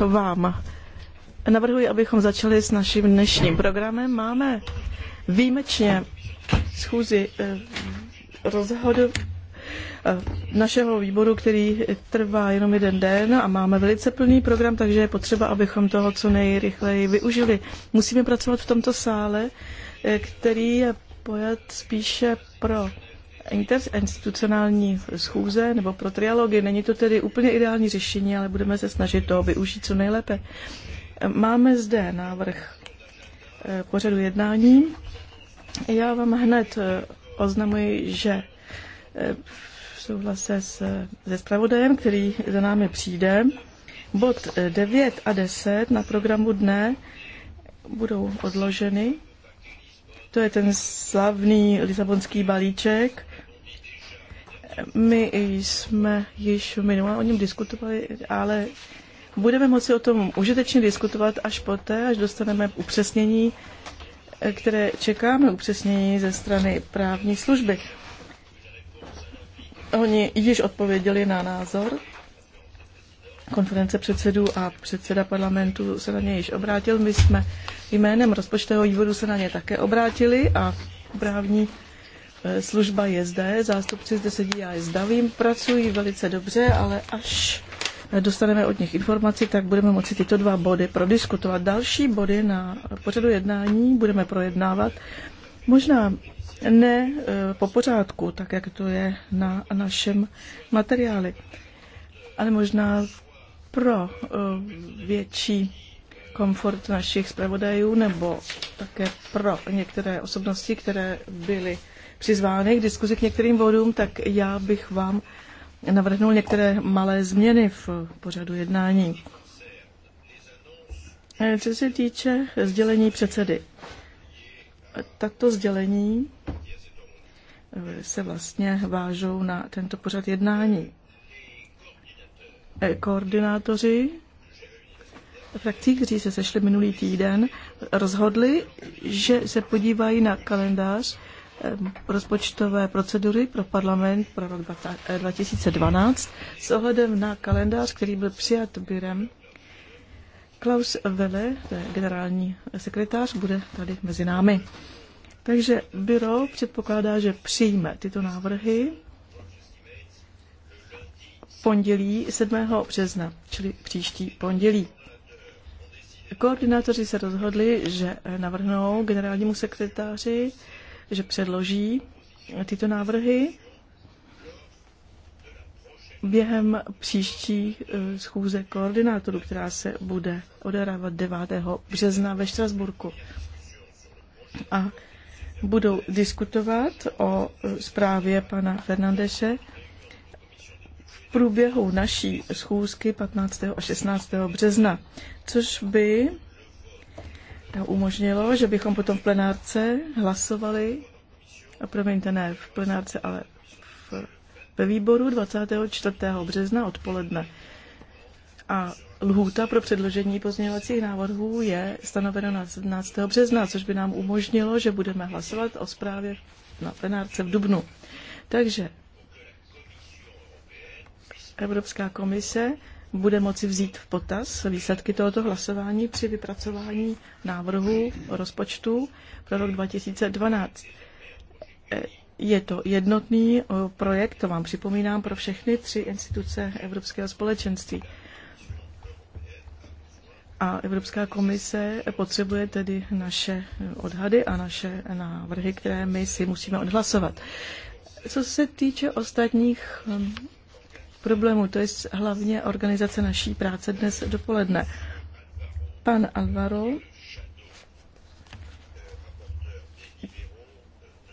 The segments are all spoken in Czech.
vám navrhuji, abychom začali s naším dnešním programem. Máme výjimečně schůzi eh, rozhodu eh, našeho výboru, který trvá jenom jeden den a máme velice plný program, takže je potřeba, abychom toho co nejrychleji využili. Musíme pracovat v tomto sále, eh, který je pojat spíše pro interinstitucionální schůze nebo pro trialogy. Není to tedy úplně ideální řešení, ale budeme se snažit to využít co nejlépe. Máme zde návrh eh, pořadu jednání. Já vám hned eh, oznamuji, že eh, v souhlase se, se zpravodajem, který za námi přijde, bod 9 a 10 na programu dne budou odloženy to je ten slavný Lisabonský balíček. My jsme již minule o něm diskutovali, ale budeme moci o tom užitečně diskutovat až poté, až dostaneme upřesnění, které čekáme, upřesnění ze strany právní služby. Oni již odpověděli na názor konference předsedů a předseda parlamentu se na něj již obrátil. My jsme jménem rozpočtového výboru se na ně také obrátili a právní e, služba je zde, zástupci zde sedí, já je zdavím, pracují velice dobře, ale až dostaneme od nich informaci, tak budeme moci tyto dva body prodiskutovat. Další body na pořadu jednání budeme projednávat. Možná ne e, po pořádku, tak jak to je na našem materiáli, ale možná pro eh, větší komfort našich zpravodajů nebo také pro některé osobnosti, které byly přizvány k diskuzi k některým bodům, tak já bych vám navrhnul některé malé změny v pořadu jednání. Eh, co se týče sdělení předsedy, tato sdělení eh, se vlastně vážou na tento pořad jednání koordinátoři frakcí, kteří se sešli minulý týden, rozhodli, že se podívají na kalendář ehm, rozpočtové procedury pro parlament pro rok 2012 eh, s ohledem na kalendář, který byl přijat Byrem. Klaus Welle, to je generální sekretář, bude tady mezi námi. Takže byro předpokládá, že přijme tyto návrhy pondělí 7. března, čili příští pondělí. Koordinátoři se rozhodli, že navrhnou generálnímu sekretáři, že předloží tyto návrhy během příští eh, schůze koordinátorů, která se bude odehrávat 9. března ve Štrasburku. A budou diskutovat o eh, zprávě pana Fernandeše průběhu naší schůzky 15. a 16. března, což by to umožnilo, že bychom potom v plenárce hlasovali, a promiňte, ne v plenárce, ale v, ve výboru 24. března odpoledne. A lhůta pro předložení pozměňovacích návrhů je stanovena na 17. března, což by nám umožnilo, že budeme hlasovat o zprávě na plenárce v Dubnu. Takže Evropská komise bude moci vzít v potaz výsledky tohoto hlasování při vypracování návrhu rozpočtu pro rok 2012. Je to jednotný eh, projekt, to vám připomínám, pro všechny tři instituce Evropského společenství. A Evropská komise potřebuje tedy naše odhady a naše návrhy, které my si musíme odhlasovat. Co se týče ostatních hm, problémů. To je hlavně organizace naší práce dnes dopoledne. Pan Alvaro,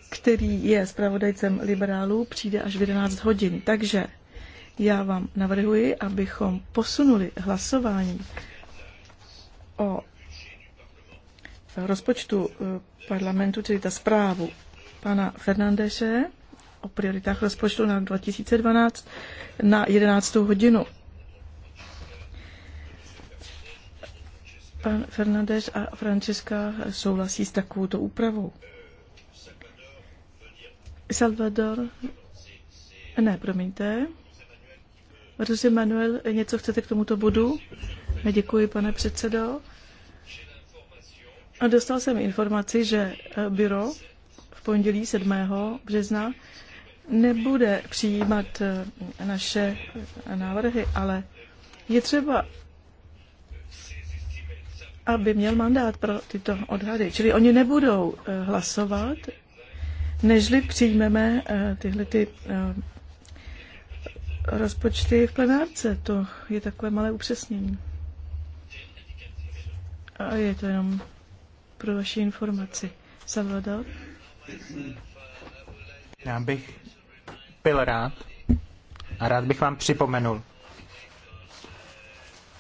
který je zpravodajcem liberálů, přijde až v 11 hodin. Takže já vám navrhuji, abychom posunuli hlasování o rozpočtu eh, parlamentu, tedy ta zprávu pana Fernandeše, o prioritách rozpočtu na 2012 na 11. hodinu. Pan Fernandez a Francesca souhlasí s takovouto úpravou. Salvador, ne, promiňte. José Manuel, něco chcete k tomuto bodu? Děkuji, pane předsedo. Dostal jsem informaci, že eh, byro v pondělí 7. března nebude přijímat eh, naše návrhy, ale je třeba, aby měl mandát pro tyto odhady. Čili oni nebudou eh, hlasovat, nežli přijmeme eh, tyhle ty rozpočty v plenárce. To je takové malé upřesnění. A je to jenom pro vaši informaci. Salvador? Já bych byl rád a rád bych vám připomenul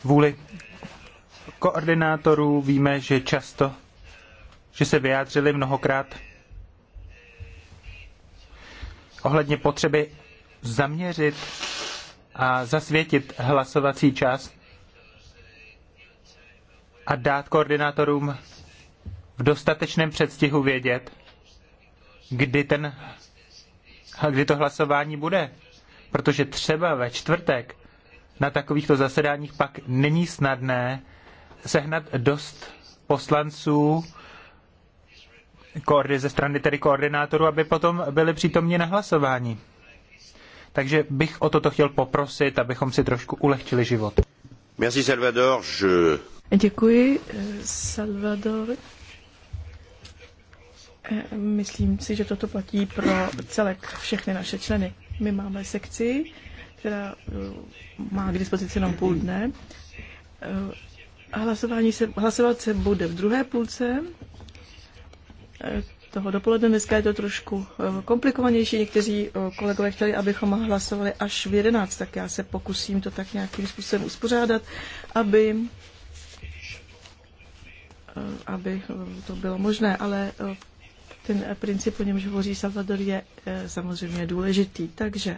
vůli koordinátorů víme, že často, že se vyjádřili mnohokrát ohledně potřeby zaměřit a zasvětit hlasovací čas a dát koordinátorům v dostatečném předstihu vědět, kdy ten kdy to hlasování bude. Protože třeba ve čtvrtek na takovýchto zasedáních pak není snadné sehnat dost poslanců ze strany tedy koordinátorů, aby potom byli přítomní na hlasování. Takže bych o toto chtěl poprosit, abychom si trošku ulehčili život. Merci Salvador, je... Děkuji, eh, Salvador. Eh, myslím si, že toto platí pro celek všechny naše členy. My máme sekci, která eh, má k dispozici jenom půl dne. Eh, hlasování se, hlasovat se bude v druhé půlce toho dopoledne. Dneska je to trošku komplikovanější. Někteří kolegové chtěli, abychom hlasovali až v 11, tak já se pokusím to tak nějakým způsobem uspořádat, aby aby to bylo možné, ale ten princip, o němž hovoří Salvador, je eh, samozřejmě důležitý. Takže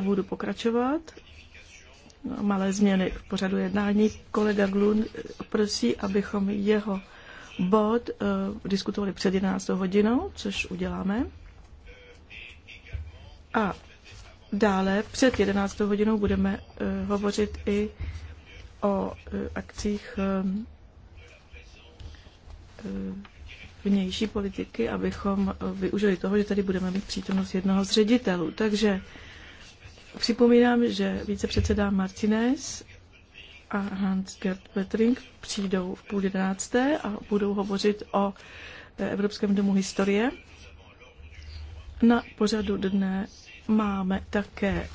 budu pokračovat. Malé změny v pořadu jednání. Kolega Glun prosí, abychom jeho bod eh, diskutovali před 11 hodinou, což uděláme. A dále před 11 hodinou budeme eh, hovořit i o akcích vnější politiky, abychom eh, využili toho, že tady budeme mít přítomnost jednoho z ředitelů. Takže připomínám, že vicepředseda Martinez a Hans-Gerd Petring přijdou v půl jedenácté a budou hovořit o eh, Evropském domu historie. Na pořadu dne máme také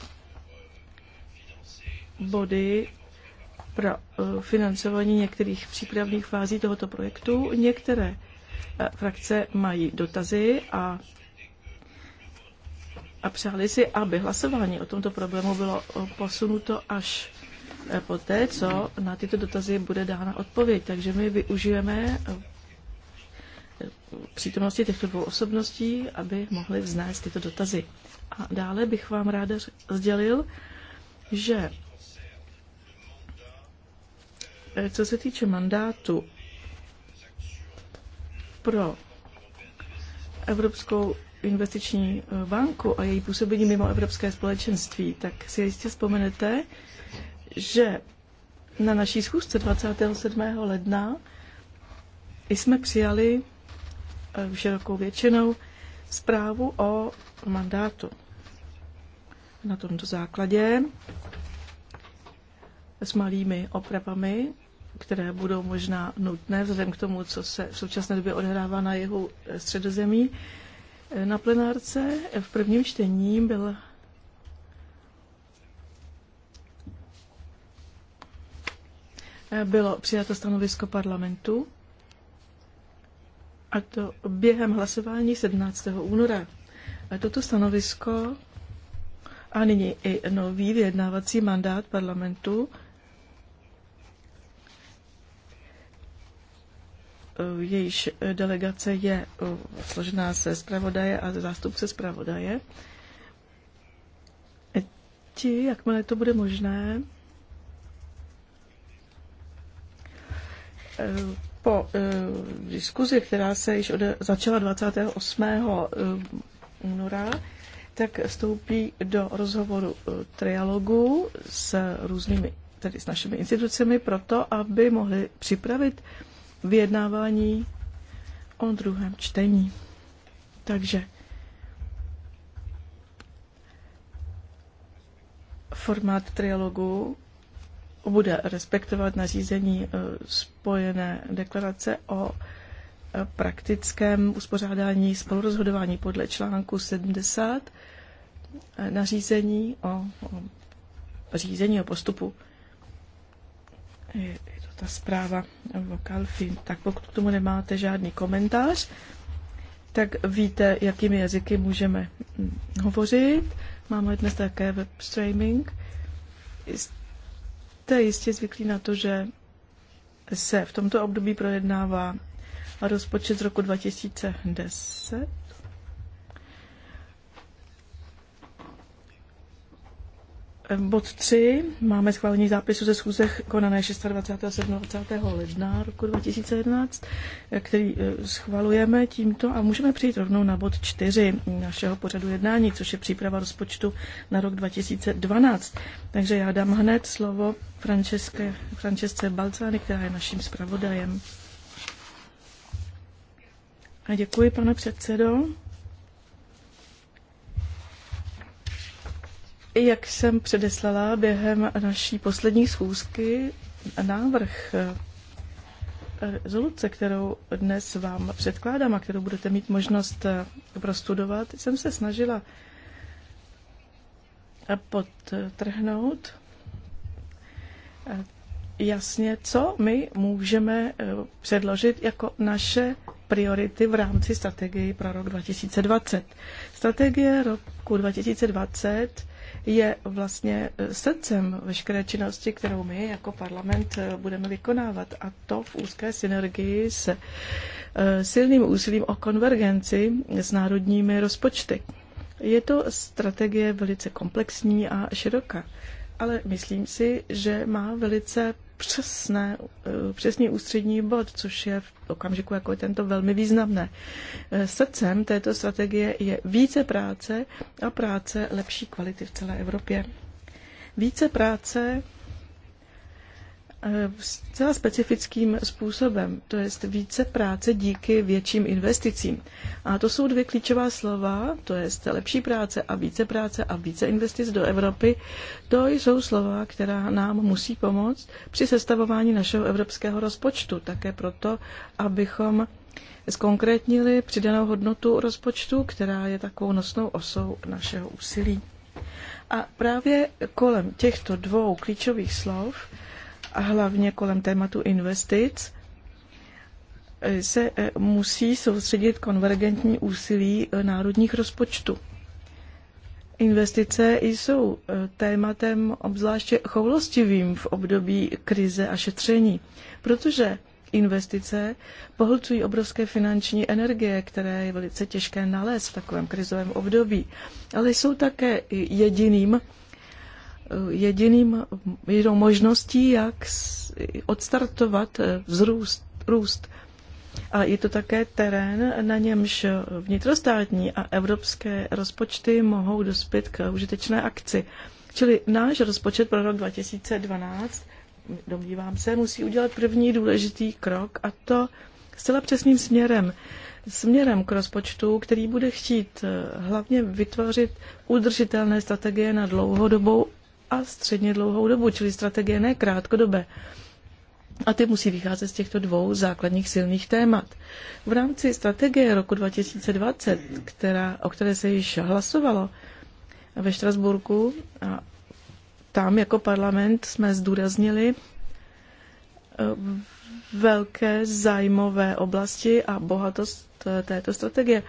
body pro eh, financování některých přípravných fází tohoto projektu. Některé Eh, frakce mají dotazy a, a přáli si, aby hlasování o tomto problému bylo eh, posunuto až eh, po té, co na tyto dotazy bude dána odpověď. Takže my využijeme přítomnosti těchto dvou osobností, aby mohli vznést tyto dotazy. A dále bych vám ráda sdělil, že co se týče mandátu pro Evropskou investiční eh, banku a její působení mimo Evropské společenství, tak si jistě vzpomenete, že na naší schůzce 27. ledna jsme přijali eh, širokou většinou zprávu o mandátu. Na tomto základě s malými opravami které budou možná nutné vzhledem k tomu, co se v současné době odehrává na jeho středozemí. Eh, na plenárce eh, v prvním čtení byl eh, bylo přijato stanovisko parlamentu a to během hlasování 17. února. A toto stanovisko a nyní i nový vyjednávací mandát parlamentu Eh, jejíž delegace je eh, složená ze zpravodaje a ze zástupce zpravodaje. Ti, jakmile to bude možné, eh, po diskuzi, která se již ode, začala 28. února, tak vstoupí do rozhovoru trialogu s různými, tedy s našimi institucemi, proto, aby mohli připravit vyjednávání o druhém čtení. Takže formát trialogu bude respektovat nařízení eh, spojené deklarace o eh, praktickém uspořádání spolurozhodování podle článku 70 eh, nařízení o, o řízení o postupu ta zpráva Vokalfin. Tak pokud k tomu nemáte žádný komentář, tak víte, jakými jazyky můžeme hovořit. Máme dnes také web streaming. Jste jistě zvyklí na to, že se v tomto období projednává rozpočet z roku 2010 Bod 3. Máme schválení zápisu ze schůze konané 26. a 27. ledna roku 2011, který e, schvalujeme tímto a můžeme přijít rovnou na bod 4 našeho pořadu jednání, což je příprava rozpočtu na rok 2012. Takže já dám hned slovo Franceske, Francesce Balcány, která je naším zpravodajem. A děkuji, pane předsedo. Jak jsem předeslala během naší poslední schůzky, návrh eh, rezoluce, kterou dnes vám předkládám a kterou budete mít možnost eh, prostudovat, jsem se snažila eh, podtrhnout jasně, co my můžeme předložit jako naše priority v rámci strategii pro rok 2020. Strategie roku 2020 je vlastně eh, srdcem veškeré činnosti, kterou my jako parlament eh, budeme vykonávat. A to v úzké synergii s eh, silným úsilím o konvergenci s národními rozpočty. Je to strategie velice komplexní a široká, ale myslím si, že má velice přesné, eh, přesný ústřední bod, což je v okamžiku jako je tento velmi významné. Eh, srdcem této strategie je více práce a práce lepší kvality v celé Evropě. Více práce Eh, zcela specifickým způsobem, to je více práce díky větším investicím. A to jsou dvě klíčová slova, to je lepší práce a více práce a více investic do Evropy. To jsou slova, která nám musí pomoct při sestavování našeho evropského rozpočtu, také proto, abychom zkonkrétnili přidanou hodnotu rozpočtu, která je takovou nosnou osou našeho úsilí. A právě kolem těchto dvou klíčových slov a hlavně kolem tématu investic, se eh, musí soustředit konvergentní úsilí eh, národních rozpočtů. Investice jsou eh, tématem obzvláště choulostivým v období krize a šetření, protože investice pohlcují obrovské finanční energie, které je velice těžké nalézt v takovém krizovém období, ale jsou také jediným jediným, jedinou možností, jak odstartovat eh, vzrůst, růst. A je to také terén, na němž vnitrostátní a evropské rozpočty mohou dospět k užitečné akci. Čili náš rozpočet pro rok 2012, domnívám se, musí udělat první důležitý krok a to zcela přesným směrem. Směrem k rozpočtu, který bude chtít eh, hlavně vytvořit udržitelné strategie na dlouhodobou a středně dlouhou dobu, čili strategie ne krátkodobé. A ty musí vycházet z těchto dvou základních silných témat. V rámci strategie roku 2020, která, o které se již hlasovalo ve Štrasburku, a tam jako parlament jsme zdůraznili eh, velké zájmové oblasti a bohatost eh, této strategie.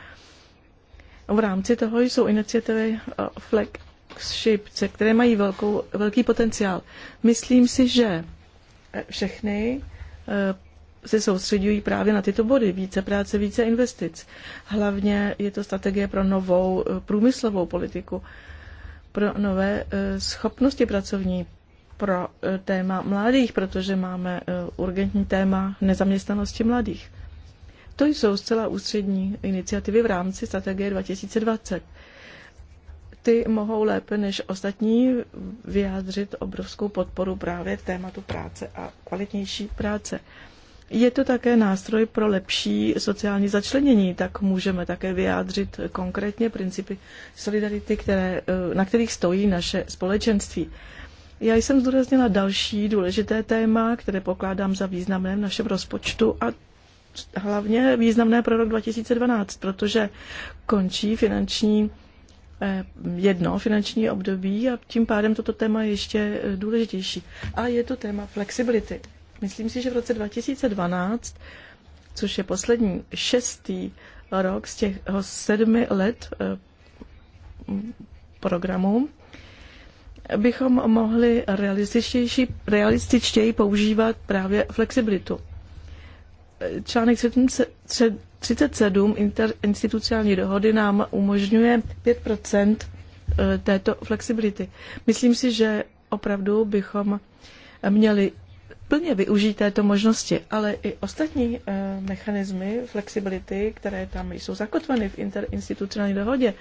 V rámci toho jsou iniciativy eh, FLEG šipce, které mají velkou, velký potenciál. Myslím si, že všechny eh, se soustředují právě na tyto body. Více práce, více investic. Hlavně je to strategie pro novou eh, průmyslovou politiku, pro nové eh, schopnosti pracovní, pro téma mladých, protože máme urgentní téma nezaměstnanosti mladých. To jsou zcela ústřední iniciativy v rámci strategie 2020 ty mohou lépe než ostatní vyjádřit obrovskou podporu právě tématu práce a kvalitnější práce. Je to také nástroj pro lepší sociální začlenění, tak můžeme také vyjádřit konkrétně principy solidarity, které, eh, na kterých stojí naše společenství. Já jsem zdůraznila další důležité téma, které pokládám za významné v našem rozpočtu a hlavně významné pro rok 2012, protože končí finanční Eh, jedno finanční období a tím pádem toto téma je ještě eh, důležitější. A je to téma flexibility. Myslím si, že v roce 2012, což je poslední šestý rok z těch sedmi let eh, programu, bychom mohli realističtěji, realističtěji používat právě flexibilitu. Článek 37 interinstitucionální dohody nám umožňuje 5 e, této flexibility. Myslím si, že opravdu bychom měli plně využít této možnosti, ale i ostatní e, mechanismy flexibility, které tam jsou zakotveny v interinstitucionální dohodě,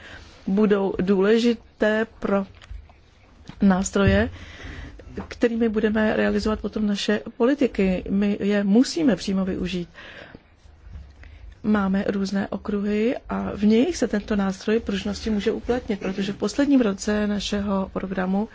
budou důležité pro nástroje, kterými budeme realizovat potom naše politiky. My je musíme přímo využít máme různé okruhy a v nich se tento nástroj pružnosti může uplatnit, protože v posledním roce našeho programu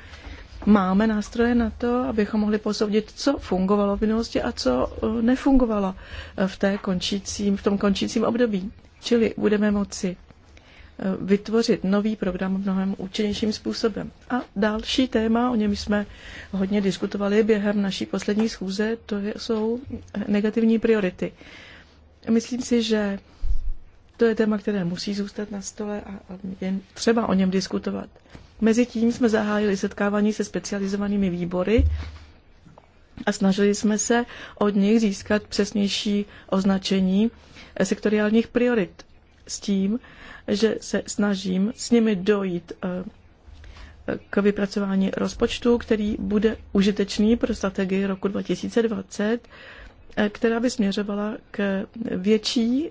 máme nástroje na to, abychom mohli posoudit, co fungovalo v minulosti a co eh, nefungovalo eh, v, té končícím, v tom končícím období. Čili budeme moci eh, vytvořit nový program mnohem účinnějším způsobem. A další téma, o něm jsme hodně diskutovali během naší poslední schůze, to jsou negativní priority. Myslím si, že to je téma, které musí zůstat na stole a je třeba o něm diskutovat. Mezitím jsme zahájili setkávání se specializovanými výbory a snažili jsme se od nich získat přesnější označení sektoriálních priorit s tím, že se snažím s nimi dojít eh, k vypracování rozpočtu, který bude užitečný pro strategii roku 2020 která by směřovala k větší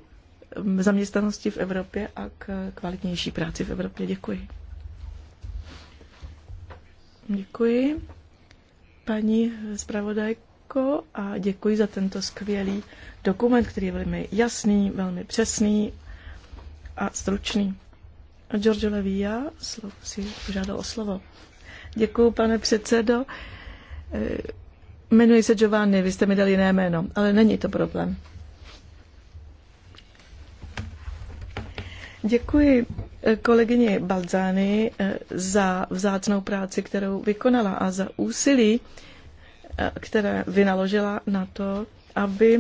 zaměstnanosti v Evropě a k kvalitnější práci v Evropě. Děkuji. Děkuji, paní zpravodajko, a děkuji za tento skvělý dokument, který je velmi jasný, velmi přesný a stručný. Giorgio Levia si požádal o slovo. Děkuji, pane předsedo. Jmenuji se Giovanni, vy jste mi dali jiné jméno, ale není to problém. Děkuji eh, kolegyni Balzány eh, za vzácnou práci, kterou vykonala a za úsilí, eh, které vynaložila na to, aby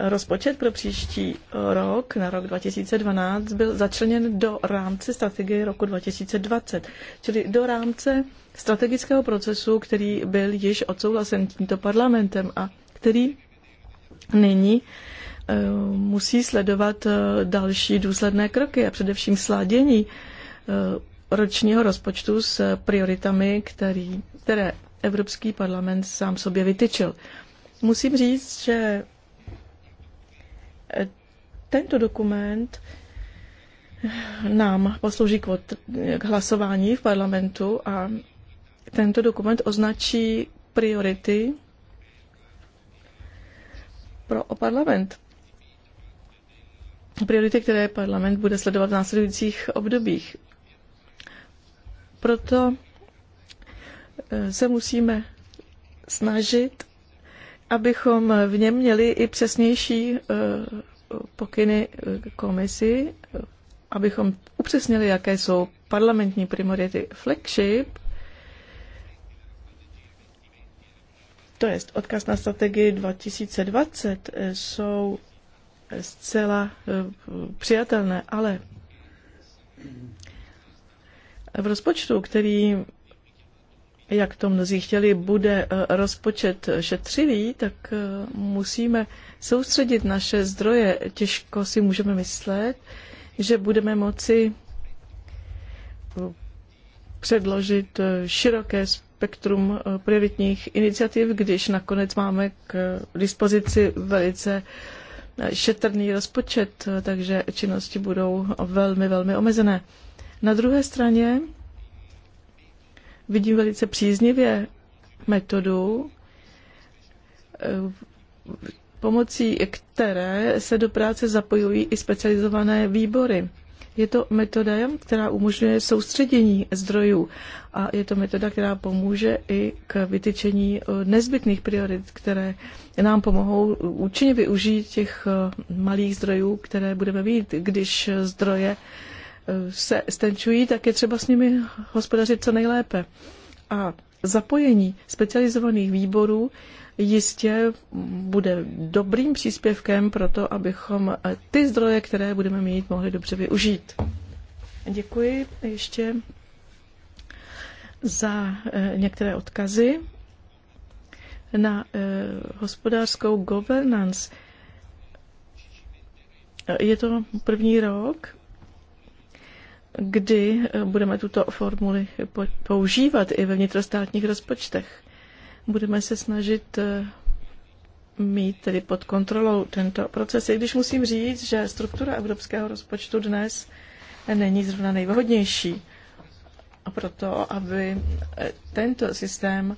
Rozpočet pro příští rok, na rok 2012, byl začleněn do rámce strategie roku 2020, čili do rámce strategického procesu, který byl již odsouhlasen tímto parlamentem a který nyní eh, musí sledovat eh, další důsledné kroky a především sládění eh, ročního rozpočtu s prioritami, který, které Evropský parlament sám sobě vytyčil. Musím říct, že tento dokument nám poslouží k hlasování v parlamentu a tento dokument označí priority pro parlament. Priority, které parlament bude sledovat v následujících obdobích. Proto eh, se musíme snažit abychom v něm měli i přesnější eh, pokyny eh, komisi, eh, abychom upřesnili, jaké jsou parlamentní priority flagship, to je odkaz na strategii 2020, jsou zcela přijatelné, ale v rozpočtu, který jak to mnozí chtěli, bude eh, rozpočet šetřivý, tak eh, musíme soustředit naše zdroje. Těžko si můžeme myslet, že budeme moci eh, předložit široké spektrum prioritních iniciativ, když nakonec máme k dispozici velice šetrný rozpočet, takže činnosti budou velmi, velmi omezené. Na druhé straně vidím velice příznivě metodu, eh, pomocí které se do práce zapojují i specializované výbory. Je to metoda, která umožňuje soustředění zdrojů a je to metoda, která pomůže i k vytyčení eh, nezbytných priorit, které nám pomohou účinně využít těch eh, malých zdrojů, které budeme mít, když zdroje se stenčují, tak je třeba s nimi hospodařit co nejlépe. A zapojení specializovaných výborů jistě bude dobrým příspěvkem pro to, abychom ty zdroje, které budeme mít, mohli dobře využít. Děkuji ještě za eh, některé odkazy na eh, hospodářskou governance. Je to první rok, kdy eh, budeme tuto formuli používat i ve vnitrostátních rozpočtech. Budeme se snažit eh, mít tedy pod kontrolou tento proces, i když musím říct, že struktura evropského rozpočtu dnes není zrovna nejvhodnější. A proto, aby eh, tento systém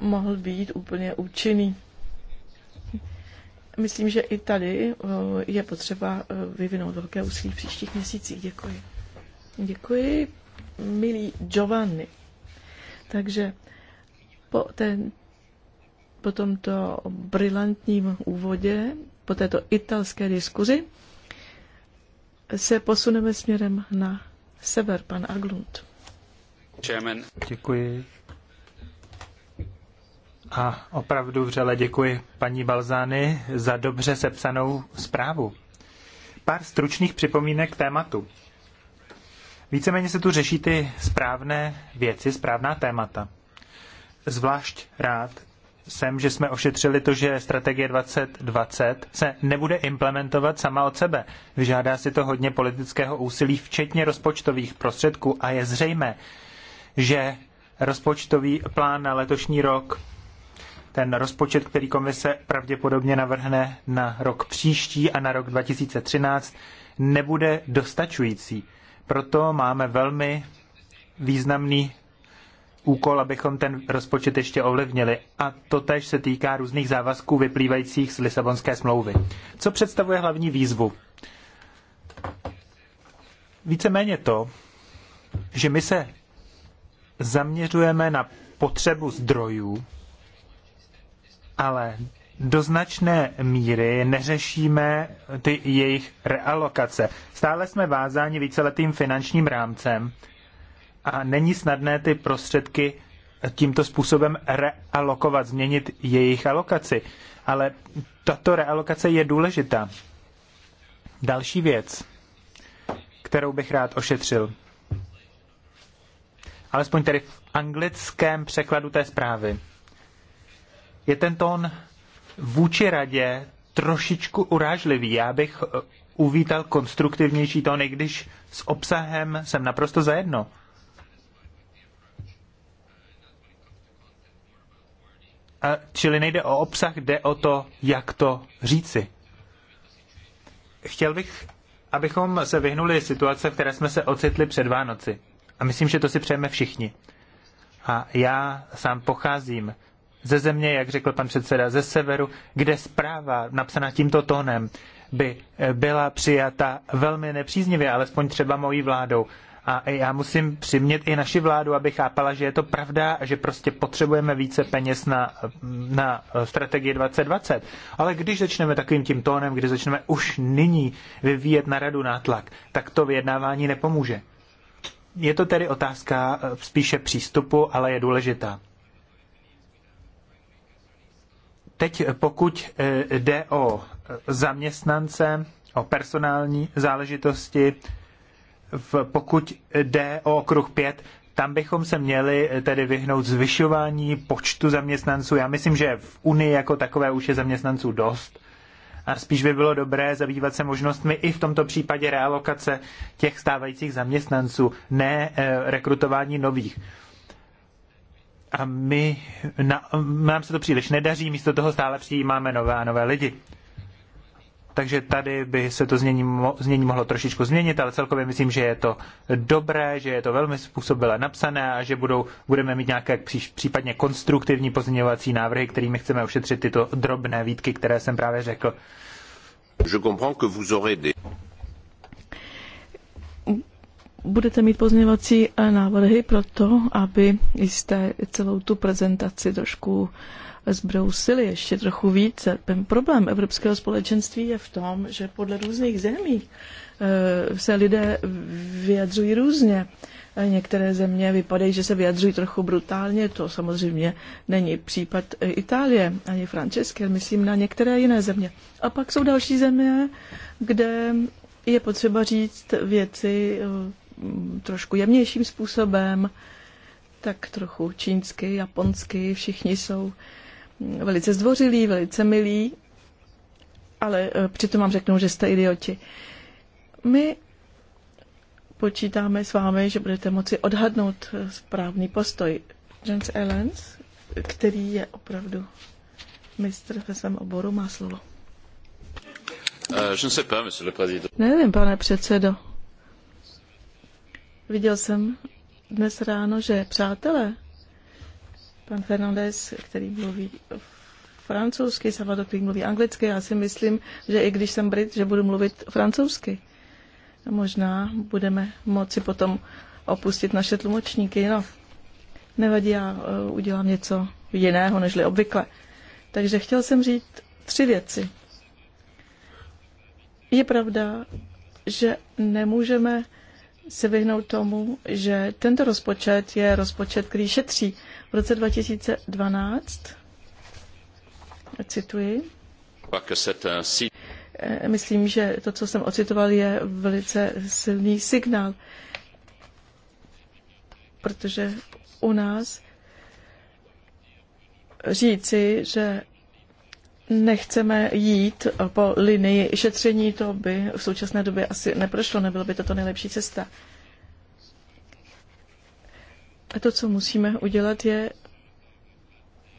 mohl být úplně účinný. Myslím, že i tady je potřeba vyvinout velké úsilí v příštích měsících. Děkuji. Děkuji, milý Giovanni. Takže po, ten, po tomto brilantním úvodě, po této italské diskuzi, se posuneme směrem na sever, pan Aglund. Chairman. Děkuji. A opravdu vřele děkuji paní Balzány za dobře sepsanou zprávu. Pár stručných připomínek k tématu. Víceméně se tu řeší ty správné věci, správná témata. Zvlášť rád jsem, že jsme ošetřili to, že strategie 2020 se nebude implementovat sama od sebe. Vyžádá si to hodně politického úsilí, včetně rozpočtových prostředků a je zřejmé, že rozpočtový plán na letošní rok, ten rozpočet, který komise pravděpodobně navrhne na rok příští a na rok 2013, nebude dostačující. Proto máme velmi významný úkol, abychom ten rozpočet ještě ovlivnili. A to tež se týká různých závazků vyplývajících z Lisabonské smlouvy. Co představuje hlavní výzvu? Víceméně to, že my se zaměřujeme na potřebu zdrojů, ale do značné míry neřešíme ty jejich realokace. Stále jsme vázáni víceletým finančním rámcem a není snadné ty prostředky tímto způsobem realokovat, změnit jejich alokaci. Ale tato realokace je důležitá. Další věc, kterou bych rád ošetřil, alespoň tedy v anglickém překladu té zprávy, je ten tón vůči radě trošičku urážlivý. Já bych eh, uvítal konstruktivnější tón, i když s obsahem jsem naprosto zajedno. A, čili nejde o obsah, jde o to, jak to říci. Chtěl bych, abychom se vyhnuli situace, v které jsme se ocitli před Vánoci. A myslím, že to si přejeme všichni. A já sám pocházím ze země, jak řekl pan předseda, ze severu, kde zpráva napsaná tímto tónem by eh, byla přijata velmi nepříznivě, alespoň třeba mojí vládou. A já musím přimět i naši vládu, aby chápala, že je to pravda a že prostě potřebujeme více peněz na, na eh, strategii 2020. Ale když začneme takovým tím tónem, když začneme už nyní vyvíjet na radu nátlak, tak to vyjednávání nepomůže. Je to tedy otázka eh, spíše přístupu, ale je důležitá. Teď pokud eh, jde o eh, zaměstnance, o personální záležitosti, pokud jde o okruh 5, tam bychom se měli eh, tedy vyhnout zvyšování počtu zaměstnanců. Já myslím, že v Unii jako takové už je zaměstnanců dost. A spíš by bylo dobré zabývat se možnostmi i v tomto případě realokace těch stávajících zaměstnanců, ne rekrutování nových a my, na, nám se to příliš nedaří, místo toho stále přijímáme nové a nové lidi. Takže tady by se to změní, změní mohlo trošičku změnit, ale celkově myslím, že je to dobré, že je to velmi způsobile napsané a že budou, budeme mít nějaké příš, případně konstruktivní pozměňovací návrhy, kterými chceme ošetřit tyto drobné výtky, které jsem právě řekl. Je comprends que vous aurez des budete mít pozměňovací eh, návrhy pro to, aby jste celou tu prezentaci trošku zbrousili ještě trochu více. Ten problém Evropského společenství je v tom, že podle různých zemí eh, se lidé vyjadřují různě. Eh, některé země vypadají, že se vyjadřují trochu brutálně, to samozřejmě není případ Itálie ani Francesky, myslím na některé jiné země. A pak jsou další země, kde je potřeba říct věci trošku jemnějším způsobem, tak trochu čínsky, japonsky, všichni jsou velice zdvořilí, velice milí, ale e, přitom vám řeknou, že jste idioti. My počítáme s vámi, že budete moci odhadnout e, správný postoj. Jens Ellens, který je opravdu mistr ve svém oboru, má slovo. Uh, ne, nevím, pane předsedo. Viděl jsem dnes ráno, že přátelé, pan Fernandez, který mluví francouzsky, Salvador, Pink mluví anglicky, já si myslím, že i když jsem Brit, že budu mluvit francouzsky. Možná budeme moci potom opustit naše tlumočníky, no. Nevadí, já eh, udělám něco jiného, nežli obvykle. Takže chtěl jsem říct tři věci. Je pravda, že nemůžeme se vyhnout tomu, že tento rozpočet je rozpočet, který šetří. V roce 2012, cituji, eh, myslím, že to, co jsem ocitoval, je velice silný signál, protože u nás říci, že nechceme jít po linii šetření, to by v současné době asi neprošlo, nebylo by to nejlepší cesta. A to, co musíme udělat, je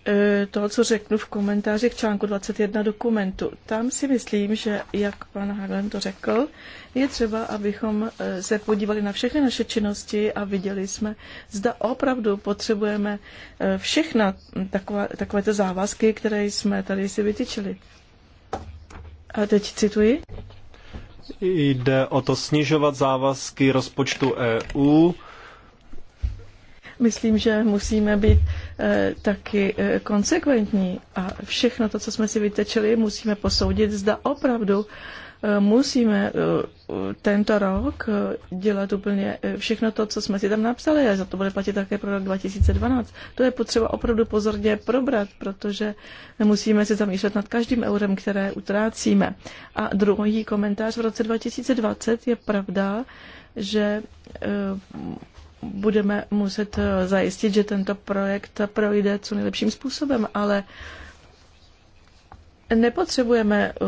Eh, toho, co řeknu v komentáři k článku 21 dokumentu. Tam si myslím, že, jak pan Hagen to řekl, je třeba, abychom eh, se podívali na všechny naše činnosti a viděli jsme, zda opravdu potřebujeme eh, všechna takové, to závazky, které jsme tady si vytyčili. A teď cituji. Jde o to snižovat závazky rozpočtu EU myslím, že musíme být eh, taky eh, konsekventní a všechno to, co jsme si vytečili, musíme posoudit, zda opravdu eh, musíme tento rok dělat úplně všechno to, co jsme si tam napsali, a za to bude platit také pro rok 2012. To je potřeba opravdu pozorně probrat, protože musíme se zamýšlet nad každým eurem, které utrácíme. A druhý komentář v roce 2020 je pravda, že budeme muset eh, zajistit, že tento projekt projde co nejlepším způsobem, ale nepotřebujeme eh,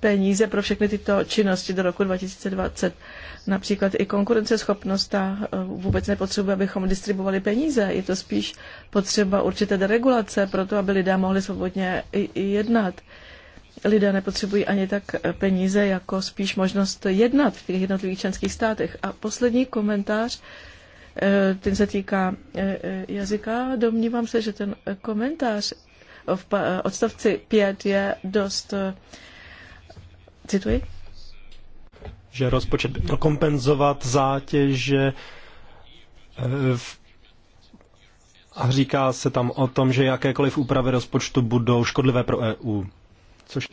peníze pro všechny tyto činnosti do roku 2020. Například i konkurenceschopnost a eh, vůbec nepotřebuje, abychom distribuovali peníze. Je to spíš potřeba určité deregulace pro to, aby lidé mohli svobodně jednat. Lidé nepotřebují ani tak peníze, jako spíš možnost jednat v těch jednotlivých členských státech. A poslední komentář Eh, ten se týká eh, eh, jazyka. Domnívám se, že ten komentář v odstavci 5 je dost. Cituji? Že rozpočet by měl kompenzovat zátěže v a říká se tam o tom, že jakékoliv úpravy rozpočtu budou škodlivé pro EU. Což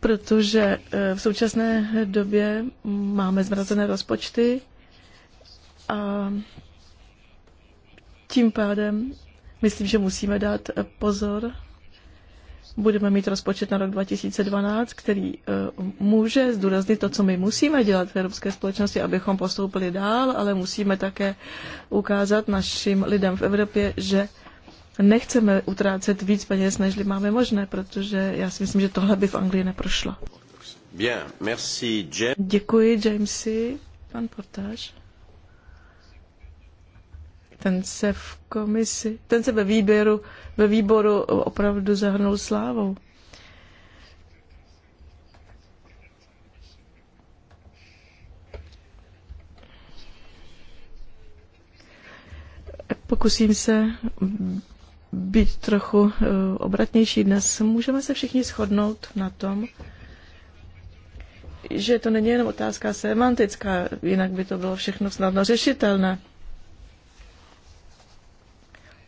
Protože v současné době máme zmrazené rozpočty a tím pádem myslím, že musíme dát eh, pozor. Budeme mít rozpočet na rok 2012, který eh, může zdůraznit to, co my musíme dělat v evropské společnosti, abychom postoupili dál, ale musíme také ukázat našim lidem v Evropě, že nechceme utrácet víc peněz, než máme možné, protože já si myslím, že tohle by v Anglii neprošlo. Bien, merci, James. Děkuji, Jamesy. Pan Portáž ten se v komisi, ten se ve výběru, ve výboru opravdu zahrnul slávou. Pokusím se být trochu eh, obratnější dnes. Můžeme se všichni shodnout na tom, že to není jenom otázka semantická, jinak by to bylo všechno snadno řešitelné.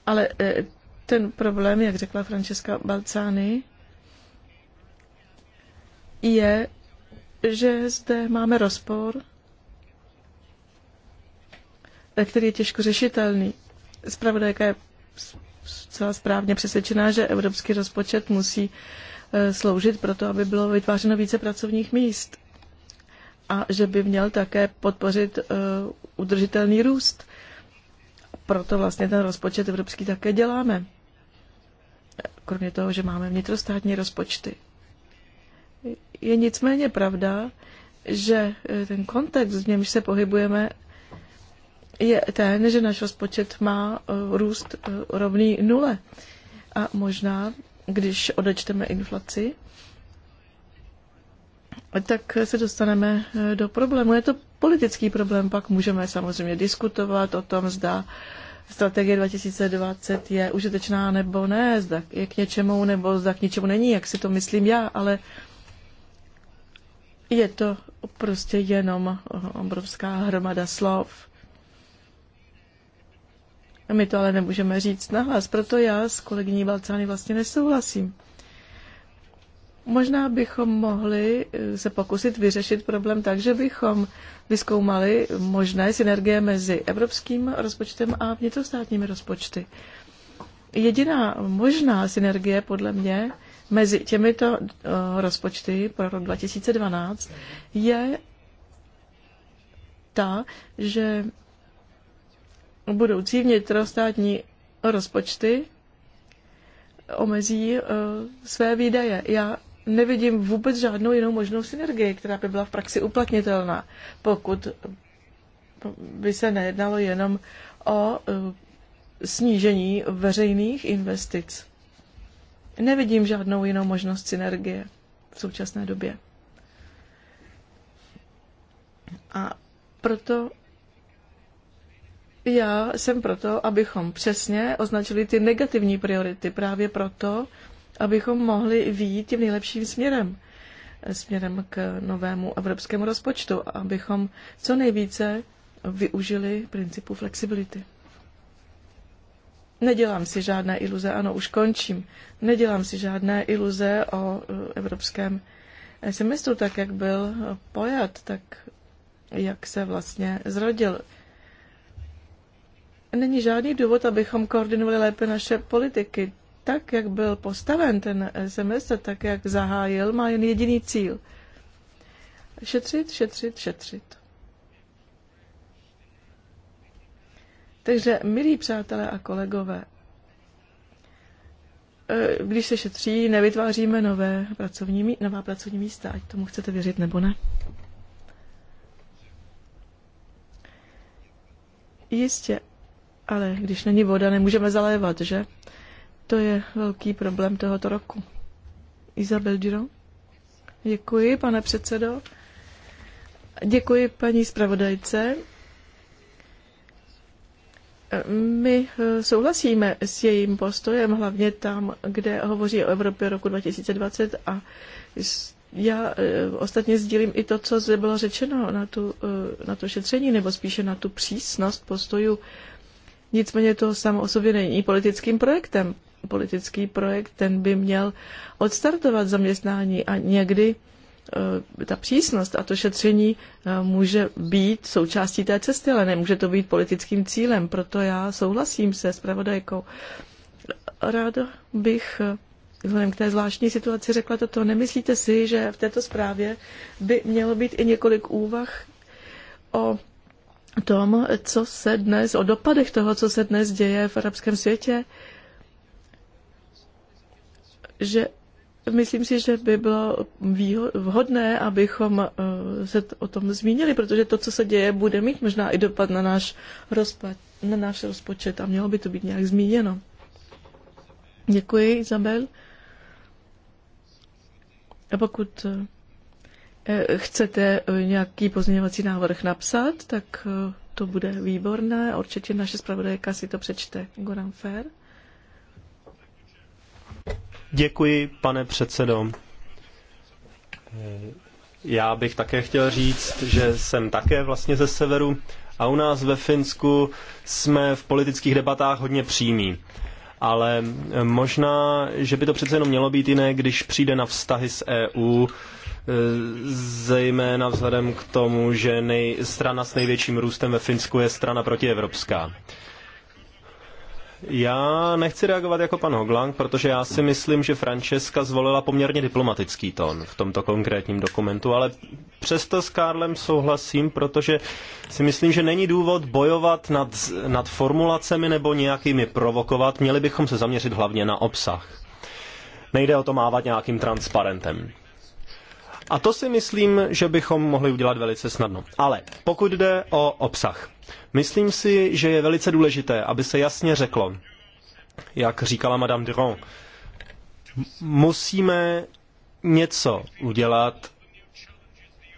Ale e, ten problém, jak řekla Francesca Balcány, je, že zde máme rozpor, e, který je těžko řešitelný. Spravodajka je celá správně přesvědčená, že evropský rozpočet musí e, sloužit proto, aby bylo vytvářeno více pracovních míst a že by měl také podpořit udržitelný růst proto vlastně ten rozpočet evropský také děláme. Kromě toho, že máme vnitrostátní rozpočty. Je nicméně pravda, že e, ten kontext, v němž se pohybujeme, je ten, že náš rozpočet má e, růst e, rovný nule. A možná, když odečteme inflaci, tak se dostaneme do problému. Je to politický problém, pak můžeme samozřejmě diskutovat o tom, zda strategie 2020 je užitečná nebo ne, zda je k něčemu nebo zda k něčemu není, jak si to myslím já, ale je to prostě jenom obrovská hromada slov. My to ale nemůžeme říct nahlas, proto já s kolegyní Balcány vlastně nesouhlasím. Možná bychom mohli eh, se pokusit vyřešit problém tak, že bychom vyskoumali možné synergie mezi evropským rozpočtem a vnitrostátními rozpočty. Jediná možná synergie podle mě mezi těmito eh, rozpočty pro rok 2012 je ta, že budoucí vnitrostátní rozpočty omezí uh, své výdaje. Já nevidím vůbec žádnou jinou možnou synergii, která by byla v praxi uplatnitelná, pokud by se nejednalo jenom o e, snížení veřejných investic. Nevidím žádnou jinou možnost synergie v současné době. A proto já jsem proto, abychom přesně označili ty negativní priority. Právě proto abychom mohli výjít tím nejlepším směrem, směrem k novému evropskému rozpočtu, abychom co nejvíce využili principu flexibility. Nedělám si žádné iluze, ano, už končím. Nedělám si žádné iluze o e, evropském semestru, tak jak byl pojat, tak jak se vlastně zrodil. Není žádný důvod, abychom koordinovali lépe naše politiky tak, jak byl postaven ten a tak, jak zahájil, má jen jediný cíl. Šetřit, šetřit, šetřit. Takže, milí přátelé a kolegové, e, když se šetří, nevytváříme nové pracovní, nová pracovní místa, ať tomu chcete věřit nebo ne. Jistě, ale když není voda, nemůžeme zalévat, že? To je velký problém tohoto roku. Isabel Giro. Děkuji, pane předsedo. Děkuji paní zpravodajce. My eh, souhlasíme s jejím postojem, hlavně tam, kde hovoří o Evropě roku 2020 a já eh, ostatně sdílím i to, co zde bylo řečeno na, tu, eh, na to šetření, nebo spíše na tu přísnost postoju. Nicméně to samo o sobě není politickým projektem politický projekt, ten by měl odstartovat zaměstnání a někdy e, ta přísnost a to šetření e, může být součástí té cesty, ale nemůže to být politickým cílem. Proto já souhlasím se pravodajkou. Ráda bych e, vzhledem k té zvláštní situaci řekla toto. Nemyslíte si, že v této zprávě by mělo být i několik úvah o tom, co se dnes, o dopadech toho, co se dnes děje v arabském světě? že myslím si, že by bylo vhodné, abychom eh, se o tom zmínili, protože to, co se děje, bude mít možná i dopad na náš, rozpad, na náš rozpočet a mělo by to být nějak zmíněno. Děkuji, Izabel. A pokud eh, eh, chcete nějaký pozměňovací návrh napsat, tak to bude výborné. Určitě naše zpravodajka si to přečte. Goran Fer. Děkuji, pane předsedo. Já bych také chtěl říct, že jsem také vlastně ze severu a u nás ve Finsku jsme v politických debatách hodně přímí. Ale možná, že by to přece jenom mělo být jiné, když přijde na vztahy s EU, zejména vzhledem k tomu, že nej, strana s největším růstem ve Finsku je strana protievropská. evropská. Já nechci reagovat jako pan Hoglang, protože já si myslím, že Francesca zvolila poměrně diplomatický tón v tomto konkrétním dokumentu, ale přesto s Karlem souhlasím, protože si myslím, že není důvod bojovat nad, nad formulacemi nebo nějakými provokovat, měli bychom se zaměřit hlavně na obsah. Nejde o to mávat nějakým transparentem. A to si myslím, že bychom mohli udělat velice snadno. Ale pokud jde o obsah, Myslím si, že je velice důležité, aby se jasně řeklo, jak říkala Madame Durand, musíme něco udělat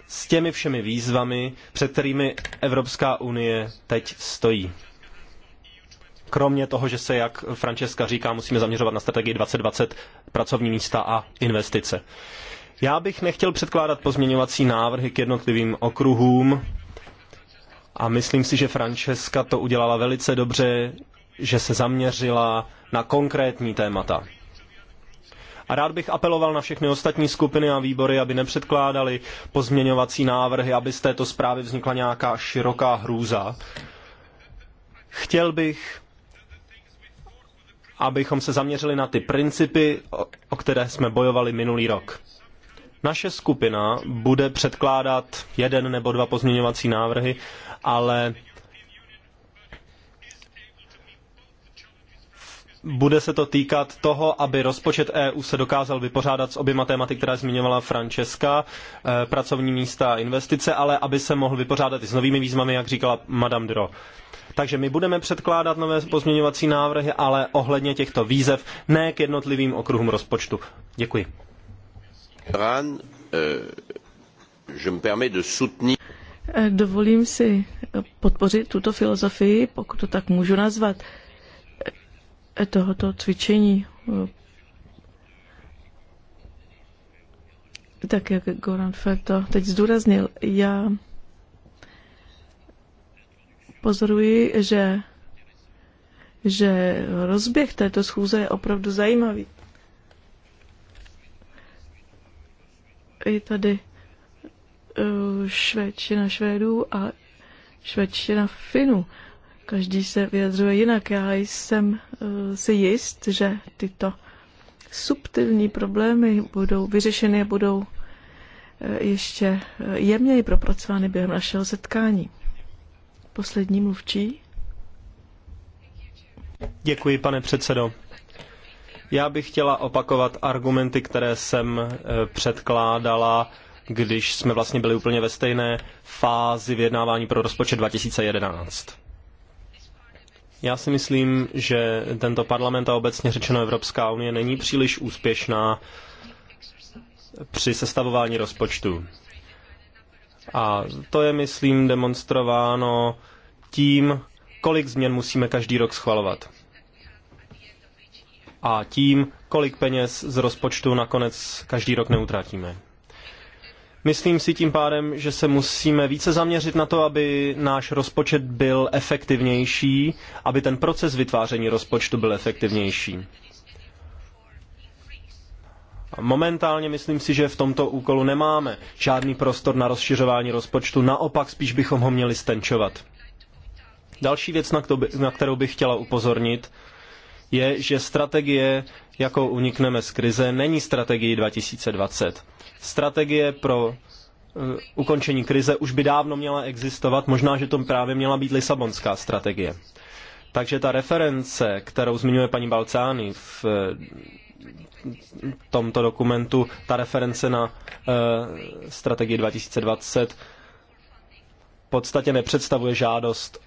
s těmi všemi výzvami, před kterými Evropská unie teď stojí. Kromě toho, že se, jak Francesca říká, musíme zaměřovat na strategii 2020, pracovní místa a investice. Já bych nechtěl předkládat pozměňovací návrhy k jednotlivým okruhům, a myslím si, že Francesca to udělala velice dobře, že se zaměřila na konkrétní témata. A rád bych apeloval na všechny ostatní skupiny a výbory, aby nepředkládali pozměňovací návrhy, aby z této zprávy vznikla nějaká široká hrůza. Chtěl bych, abychom se zaměřili na ty principy, o které jsme bojovali minulý rok. Naše skupina bude předkládat jeden nebo dva pozměňovací návrhy ale bude se to týkat toho, aby rozpočet EU se dokázal vypořádat s oběma tématy, která zmiňovala Francesca, e, pracovní místa a investice, ale aby se mohl vypořádat i s novými výzvami, jak říkala Madame Dro. Takže my budeme předkládat nové pozměňovací návrhy, ale ohledně těchto výzev ne k jednotlivým okruhům rozpočtu. Děkuji. Rán, e, je me permets de soutenir... Eh, dovolím si eh, podpořit tuto filozofii, pokud to tak můžu nazvat, eh, tohoto cvičení. Tak, jak Goran to teď zdůraznil, já pozoruji, že, že rozběh této schůze je opravdu zajímavý. Je tady Eh, švédština Švédů a švédština Finů. Každý se vyjadřuje jinak. Já jsem eh, si jist, že tyto subtilní problémy budou vyřešeny a budou eh, ještě jemněji propracovány během našeho setkání. Poslední mluvčí. Děkuji, pane předsedo. Já bych chtěla opakovat argumenty, které jsem předkládala když jsme vlastně byli úplně ve stejné fázi vyjednávání pro rozpočet 2011. Já si myslím, že tento parlament a obecně řečeno Evropská unie není příliš úspěšná při sestavování rozpočtu. A to je, myslím, demonstrováno tím, kolik změn musíme každý rok schvalovat. A tím, kolik peněz z rozpočtu nakonec každý rok neutratíme. Myslím si tím pádem, že se musíme více zaměřit na to, aby náš rozpočet byl efektivnější, aby ten proces vytváření rozpočtu byl efektivnější. Momentálně myslím si, že v tomto úkolu nemáme žádný prostor na rozšiřování rozpočtu, naopak spíš bychom ho měli stenčovat. Další věc, na kterou bych chtěla upozornit, je, že strategie jakou unikneme z krize, není strategií 2020. Strategie pro eh, ukončení krize už by dávno měla existovat, možná, že to právě měla být Lisabonská strategie. Takže ta reference, kterou zmiňuje paní Balcány v eh, tomto dokumentu, ta reference na eh, strategii 2020 v podstatě nepředstavuje žádost,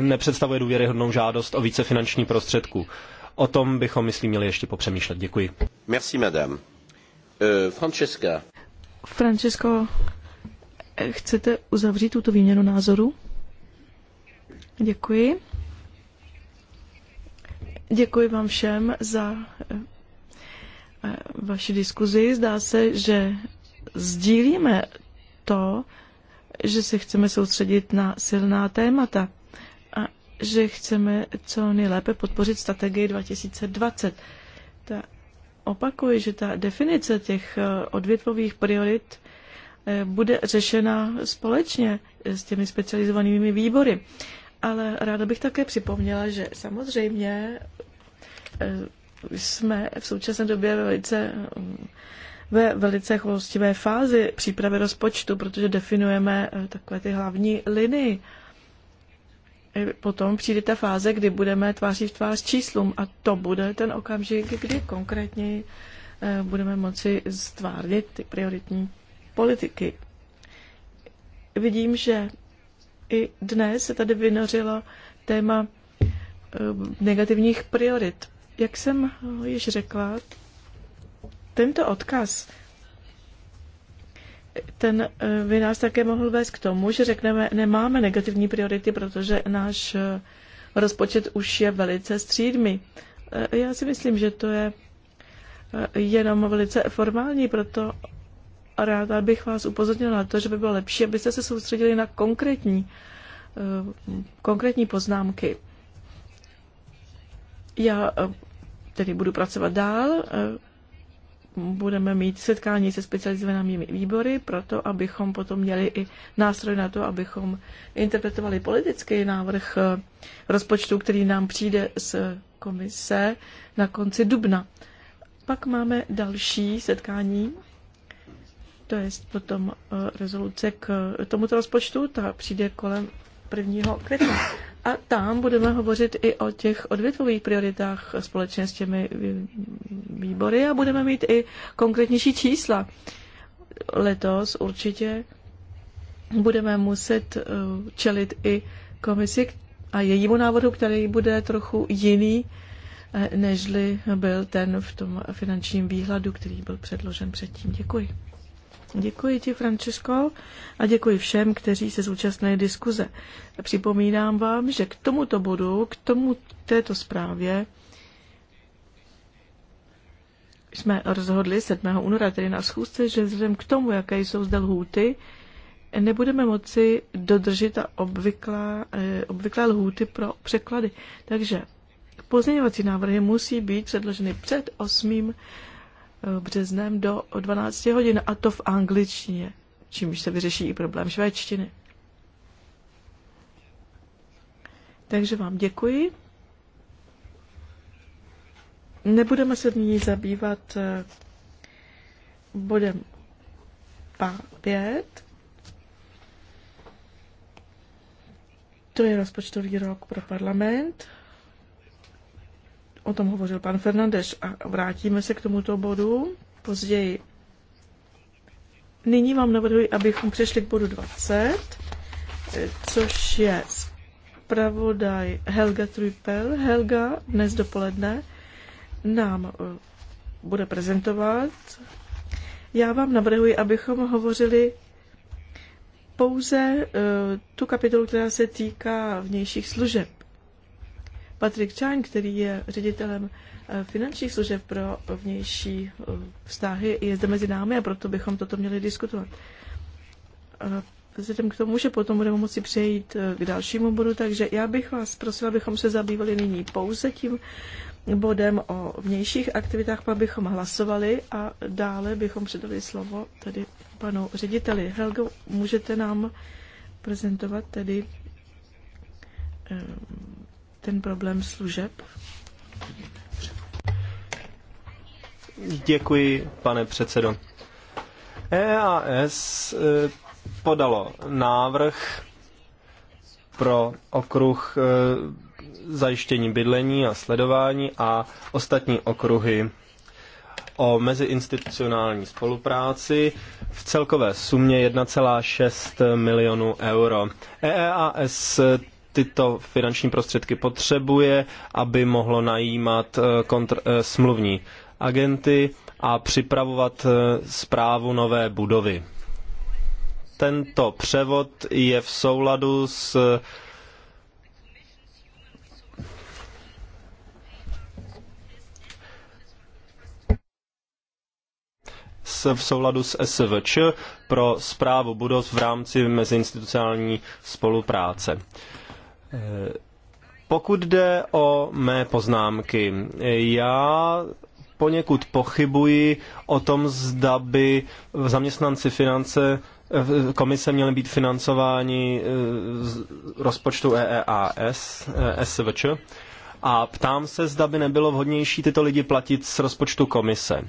nepředstavuje důvěryhodnou žádost o více finanční prostředků. O tom bychom, myslím, měli ještě popřemýšlet. Děkuji. Merci, madame. Uh, Francesca. Francesco, chcete uzavřít tuto výměnu názoru? Děkuji. Děkuji vám všem za eh, vaši diskuzi. Zdá se, že sdílíme to, že se chceme soustředit na silná témata že chceme co nejlépe podpořit strategii 2020. Ta, opakuji, že ta definice těch eh, odvětvových priorit eh, bude řešena společně eh, s těmi specializovanými výbory. Ale ráda bych také připomněla, že samozřejmě jsme v současné době velice mm, ve velice choulostivé fázi přípravy rozpočtu, protože definujeme takové ty hlavní linii E, potom přijde ta fáze, kdy budeme tváří v tvář číslům a to bude ten okamžik, kdy konkrétně e, budeme moci stvárnit ty prioritní politiky. Vidím, že i dnes se tady vynořilo téma e, negativních priorit. Jak jsem již řekla, tento odkaz ten eh, by nás také mohl vést k tomu, že řekneme, nemáme negativní priority, protože náš eh, rozpočet už je velice střídmý. Eh, já si myslím, že to je jenom velice formální, proto ráda bych vás upozornila na to, že by bylo lepší, abyste se soustředili na konkrétní, konkrétní poznámky. Já tedy budu pracovat dál budeme mít setkání se specializovanými výbory, proto abychom potom měli i nástroj na to, abychom interpretovali politický návrh eh, rozpočtu, který nám přijde z komise na konci dubna. Pak máme další setkání, to je potom eh, rezoluce k eh, tomuto rozpočtu, ta přijde kolem 1. května. A tam budeme hovořit i o těch odvětvových prioritách společně s těmi výbory a budeme mít i konkrétnější čísla. Letos určitě budeme muset eh, čelit i komisi a jejímu návrhu, který bude trochu jiný, eh, nežli byl ten v tom finančním výhledu, který byl předložen předtím. Děkuji. Děkuji ti, Frančesko, a děkuji všem, kteří se zúčastnili diskuze. Připomínám vám, že k tomuto bodu, k tomu této zprávě jsme rozhodli 7. února, tedy na schůzce, že vzhledem k tomu, jaké jsou zde lhůty, nebudeme moci dodržet a obvyklá, eh, obvyklé lhůty pro překlady. Takže pozměňovací návrhy musí být předloženy před 8 březnem do 12 hodin, a to v angličtině, čímž se vyřeší i problém švédštiny. Takže vám děkuji. Nebudeme se nyní zabývat eh, bodem 5. To je rozpočtový rok pro parlament. O tom hovořil pan Fernandeš a vrátíme se k tomuto bodu později. Nyní vám navrhuji, abychom přešli k bodu 20, což je zpravodaj Helga Trupel. Helga dnes dopoledne nám eh, bude prezentovat. Já vám navrhuji, abychom hovořili pouze eh, tu kapitolu, která se týká vnějších služeb. Patrik Čáň, který je ředitelem eh, finančních služeb pro vnější eh, vztahy, je zde mezi námi a proto bychom toto měli diskutovat. Eh, vzhledem k tomu, že potom budeme moci přejít k dalšímu bodu, takže já bych vás prosila, abychom se zabývali nyní pouze tím bodem o vnějších aktivitách, pak bychom hlasovali a dále bychom předali slovo tedy panu řediteli. Helgo, můžete nám prezentovat tedy um, ten problém služeb? Děkuji, pane předsedo. EAS e, podalo návrh pro okruh e, zajištění bydlení a sledování a ostatní okruhy o meziinstitucionální spolupráci v celkové sumě 1,6 milionu euro. EEAS tyto finanční prostředky potřebuje, aby mohlo najímat eh, kontr- eh, smluvní agenty a připravovat eh, zprávu nové budovy. Tento převod je v souladu s v souladu s SVČ pro správu budov v rámci meziinstitucionální spolupráce. Pokud jde o mé poznámky, já poněkud pochybuji o tom, zda by zaměstnanci finance komise měly být financováni eh, z rozpočtu EEAS, eh, SVČ, a ptám se, zda by nebylo vhodnější tyto lidi platit z rozpočtu komise.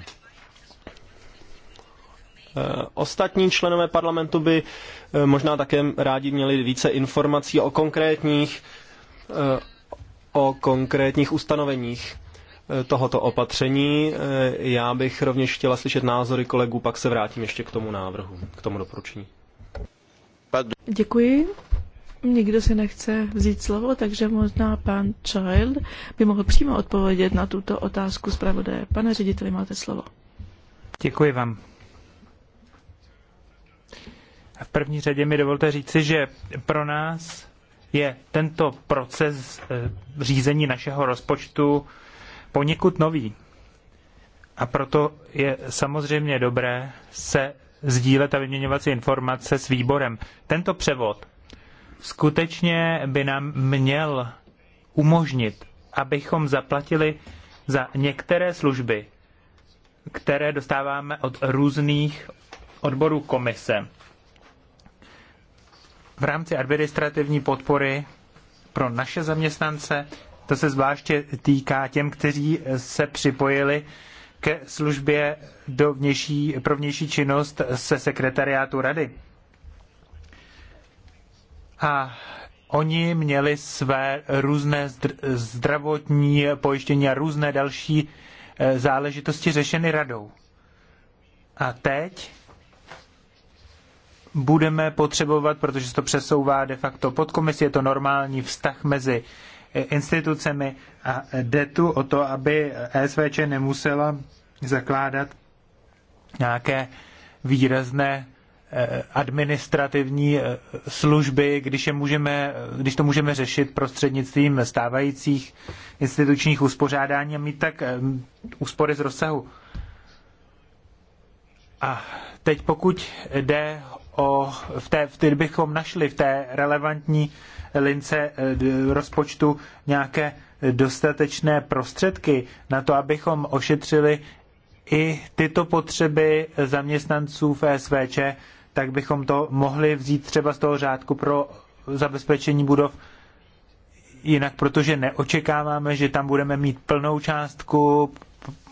Eh, ostatní členové parlamentu by eh, možná také rádi měli více informací o konkrétních, eh, o konkrétních ustanoveních tohoto opatření. Já bych rovněž chtěla slyšet názory kolegů, pak se vrátím ještě k tomu návrhu, k tomu doporučení. Děkuji. Nikdo si nechce vzít slovo, takže možná pan Child by mohl přímo odpovědět na tuto otázku zpravodaje. Pane řediteli, máte slovo. Děkuji vám. V první řadě mi dovolte říci, že pro nás je tento proces eh, řízení našeho rozpočtu poněkud nový. A proto je samozřejmě dobré se sdílet a vyměňovat si informace s výborem. Tento převod skutečně by nám měl umožnit, abychom zaplatili za některé služby, které dostáváme od různých odborů komise v rámci administrativní podpory pro naše zaměstnance, to se zvláště týká těm, kteří se připojili ke službě do vnější, pro vnější činnost se sekretariátu rady. A oni měli své různé zdravotní pojištění a různé další eh, záležitosti řešeny radou. A teď budeme potřebovat, protože se to přesouvá de facto pod komisi, je to normální vztah mezi institucemi a jde tu o to, aby SVČ nemusela zakládat nějaké výrazné eh, administrativní eh, služby, když, je můžeme, když to můžeme řešit prostřednictvím stávajících institučních uspořádání a mít tak eh, úspory z rozsahu. A teď pokud jde o, v té, v té, bychom našli v té relevantní lince eh, rozpočtu nějaké dostatečné prostředky na to, abychom ošetřili i tyto potřeby zaměstnanců v SVČ, tak bychom to mohli vzít třeba z toho řádku pro zabezpečení budov jinak, protože neočekáváme, že tam budeme mít plnou částku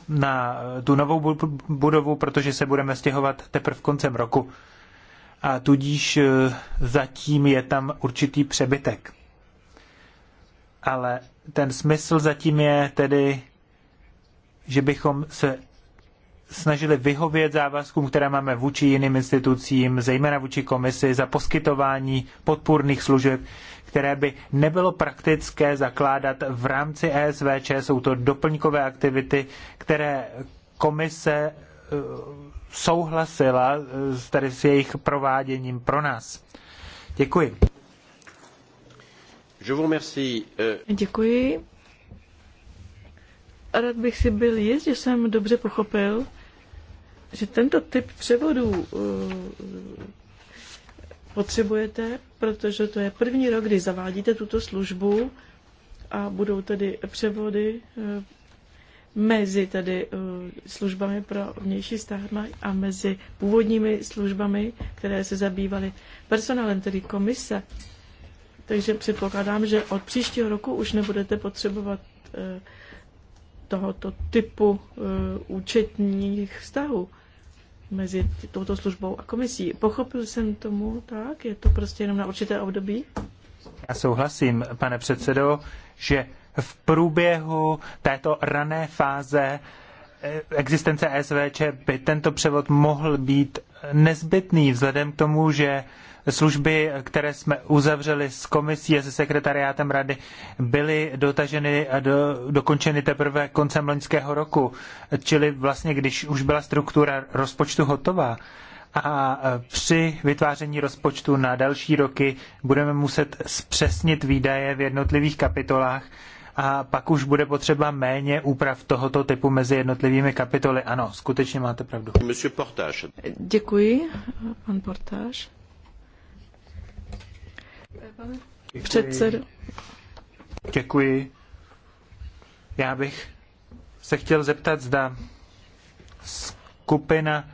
na tu novou budovu, protože se budeme stěhovat teprve koncem roku a tudíž e, zatím je tam určitý přebytek. Ale ten smysl zatím je tedy, že bychom se snažili vyhovět závazkům, které máme vůči jiným institucím, zejména vůči komisi, za poskytování podpůrných služeb, které by nebylo praktické zakládat v rámci ESVČ. Jsou to doplňkové aktivity, které komise souhlasila eh, tedy s jejich prováděním pro nás. Děkuji. Je vous remercie. Eh, Děkuji. Rád bych si byl jist, že jsem dobře pochopil, že tento typ převodů eh, potřebujete, protože to je první rok, kdy zavádíte tuto službu a budou tedy převody mezi tedy eh, službami pro vnější stárma a mezi původními službami, které se zabývaly personálem, tedy komise. Takže předpokládám, že od příštího roku už nebudete potřebovat eh, tohoto typu eh, účetních vztahů mezi touto službou a komisí. Pochopil jsem tomu tak? Je to prostě jenom na určité období? Já souhlasím, pane předsedo, že v průběhu této rané fáze eh, existence SVČ by tento převod mohl být nezbytný vzhledem k tomu, že služby, které jsme uzavřeli s komisí a se sekretariátem rady, byly dotaženy a do, dokončeny teprve koncem loňského roku. Čili vlastně, když už byla struktura rozpočtu hotová, a při vytváření rozpočtu na další roky budeme muset zpřesnit výdaje v jednotlivých kapitolách, a pak už bude potřeba méně úprav tohoto typu mezi jednotlivými kapitoly. Ano, skutečně máte pravdu. Děkuji, pan Portáž. Pane Děkuji. Já bych se chtěl zeptat, zda skupina,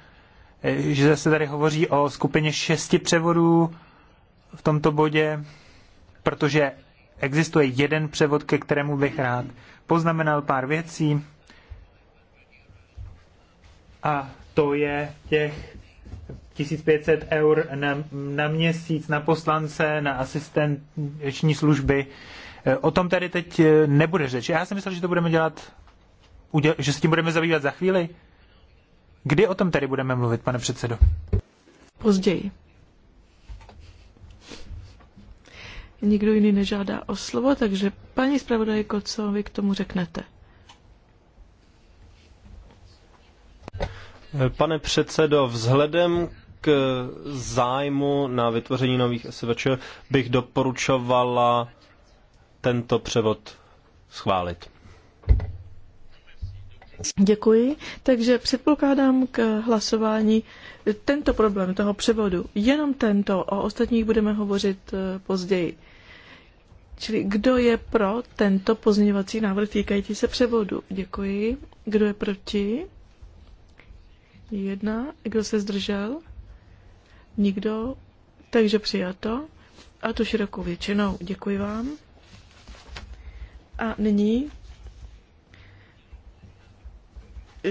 eh, že se tady hovoří o skupině šesti převodů v tomto bodě, protože existuje jeden převod, ke kterému bych rád poznamenal pár věcí. A to je těch 1500 eur na, na měsíc na poslance, na asistenční služby. E, o tom tady teď e, nebude řeč. Já jsem myslel, že to budeme dělat, že se tím budeme zabývat za chvíli. Kdy o tom tady budeme mluvit, pane předsedo? Později. Nikdo jiný nežádá o slovo, takže paní zpravodajko, co vy k tomu řeknete? Pane předsedo, vzhledem k zájmu na vytvoření nových SVČ bych doporučovala tento převod schválit. Děkuji. Takže předpokládám k hlasování tento problém toho převodu, jenom tento, o ostatních budeme hovořit eh, později. Čili kdo je pro tento pozměňovací návrh týkající se převodu? Děkuji. Kdo je proti? Jedna. Kdo se zdržel? Nikdo. Takže přijato. A to širokou většinou. Děkuji vám. A nyní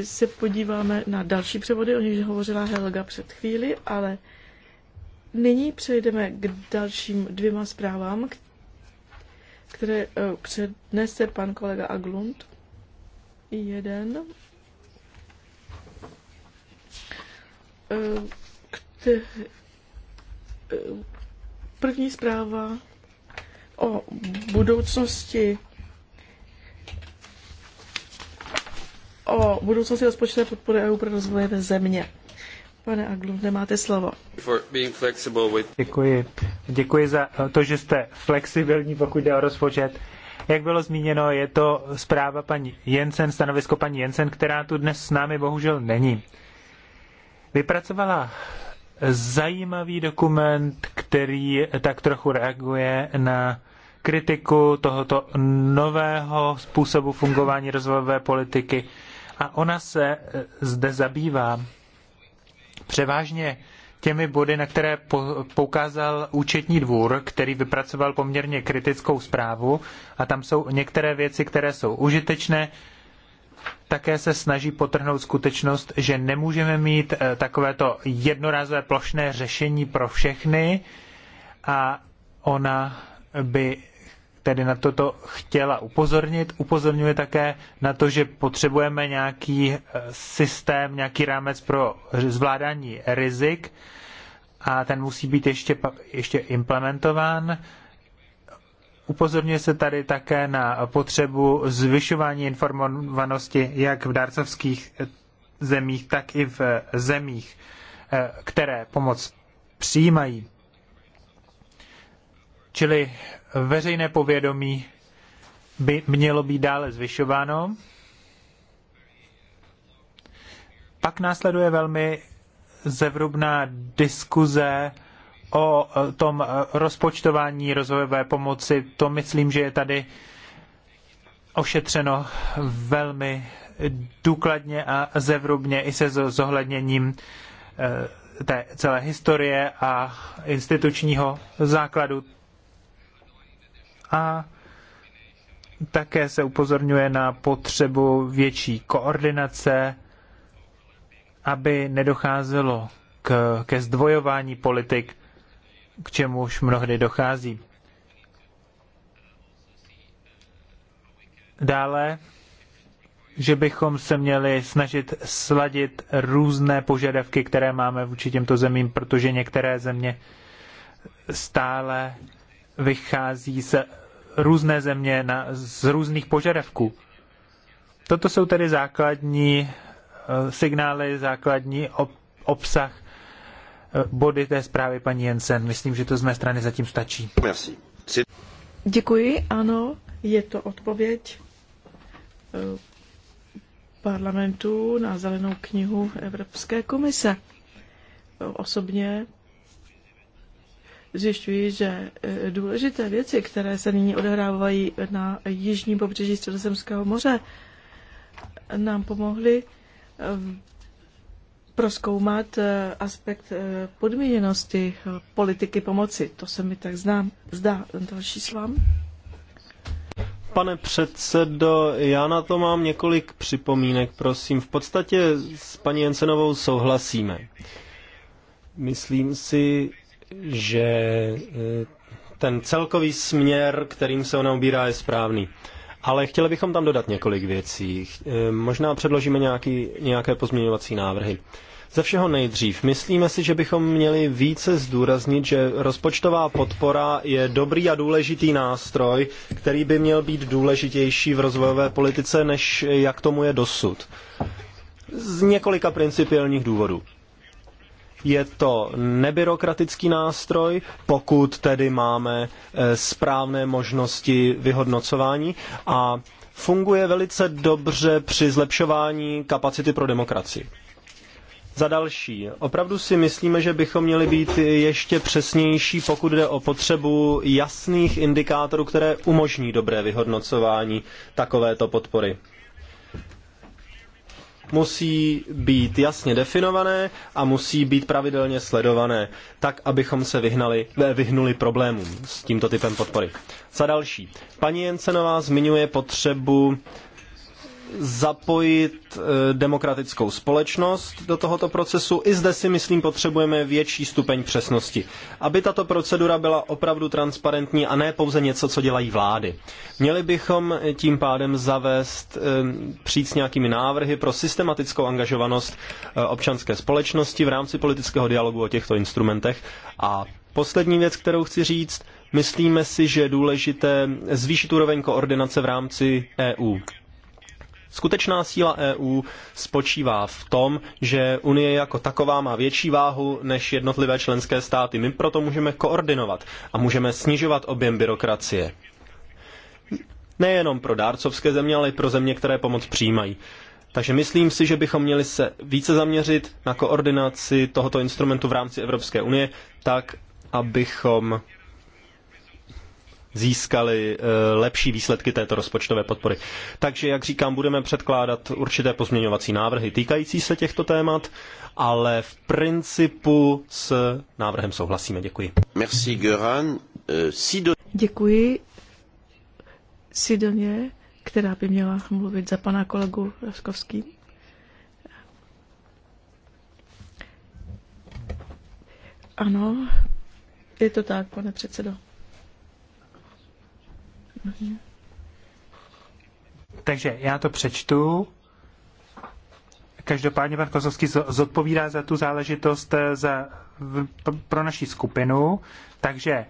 se podíváme na další převody, o nichž hovořila Helga před chvíli, ale nyní přejdeme k dalším dvěma zprávám, které eh, přednese pan kolega Aglund. Jeden, eh, eh, první zpráva o budoucnosti o budoucnosti rozpočtové podpory EU pro rozvojové země. Pane Aglu, nemáte slovo. Děkuji. Děkuji za to, že jste flexibilní, pokud jde o rozpočet. Jak bylo zmíněno, je to zpráva paní Jensen, stanovisko paní Jensen, která tu dnes s námi bohužel není. Vypracovala zajímavý dokument, který tak trochu reaguje na kritiku tohoto nového způsobu fungování rozvojové politiky a ona se e, zde zabývá převážně těmi body, na které poukázal účetní dvůr, který vypracoval poměrně kritickou zprávu a tam jsou některé věci, které jsou užitečné. Také se snaží potrhnout skutečnost, že nemůžeme mít e, takovéto jednorázové plošné řešení pro všechny a ona by tedy na toto chtěla upozornit. Upozorňuje také na to, že potřebujeme nějaký eh, systém, nějaký rámec pro zvládání rizik a ten musí být ještě, ještě implementován. Upozorňuje se tady také na potřebu zvyšování informovanosti jak v dárcovských eh, zemích, tak i v eh, zemích, které pomoc přijímají. Čili veřejné povědomí by mělo být dále zvyšováno. Pak následuje velmi zevrubná diskuze o e, tom e, rozpočtování rozvojové pomoci. To myslím, že je tady ošetřeno velmi důkladně a zevrubně i se zohledněním e, té celé historie a institučního základu a také se upozorňuje na potřebu větší koordinace, aby nedocházelo k, ke zdvojování politik, k čemuž mnohdy dochází. Dále, že bychom se měli snažit sladit různé požadavky, které máme vůči těmto zemím, protože některé země stále vychází z různé země, na, z různých požadavků. Toto jsou tedy základní eh, signály, základní obsah eh, body té zprávy paní Jensen. Myslím, že to z mé strany zatím stačí. Děkuji, ano, je to odpověď eh, parlamentu na zelenou knihu Evropské komise. Osobně zjišťuji, že e, důležité věci, které se nyní odehrávají na jižním pobřeží Středozemského moře, nám pomohly e, proskoumat e, aspekt podmíněnosti politiky pomoci. To se mi tak znám. Zdá. Další slám. Pane předsedo, já na to mám několik připomínek, prosím. V podstatě s paní Jensenovou souhlasíme. Myslím si, že eh, ten celkový směr, kterým se ona ubírá, je správný. Ale chtěli bychom tam dodat několik věcí. Eh, možná předložíme nějaký, nějaké pozměňovací návrhy. Ze všeho nejdřív. Myslíme si, že bychom měli více zdůraznit, že rozpočtová podpora je dobrý a důležitý nástroj, který by měl být důležitější v rozvojové politice, než jak tomu je dosud. Z několika principiálních důvodů. Je to nebyrokratický nástroj, pokud tedy máme eh, správné možnosti vyhodnocování a funguje velice dobře při zlepšování kapacity pro demokracii. Za další, opravdu si myslíme, že bychom měli být ještě přesnější, pokud jde o potřebu jasných indikátorů, které umožní dobré vyhodnocování takovéto podpory musí být jasně definované a musí být pravidelně sledované, tak abychom se vyhnali, eh, vyhnuli problémům s tímto typem podpory. Za další, paní Jensenová zmiňuje potřebu zapojit eh, demokratickou společnost do tohoto procesu. I zde si myslím potřebujeme větší stupeň přesnosti, aby tato procedura byla opravdu transparentní a ne pouze něco, co dělají vlády. Měli bychom eh, tím pádem zavést, eh, přijít s nějakými návrhy pro systematickou angažovanost občanské společnosti v rámci politického dialogu o těchto instrumentech. A poslední věc, kterou chci říct, myslíme si, že je důležité zvýšit úroveň koordinace v rámci EU Skutečná síla EU spočívá v tom, že Unie jako taková má větší váhu než jednotlivé členské státy. My proto můžeme koordinovat a můžeme snižovat objem byrokracie. Nejenom pro dárcovské země, ale i pro země, které pomoc přijímají. Takže myslím si, že bychom měli se více zaměřit na koordinaci tohoto instrumentu v rámci Evropské unie, tak abychom získali eh, lepší výsledky této rozpočtové podpory. Takže, jak říkám, budeme předkládat určité pozměňovací návrhy týkající se těchto témat, ale v principu s návrhem souhlasíme. Děkuji. Merci, Göran. Eh, Děkuji Sidoně, která by měla mluvit za pana kolegu Raskovský. Ano, je to tak, pane předsedo. Takže já to přečtu. Každopádně pan Kozovský zodpovídá za tu záležitost eh, za, pro naši skupinu. Takže,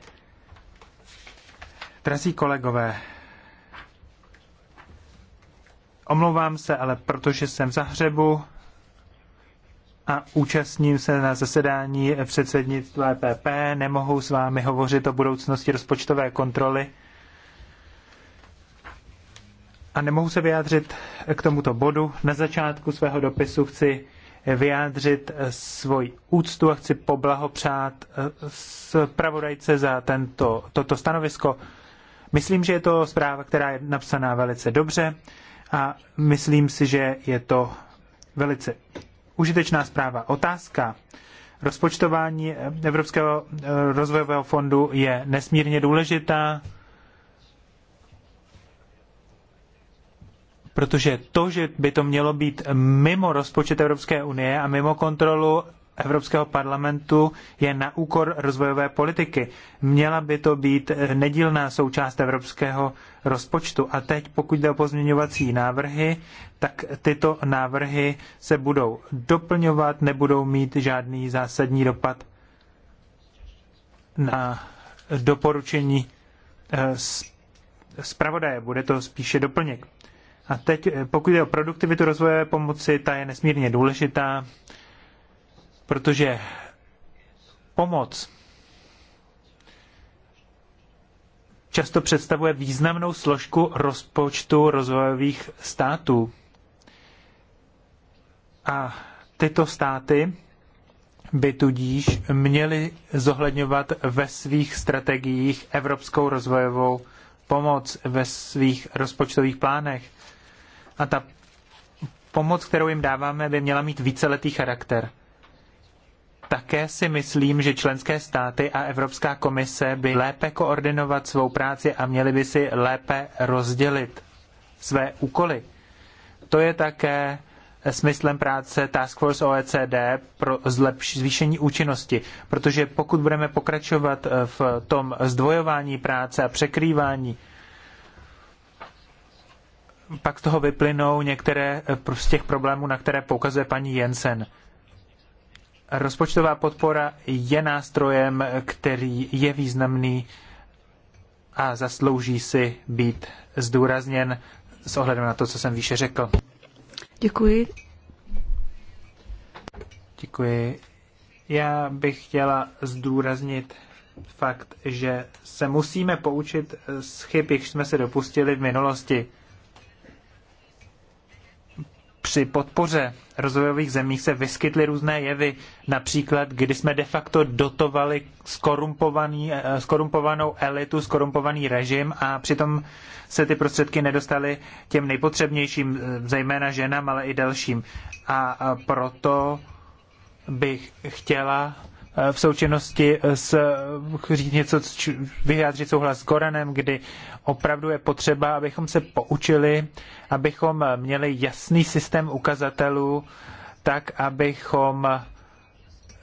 drazí kolegové, omlouvám se, ale protože jsem v zahřebu a účastním se na zasedání předsednictva EPP, nemohu s vámi hovořit o budoucnosti rozpočtové kontroly a nemohu se vyjádřit k tomuto bodu. Na začátku svého dopisu chci vyjádřit svoji úctu a chci poblahopřát zpravodajce eh, za tento, toto stanovisko. Myslím, že je to zpráva, která je napsaná velice dobře a myslím si, že je to velice užitečná zpráva. Otázka rozpočtování Evropského eh, rozvojového fondu je nesmírně důležitá protože to, že by to mělo být mimo rozpočet Evropské unie a mimo kontrolu Evropského parlamentu je na úkor rozvojové politiky. Měla by to být nedílná součást evropského rozpočtu. A teď, pokud jde o pozměňovací návrhy, tak tyto návrhy se budou doplňovat, nebudou mít žádný zásadní dopad na doporučení eh, zpravodaje. Bude to spíše doplněk. A teď, eh, pokud je o produktivitu rozvoje pomoci, ta je nesmírně důležitá, protože pomoc často představuje významnou složku rozpočtu rozvojových států. A tyto státy by tudíž měly zohledňovat ve svých strategiích evropskou rozvojovou pomoc, ve svých rozpočtových plánech. A ta pomoc, kterou jim dáváme, by měla mít víceletý charakter. Také si myslím, že členské státy a Evropská komise by lépe koordinovat svou práci a měly by si lépe rozdělit své úkoly. To je také smyslem práce Task Force OECD pro zlepš- zvýšení účinnosti, protože pokud budeme pokračovat v tom zdvojování práce a překrývání, pak z toho vyplynou některé eh, z těch problémů, na které poukazuje paní Jensen. Rozpočtová podpora je nástrojem, eh, který je významný a zaslouží si být zdůrazněn s ohledem na to, co jsem výše řekl. Děkuji. Děkuji. Já bych chtěla zdůraznit fakt, že se musíme poučit eh, z chyb, jich jsme se dopustili v minulosti při podpoře rozvojových zemích se vyskytly různé jevy, například kdy jsme de facto dotovali skorumpovaný, eh, skorumpovanou elitu, skorumpovaný režim a přitom se ty prostředky nedostaly těm nejpotřebnějším, eh, zejména ženám, ale i dalším. A proto bych chtěla Eh, v součinnosti s, eh, říct něco, vyjádřit souhlas s Koranem, kdy opravdu je potřeba, abychom se poučili, abychom měli jasný systém ukazatelů, tak abychom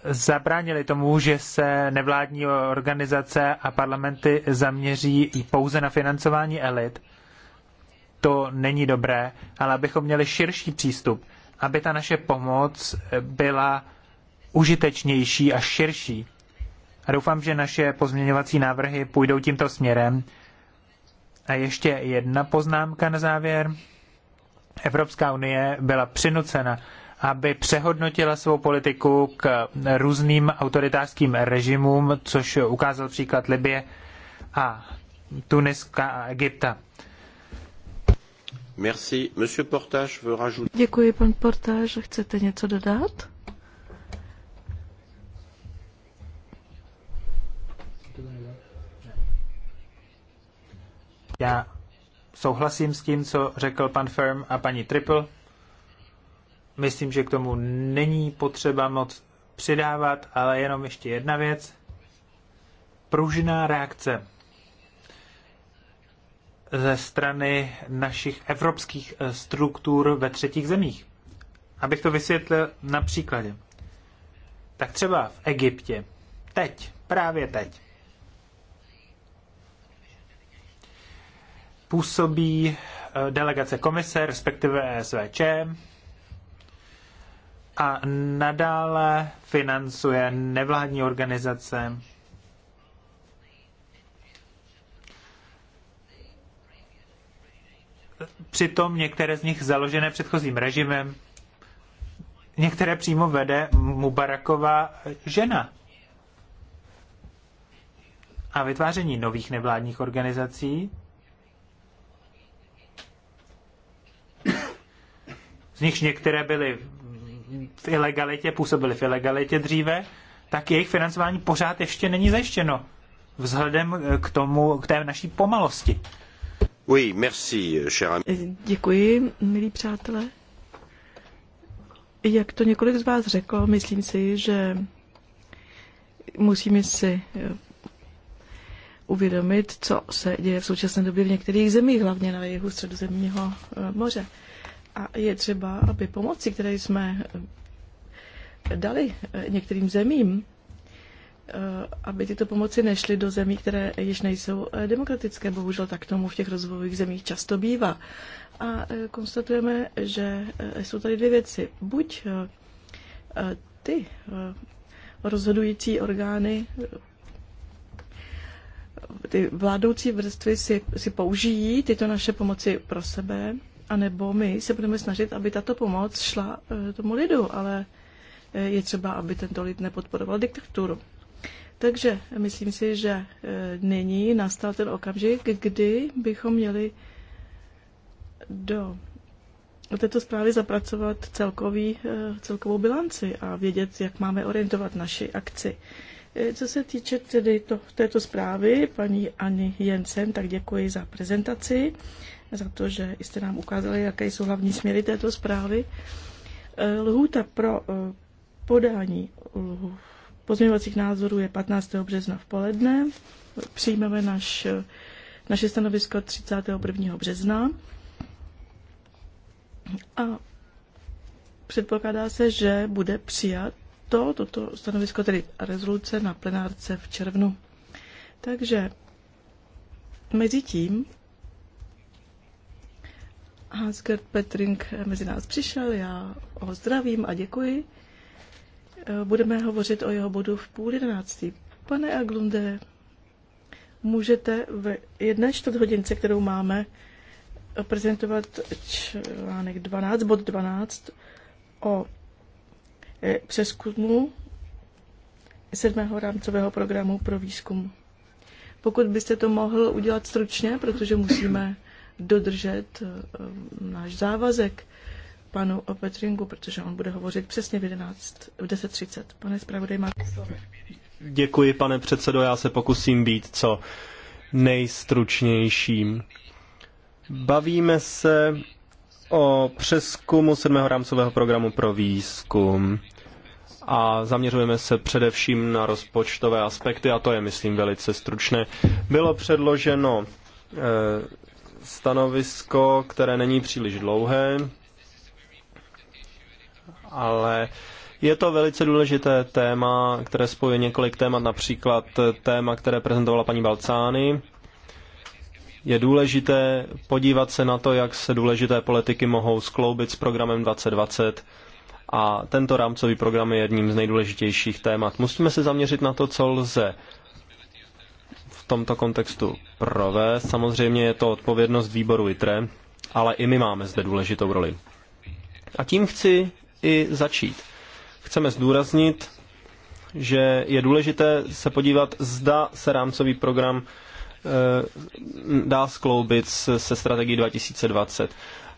zabránili tomu, že se nevládní organizace a parlamenty zaměří pouze na financování elit. To není dobré, ale abychom měli širší přístup, aby ta naše pomoc eh, byla užitečnější a širší. A doufám, že naše pozměňovací návrhy půjdou tímto směrem. A ještě jedna poznámka na závěr. Evropská unie byla přinucena, aby přehodnotila svou politiku k různým autoritářským režimům, což ukázal příklad Libie a Tuniska a Egypta. Merci. Monsieur Portage veut rajouter... Děkuji, pan Portage. Chcete něco dodat? Já souhlasím s tím, co řekl pan Firm a paní Triple. Myslím, že k tomu není potřeba moc přidávat, ale jenom ještě jedna věc. Pružná reakce ze strany našich evropských eh, struktur ve třetích zemích. Abych to vysvětlil na příkladě. Tak třeba v Egyptě, teď, právě teď, působí eh, delegace komise, respektive SVČ, a nadále financuje nevládní organizace. Přitom některé z nich založené předchozím režimem, některé přímo vede Mubarakova žena. A vytváření nových nevládních organizací nichž některé byly v ilegalitě, působily v ilegalitě dříve, tak jejich financování pořád ještě není zajištěno vzhledem k tomu, k té naší pomalosti. Oui, merci, cher Děkuji, milí přátelé. Jak to několik z vás řekl, myslím si, že musíme si eh, uvědomit, co se děje v současné době v některých zemích, hlavně na jihu středozemního eh, moře. A je třeba, aby pomoci, které jsme eh, dali eh, některým zemím, eh, aby tyto pomoci nešly do zemí, které již nejsou demokratické. Bohužel tak tomu v těch rozvojových zemích často bývá. A konstatujeme, že jsou tady dvě věci. Buď ty rozhodující orgány, ty vládoucí vrstvy si, si použijí tyto naše pomoci pro sebe, anebo my se budeme snažit, aby tato pomoc šla eh, tomu lidu, ale eh, je třeba, aby tento lid nepodporoval diktaturu. Takže myslím si, že eh, nyní nastal ten okamžik, kdy bychom měli do této zprávy zapracovat celkový, celkovou bilanci a vědět, jak máme orientovat naši akci. Co se týče tedy to, této zprávy, paní Ani Jensen, tak děkuji za prezentaci za to, že jste nám ukázali, jaké jsou hlavní směry této zprávy. E, lhůta pro e, podání pozměňovacích názorů je 15. března v poledne. Přijmeme naš, e, naše stanovisko 31. března. A předpokládá se, že bude přijat to, toto stanovisko, tedy rezoluce na plenárce v červnu. Takže mezi tím Hans-Gerd Petring mezi nás přišel, já ho zdravím a děkuji. Eh, budeme hovořit o jeho bodu v půl jedenáctý. Pane Aglunde, můžete v jedné čtvrt hodince, kterou máme, prezentovat článek 12, bod 12 o eh, přeskumu sedmého rámcového programu pro výzkum. Pokud byste to mohl udělat stručně, protože musíme dodržet eh, eh, náš závazek panu Opetringu, protože on bude hovořit přesně v 11, v 10.30. Pane zpravodaj, máte slovo. Děkuji, pane předsedo, já se pokusím být co nejstručnějším. Bavíme se o přeskumu sedmého rámcového programu pro výzkum a zaměřujeme se především na rozpočtové aspekty a to je, myslím, velice stručné. Bylo předloženo eh, stanovisko, které není příliš dlouhé, ale je to velice důležité téma, které spojuje několik témat, například téma, které prezentovala paní Balcány. Je důležité podívat se na to, jak se důležité politiky mohou skloubit s programem 2020 a tento rámcový program je jedním z nejdůležitějších témat. Musíme se zaměřit na to, co lze tomto kontextu provést. Samozřejmě je to odpovědnost výboru ITRE, ale i my máme zde důležitou roli. A tím chci i začít. Chceme zdůraznit, že je důležité se podívat, zda se rámcový program eh, dá skloubit se strategií 2020.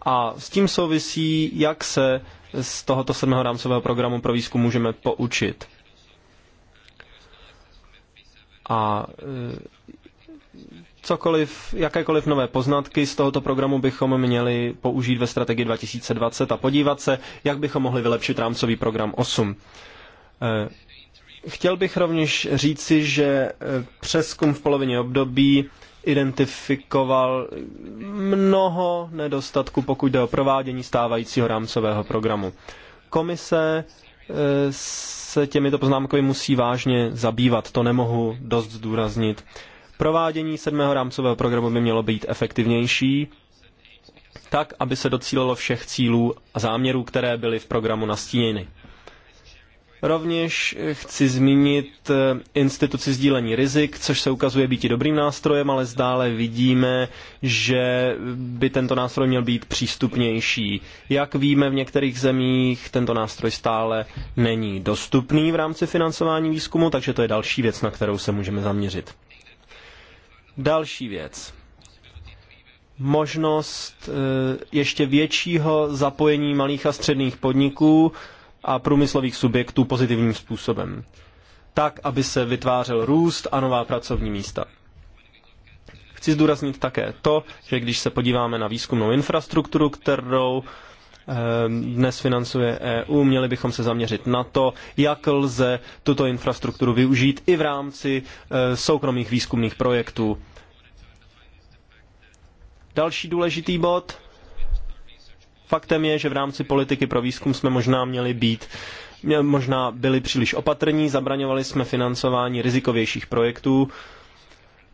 A s tím souvisí, jak se z tohoto sedmého rámcového programu pro výzkum můžeme poučit. A e, cokoliv, jakékoliv nové poznatky z tohoto programu bychom měli použít ve strategii 2020 a podívat se, jak bychom mohli vylepšit rámcový program 8. E, chtěl bych rovněž říci, že e, přeskum v polovině období identifikoval mnoho nedostatků, pokud jde o provádění stávajícího rámcového programu. Komise se těmito poznámkami musí vážně zabývat, to nemohu dost zdůraznit. Provádění sedmého rámcového programu by mělo být efektivnější, tak, aby se docílilo všech cílů a záměrů, které byly v programu nastíněny. Rovněž chci zmínit eh, instituci sdílení rizik, což se ukazuje být i dobrým nástrojem, ale zdále vidíme, že by tento nástroj měl být přístupnější. Jak víme, v některých zemích tento nástroj stále není dostupný v rámci financování výzkumu, takže to je další věc, na kterou se můžeme zaměřit. Další věc možnost eh, ještě většího zapojení malých a středních podniků a průmyslových subjektů pozitivním způsobem. Tak, aby se vytvářel růst a nová pracovní místa. Chci zdůraznit také to, že když se podíváme na výzkumnou infrastrukturu, kterou eh, dnes financuje EU, měli bychom se zaměřit na to, jak lze tuto infrastrukturu využít i v rámci eh, soukromých výzkumných projektů. Další důležitý bod Faktem je, že v rámci politiky pro výzkum jsme možná měli být možná byli příliš opatrní, zabraňovali jsme financování rizikovějších projektů,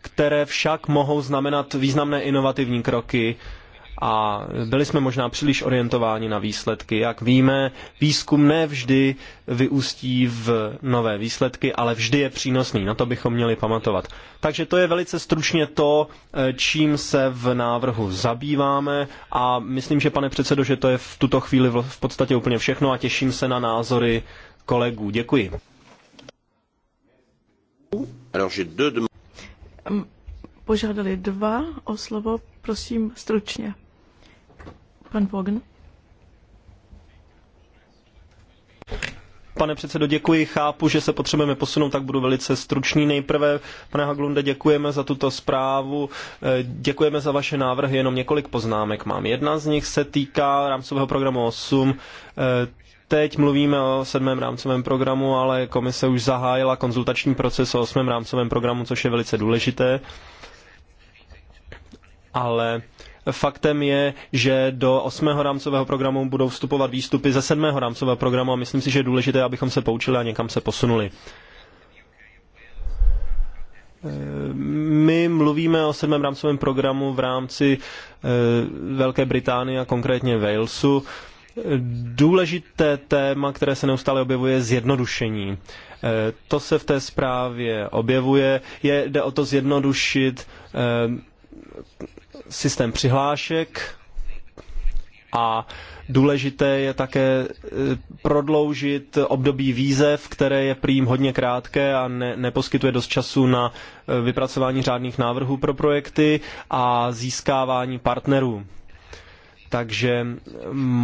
které však mohou znamenat významné inovativní kroky a byli jsme možná příliš orientováni na výsledky. Jak víme, výzkum ne vždy vyústí v nové výsledky, ale vždy je přínosný. Na to bychom měli pamatovat. Takže to je velice stručně to, eh, čím se v návrhu zabýváme a myslím, že pane předsedo, že to je v tuto chvíli v podstatě úplně všechno a těším se na názory kolegů. Děkuji. Požádali dva o slovo, prosím stručně. Pan Vogen. Pane předsedo, děkuji, chápu, že se potřebujeme posunout, tak budu velice stručný. Nejprve, pane Haglunde, děkujeme za tuto zprávu, eh, děkujeme za vaše návrhy, jenom několik poznámek mám. Jedna z nich se týká rámcového programu 8, eh, teď mluvíme o sedmém rámcovém programu, ale komise už zahájila konzultační proces o osmém rámcovém programu, což je velice důležité. Ale Faktem je, že do osmého rámcového programu budou vstupovat výstupy ze sedmého rámcového programu a myslím si, že je důležité, abychom se poučili a někam se posunuli. My mluvíme o sedmém rámcovém programu v rámci eh, Velké Británie a konkrétně Walesu. Důležité téma, které se neustále objevuje, je zjednodušení. Eh, to se v té zprávě objevuje. Je, jde o to zjednodušit eh, systém přihlášek a důležité je také eh, prodloužit období výzev, které je prým hodně krátké a ne, neposkytuje dost času na eh, vypracování řádných návrhů pro projekty a získávání partnerů. Takže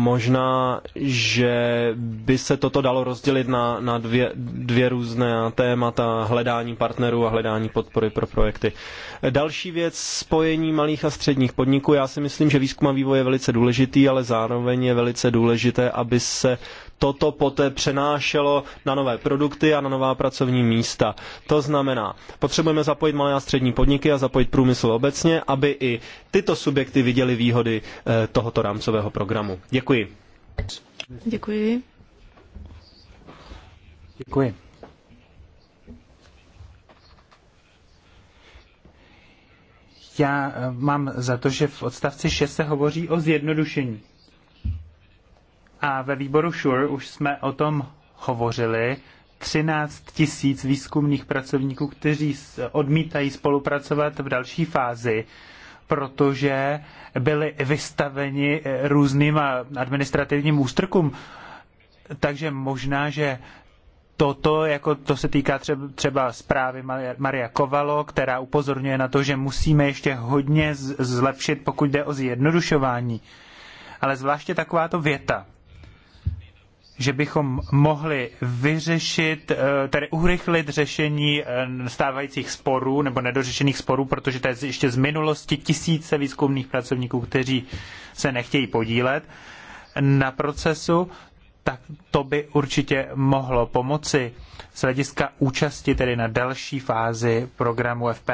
možná, že by se toto dalo rozdělit na, na dvě, dvě různé témata, hledání partnerů a hledání podpory pro projekty. Další věc, spojení malých a středních podniků. Já si myslím, že výzkum a vývoj je velice důležitý, ale zároveň je velice důležité, aby se toto poté přenášelo na nové produkty a na nová pracovní místa. To znamená, potřebujeme zapojit malé a střední podniky a zapojit průmysl obecně, aby i tyto subjekty viděly výhody eh, tohoto rámcového programu. Děkuji. Děkuji. Děkuji. Já eh, mám za to, že v odstavci 6 se hovoří o zjednodušení. A ve výboru SURE už jsme o tom hovořili. 13 tisíc výzkumných pracovníků, kteří odmítají spolupracovat v další fázi, protože byli vystaveni eh, různým eh, administrativním ústrkům. Takže možná, že toto, jako to se týká třeba, třeba zprávy Maria Kovalo, která upozorňuje na to, že musíme ještě hodně zlepšit, pokud jde o zjednodušování. Ale zvláště takováto věta, že bychom mohli vyřešit, eh, tedy urychlit řešení eh, stávajících sporů nebo nedořešených sporů, protože to je ještě z minulosti tisíce výzkumných pracovníků, kteří se nechtějí podílet na procesu, tak to by určitě mohlo pomoci z hlediska účasti tedy na další fázi programu FP.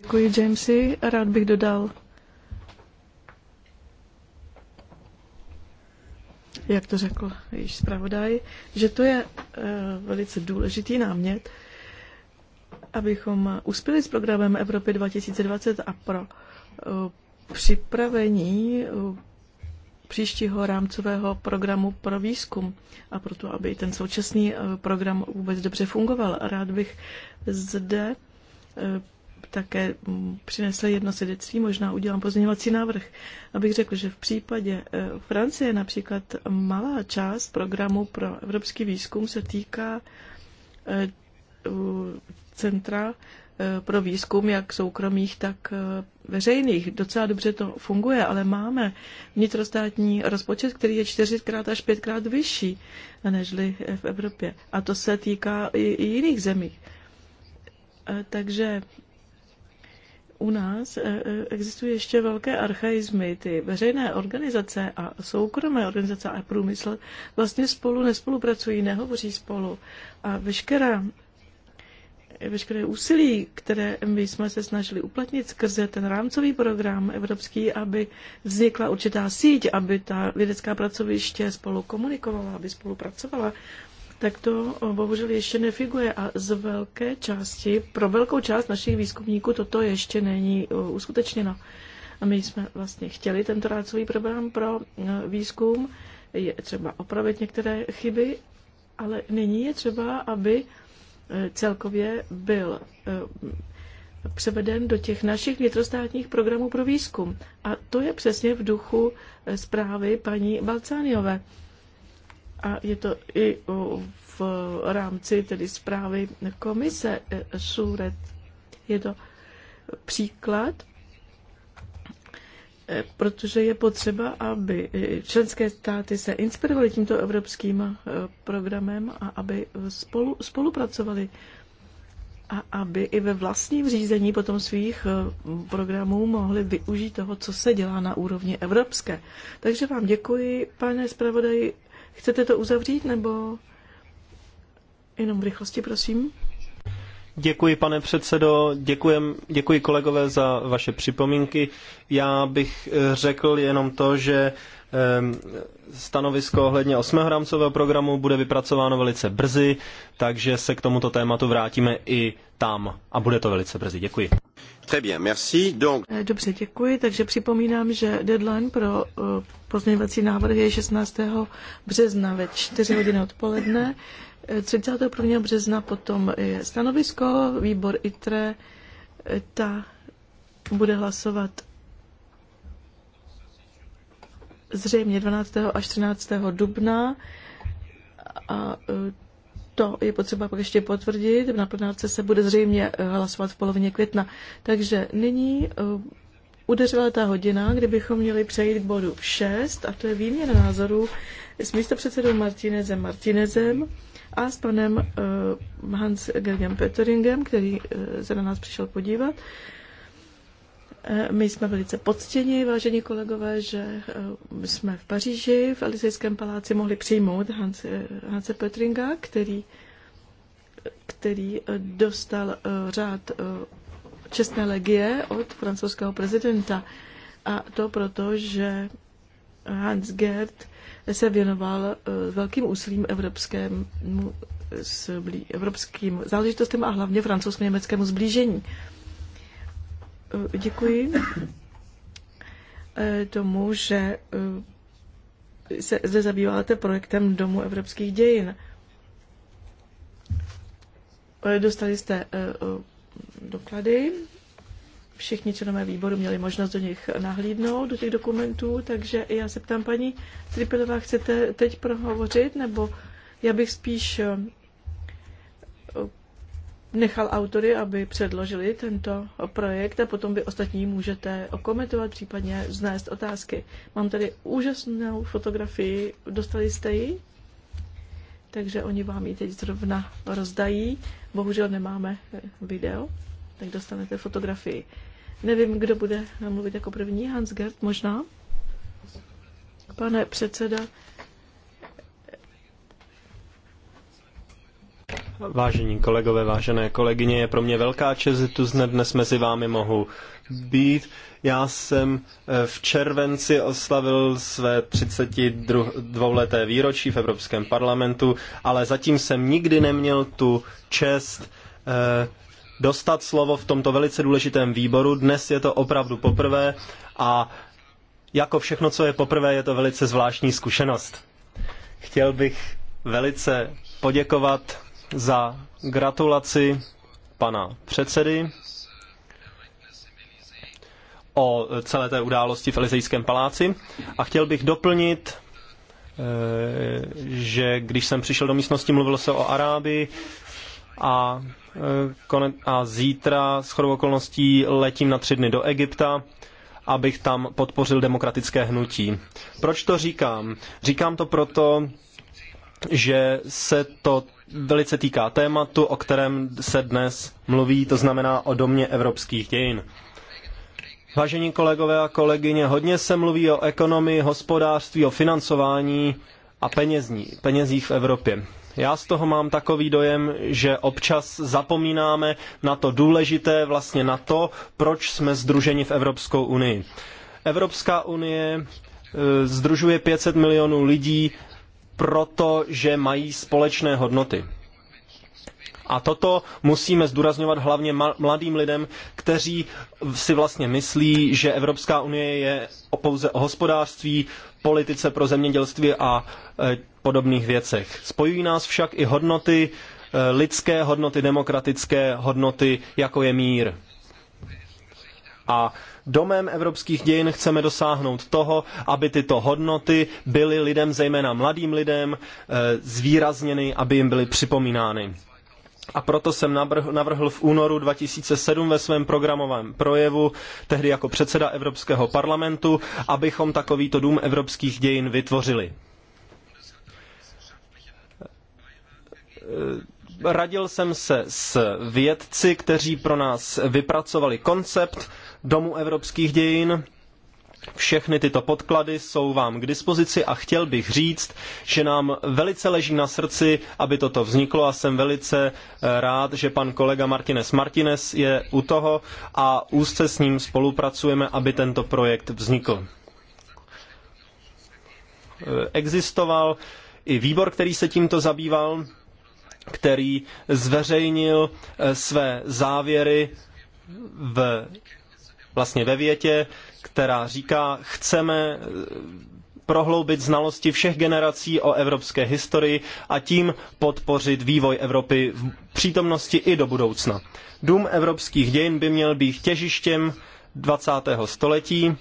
Děkuji, Jamesy. Rád bych dodal jak to řekl již zpravodaj, že to je eh, velice důležitý námět, abychom uspěli s programem Evropy 2020 a pro eh, připravení eh, příštího rámcového programu pro výzkum a proto, aby ten současný program vůbec dobře fungoval. Rád bych zde také přinesli jedno svědectví, možná udělám pozměňovací návrh, abych řekl, že v případě eh, Francie například malá část programu pro evropský výzkum se týká eh, centra eh, pro výzkum, jak soukromých, tak veřejných. Docela dobře to funguje, ale máme vnitrostátní rozpočet, který je čtyřikrát až pětkrát vyšší nežli v Evropě. A to se týká i jiných zemí. Takže u nás eh, eh, existují ještě velké archaizmy. Ty veřejné organizace a soukromé organizace a průmysl vlastně spolu nespolupracují, nehovoří spolu. A veškerá veškeré úsilí, které my jsme se snažili uplatnit skrze ten rámcový program evropský, aby vznikla určitá síť, aby ta vědecká pracoviště spolu komunikovala, aby spolupracovala, tak to bohužel ještě nefiguje a z velké části, pro velkou část našich výzkumníků toto ještě není uskutečněno. A my jsme vlastně chtěli tento rácový program pro výzkum, je třeba opravit některé chyby, ale nyní je třeba, aby celkově byl převeden do těch našich vnitrostátních programů pro výzkum. A to je přesně v duchu e, zprávy paní Balcániové a je to i v rámci tedy zprávy komise eh, SURET. Je to příklad, eh, protože je potřeba, aby eh, členské státy se inspirovaly tímto evropským programem a aby spolu, spolupracovali a aby i ve vlastním řízení potom svých programů mohli využít toho, co se dělá na úrovni evropské. Takže vám děkuji, pane zpravodaji, Chcete to uzavřít nebo jenom v rychlosti, prosím? Děkuji, pane předsedo, děkujem, děkuji kolegové za vaše připomínky. Já bych eh, řekl jenom to, že ehm, stanovisko ohledně osmého rámcového programu bude vypracováno velice brzy, takže se k tomuto tématu vrátíme i tam a bude to velice brzy. Děkuji. Eh, dobře, děkuji. Takže připomínám, že deadline pro eh, pozměňovací návrhy je 16. března ve 4 hodiny odpoledne. 31. Eh, března potom je stanovisko, výbor ITRE, ta bude hlasovat zřejmě 12. až 13. dubna a to je potřeba pak ještě potvrdit. Na plenárce se bude zřejmě eh, hlasovat v polovině května. Takže nyní eh, udeřila ta hodina, kdybychom měli přejít k bodu 6, a to je výměna názorů s místopředsedou Martinezem Martinezem a s panem eh, Hans Gergem Petteringem, který se na nás přišel podívat. Eh, my jsme velice poctěni, vážení kolegové, že eh, jsme v Paříži v Elizejském paláci mohli přijmout eh, Hanse, Hanse Petringa, který, který dostal řád čestné legie od francouzského prezidenta. A to proto, že Hans Gerd se věnoval velkým úsilím evropskému, evropským záležitostem a hlavně francouzsko-německému zblížení. Eh, děkuji eh, tomu, že eh, se zde zabýváte projektem Domu evropských dějin. Dostali jste doklady, všichni členové výboru měli možnost do nich nahlídnout, do těch dokumentů, takže já se ptám, paní Tripilová, chcete teď prohovořit, nebo já bych spíš nechal autory, aby předložili tento projekt a potom vy ostatní můžete okomentovat, případně znést otázky. Mám tady úžasnou fotografii, dostali jste ji? Takže oni vám ji teď zrovna rozdají. Bohužel nemáme eh, video, tak dostanete fotografii. Nevím, kdo bude mluvit jako první. Hans Gert možná? Pane předseda, Vážení kolegové, vážené kolegyně, je pro mě velká čest, že tu zne dnes mezi vámi mohu být. Já jsem eh, v červenci oslavil své 32-leté výročí v Evropském parlamentu, ale zatím jsem nikdy neměl tu čest eh, dostat slovo v tomto velice důležitém výboru. Dnes je to opravdu poprvé a jako všechno, co je poprvé, je to velice zvláštní zkušenost. Chtěl bych velice poděkovat za gratulaci pana předsedy o celé té události v Elizejském paláci a chtěl bych doplnit, eh, že když jsem přišel do místnosti, mluvilo se o Arábii a, eh, a zítra s chodou okolností letím na tři dny do Egypta, abych tam podpořil demokratické hnutí. Proč to říkám? Říkám to proto, že se to velice týká tématu, o kterém se dnes mluví, to znamená o domě evropských dějin. Vážení kolegové a kolegyně, hodně se mluví o ekonomii, hospodářství, o financování a penězní, penězích v Evropě. Já z toho mám takový dojem, že občas zapomínáme na to důležité, vlastně na to, proč jsme združeni v Evropskou unii. Evropská unie e, združuje 500 milionů lidí protože mají společné hodnoty. A toto musíme zdůrazňovat hlavně mladým lidem, kteří si vlastně myslí, že Evropská unie je pouze o hospodářství, politice pro zemědělství a e, podobných věcech. Spojují nás však i hodnoty, e, lidské hodnoty, demokratické hodnoty, jako je mír. A domem evropských dějin chceme dosáhnout toho, aby tyto hodnoty byly lidem, zejména mladým lidem, eh, zvýrazněny, aby jim byly připomínány. A proto jsem navrhl v únoru 2007 ve svém programovém projevu, tehdy jako předseda Evropského parlamentu, abychom takovýto dům evropských dějin vytvořili. Eh, radil jsem se s vědci, kteří pro nás vypracovali koncept, Domu evropských dějin. Všechny tyto podklady jsou vám k dispozici a chtěl bych říct, že nám velice leží na srdci, aby toto vzniklo a jsem velice eh, rád, že pan kolega Martinez Martinez je u toho a úzce s ním spolupracujeme, aby tento projekt vznikl. Eh, existoval i výbor, který se tímto zabýval, který zveřejnil eh, své závěry v vlastně ve větě, která říká, chceme eh, prohloubit znalosti všech generací o evropské historii a tím podpořit vývoj Evropy v přítomnosti i do budoucna. Dům evropských dějin by měl být těžištěm 20. století,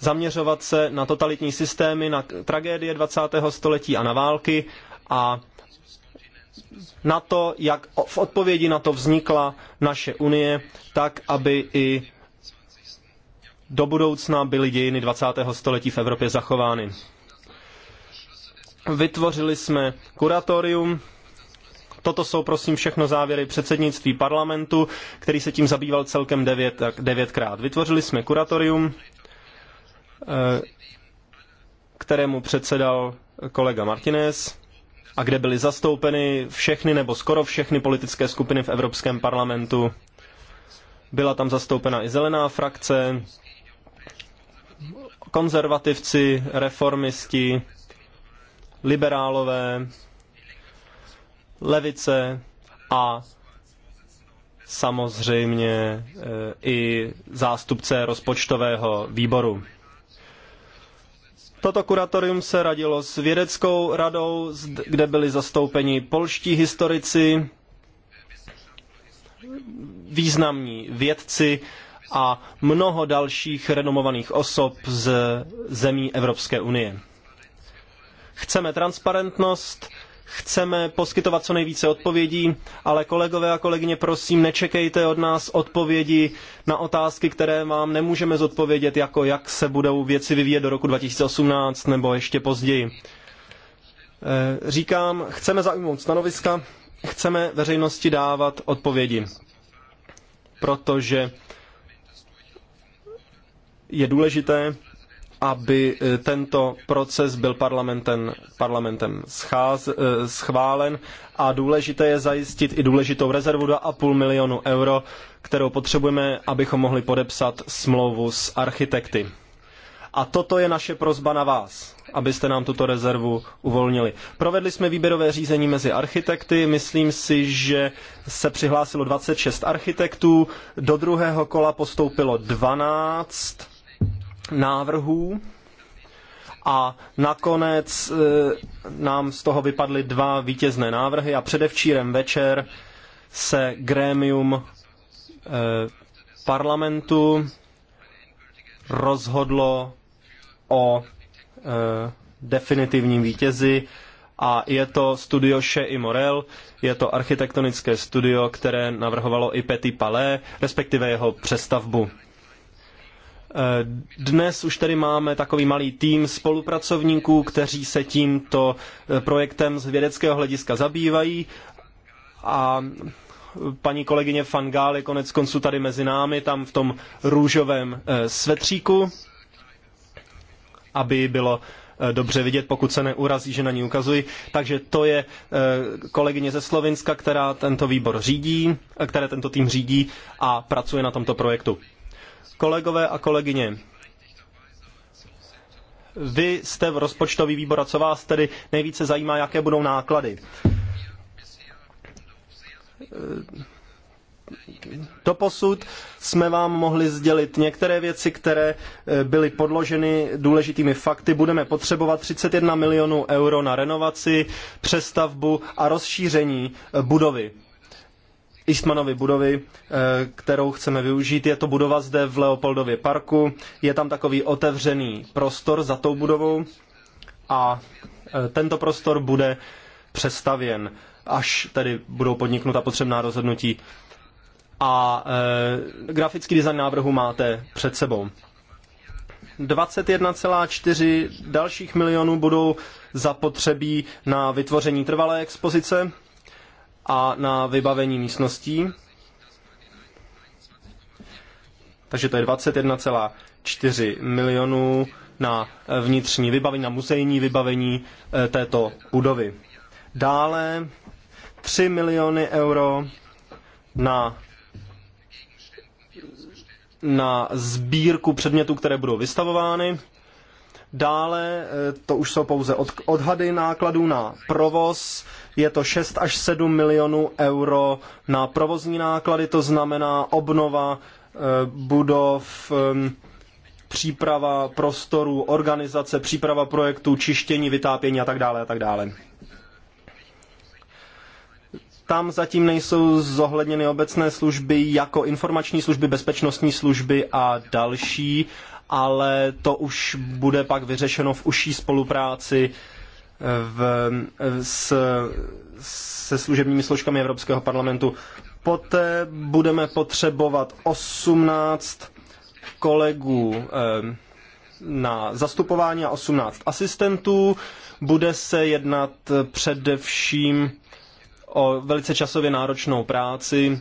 zaměřovat se na totalitní systémy, na tragédie 20. století a na války a na to, jak v odpovědi na to vznikla naše unie, tak aby i do budoucna byly dějiny 20. století v Evropě zachovány. Vytvořili jsme kuratorium. Toto jsou prosím všechno závěry předsednictví parlamentu, který se tím zabýval celkem devět, devětkrát. Vytvořili jsme kuratorium, eh, kterému předsedal kolega Martinez a kde byly zastoupeny všechny nebo skoro všechny politické skupiny v Evropském parlamentu. Byla tam zastoupena i zelená frakce, konzervativci, reformisti, liberálové, levice a samozřejmě eh, i zástupce rozpočtového výboru. Toto kuratorium se radilo s vědeckou radou, kde byli zastoupeni polští historici, významní vědci, a mnoho dalších renomovaných osob z zemí Evropské unie. Chceme transparentnost, chceme poskytovat co nejvíce odpovědí, ale kolegové a kolegyně, prosím, nečekejte od nás odpovědi na otázky, které vám nemůžeme zodpovědět, jako jak se budou věci vyvíjet do roku 2018 nebo ještě později. Eh, říkám, chceme zaujmout stanoviska, chceme veřejnosti dávat odpovědi, protože je důležité, aby e, tento proces byl parlamentem, parlamentem scház, e, schválen a důležité je zajistit i důležitou rezervu 2,5 milionu euro, kterou potřebujeme, abychom mohli podepsat smlouvu s architekty. A toto je naše prozba na vás, abyste nám tuto rezervu uvolnili. Provedli jsme výběrové řízení mezi architekty, myslím si, že se přihlásilo 26 architektů, do druhého kola postoupilo 12 návrhů a nakonec e, nám z toho vypadly dva vítězné návrhy a předevčírem večer se grémium e, parlamentu rozhodlo o e, definitivním vítězi a je to studio She i Morel, je to architektonické studio, které navrhovalo i Petit Palais, respektive jeho přestavbu. Eh, dnes už tedy máme takový malý tým spolupracovníků, kteří se tímto eh, projektem z vědeckého hlediska zabývají a paní kolegyně Fangál je konec konců tady mezi námi, tam v tom růžovém eh, svetříku, aby bylo dobře vidět, pokud se neurazí, že na ní ukazují. Takže to je kolegyně ze Slovinska, která tento výbor řídí, které tento tým řídí a pracuje na tomto projektu. Kolegové a kolegyně, vy jste v rozpočtový výbor a co vás tedy nejvíce zajímá, jaké budou náklady. posud jsme vám mohli sdělit některé věci, které eh, byly podloženy důležitými fakty. Budeme potřebovat 31 milionů euro na renovaci, přestavbu a rozšíření eh, budovy. Eastmanovy budovy, eh, kterou chceme využít. Je to budova zde v Leopoldově parku. Je tam takový otevřený prostor za tou budovou a eh, tento prostor bude přestavěn, až tedy budou podniknuta potřebná rozhodnutí. A eh, grafický design návrhu máte před sebou. 21,4 dalších milionů budou zapotřebí na vytvoření trvalé expozice a na vybavení místností. Takže to je 21,4 milionů na vnitřní vybavení, na muzejní vybavení eh, této budovy. Dále 3 miliony euro na na sbírku předmětů, které budou vystavovány Dále eh, to už jsou pouze odhady nákladů na provoz. Je to 6 až 7 milionů euro na provozní náklady, to znamená obnova eh, budov, eh, příprava prostorů, organizace, příprava projektů, čištění, vytápění a tak dále a tak dále. Tam zatím nejsou zohledněny obecné služby jako informační služby, bezpečnostní služby a další ale to už bude pak vyřešeno v užší spolupráci eh, v, eh, s, se služebními složkami Evropského parlamentu. Poté budeme potřebovat 18 kolegů eh, na zastupování a 18 asistentů. Bude se jednat především o velice časově náročnou práci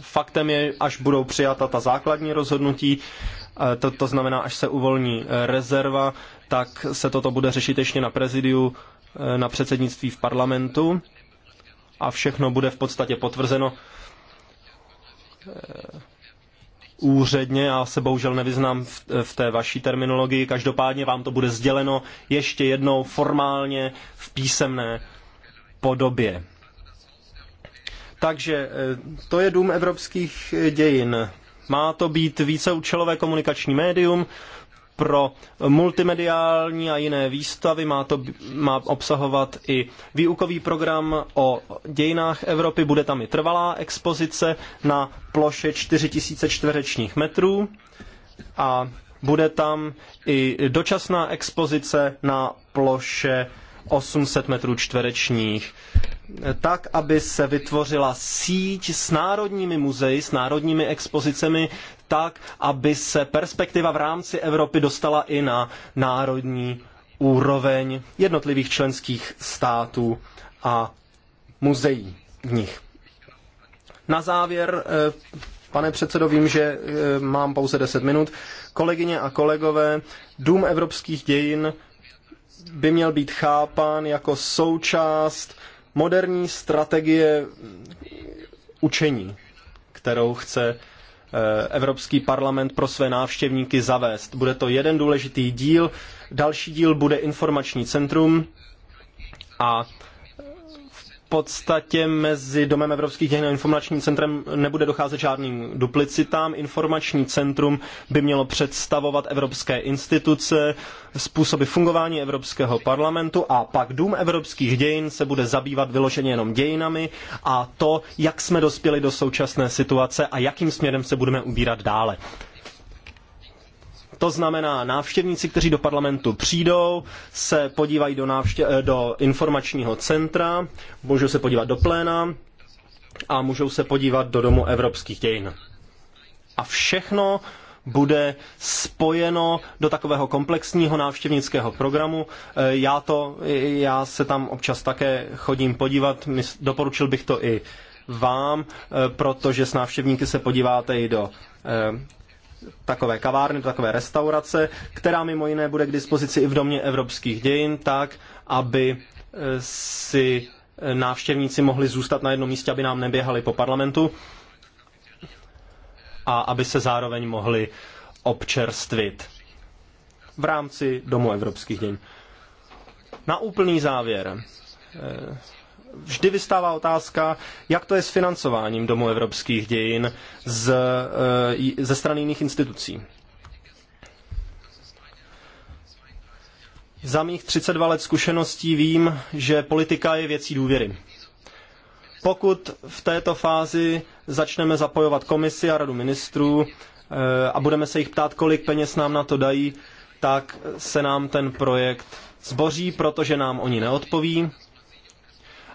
Faktem je, až budou přijata ta základní rozhodnutí, eh, to, to znamená, až se uvolní eh, rezerva, tak se toto bude řešit ještě na prezidiu, eh, na předsednictví v parlamentu a všechno bude v podstatě potvrzeno úředně, já se bohužel nevyznám v, v té vaší terminologii, každopádně vám to bude sděleno ještě jednou formálně v písemné podobě. Takže eh, to je dům evropských eh, dějin. Má to být víceúčelové komunikační médium pro multimediální a jiné výstavy, má to má obsahovat i výukový program o dějinách Evropy, bude tam i trvalá expozice na ploše 4000 čtverečních metrů a bude tam i dočasná expozice na ploše 800 metrů čtverečních, tak, aby se vytvořila síť s národními muzeji, s národními expozicemi, tak, aby se perspektiva v rámci Evropy dostala i na národní úroveň jednotlivých členských států a muzeí v nich. Na závěr, eh, pane předsedo, vím, že eh, mám pouze 10 minut. Kolegyně a kolegové, Dům evropských dějin by měl být chápán jako součást moderní strategie učení, kterou chce eh, Evropský parlament pro své návštěvníky zavést. Bude to jeden důležitý díl, další díl bude informační centrum a podstatě mezi Domem Evropských dějin a informačním centrem nebude docházet žádným duplicitám. Informační centrum by mělo představovat evropské instituce, způsoby fungování Evropského parlamentu a pak Dům Evropských dějin se bude zabývat vyloženě jenom dějinami a to, jak jsme dospěli do současné situace a jakým směrem se budeme ubírat dále. To znamená, návštěvníci, kteří do parlamentu přijdou, se podívají do, návště- eh, do informačního centra, můžou se podívat do pléna a můžou se podívat do Domu evropských dějin. A všechno bude spojeno do takového komplexního návštěvnického programu. Eh, já, to, eh, já se tam občas také chodím podívat, doporučil bych to i vám, protože s návštěvníky se podíváte i do takové kavárny, takové restaurace, která mimo jiné bude k dispozici i v domě evropských dějin, tak, aby e, si e, návštěvníci mohli zůstat na jednom místě, aby nám neběhali po parlamentu a aby se zároveň mohli občerstvit v rámci Domu evropských dějin. Na úplný závěr e, vždy vystává otázka, jak to je s financováním Domu evropských dějin z, eh, ze strany jiných institucí. Za mých 32 let zkušeností vím, že politika je věcí důvěry. Pokud v této fázi začneme zapojovat komisi a radu ministrů eh, a budeme se jich ptát, kolik peněz nám na to dají, tak se nám ten projekt zboří, protože nám oni neodpoví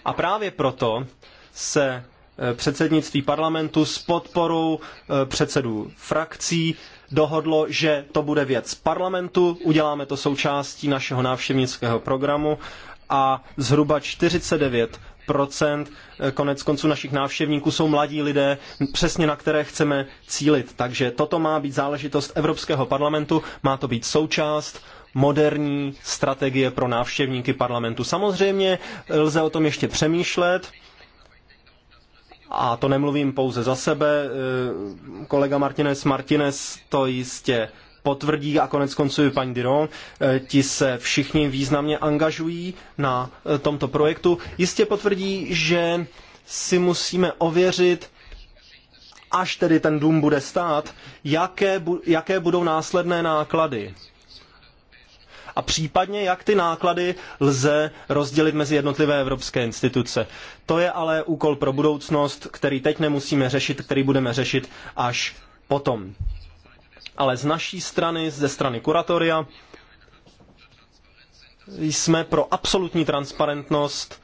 a právě proto se eh, předsednictví parlamentu s podporou eh, předsedů frakcí dohodlo, že to bude věc parlamentu, uděláme to součástí našeho návštěvnického programu a zhruba 49 eh, konec konců našich návštěvníků jsou mladí lidé, přesně na které chceme cílit. Takže toto má být záležitost Evropského parlamentu, má to být součást moderní strategie pro návštěvníky parlamentu. Samozřejmě lze o tom ještě přemýšlet, a to nemluvím pouze za sebe, eh, kolega Martinez Martinez to jistě potvrdí a konec konců i paní Diron, eh, ti se všichni významně angažují na eh, tomto projektu, jistě potvrdí, že si musíme ověřit, až tedy ten dům bude stát, jaké, jaké budou následné náklady a případně jak ty náklady lze rozdělit mezi jednotlivé evropské instituce. To je ale úkol pro budoucnost, který teď nemusíme řešit, který budeme řešit až potom. Ale z naší strany, ze strany kuratoria, jsme pro absolutní transparentnost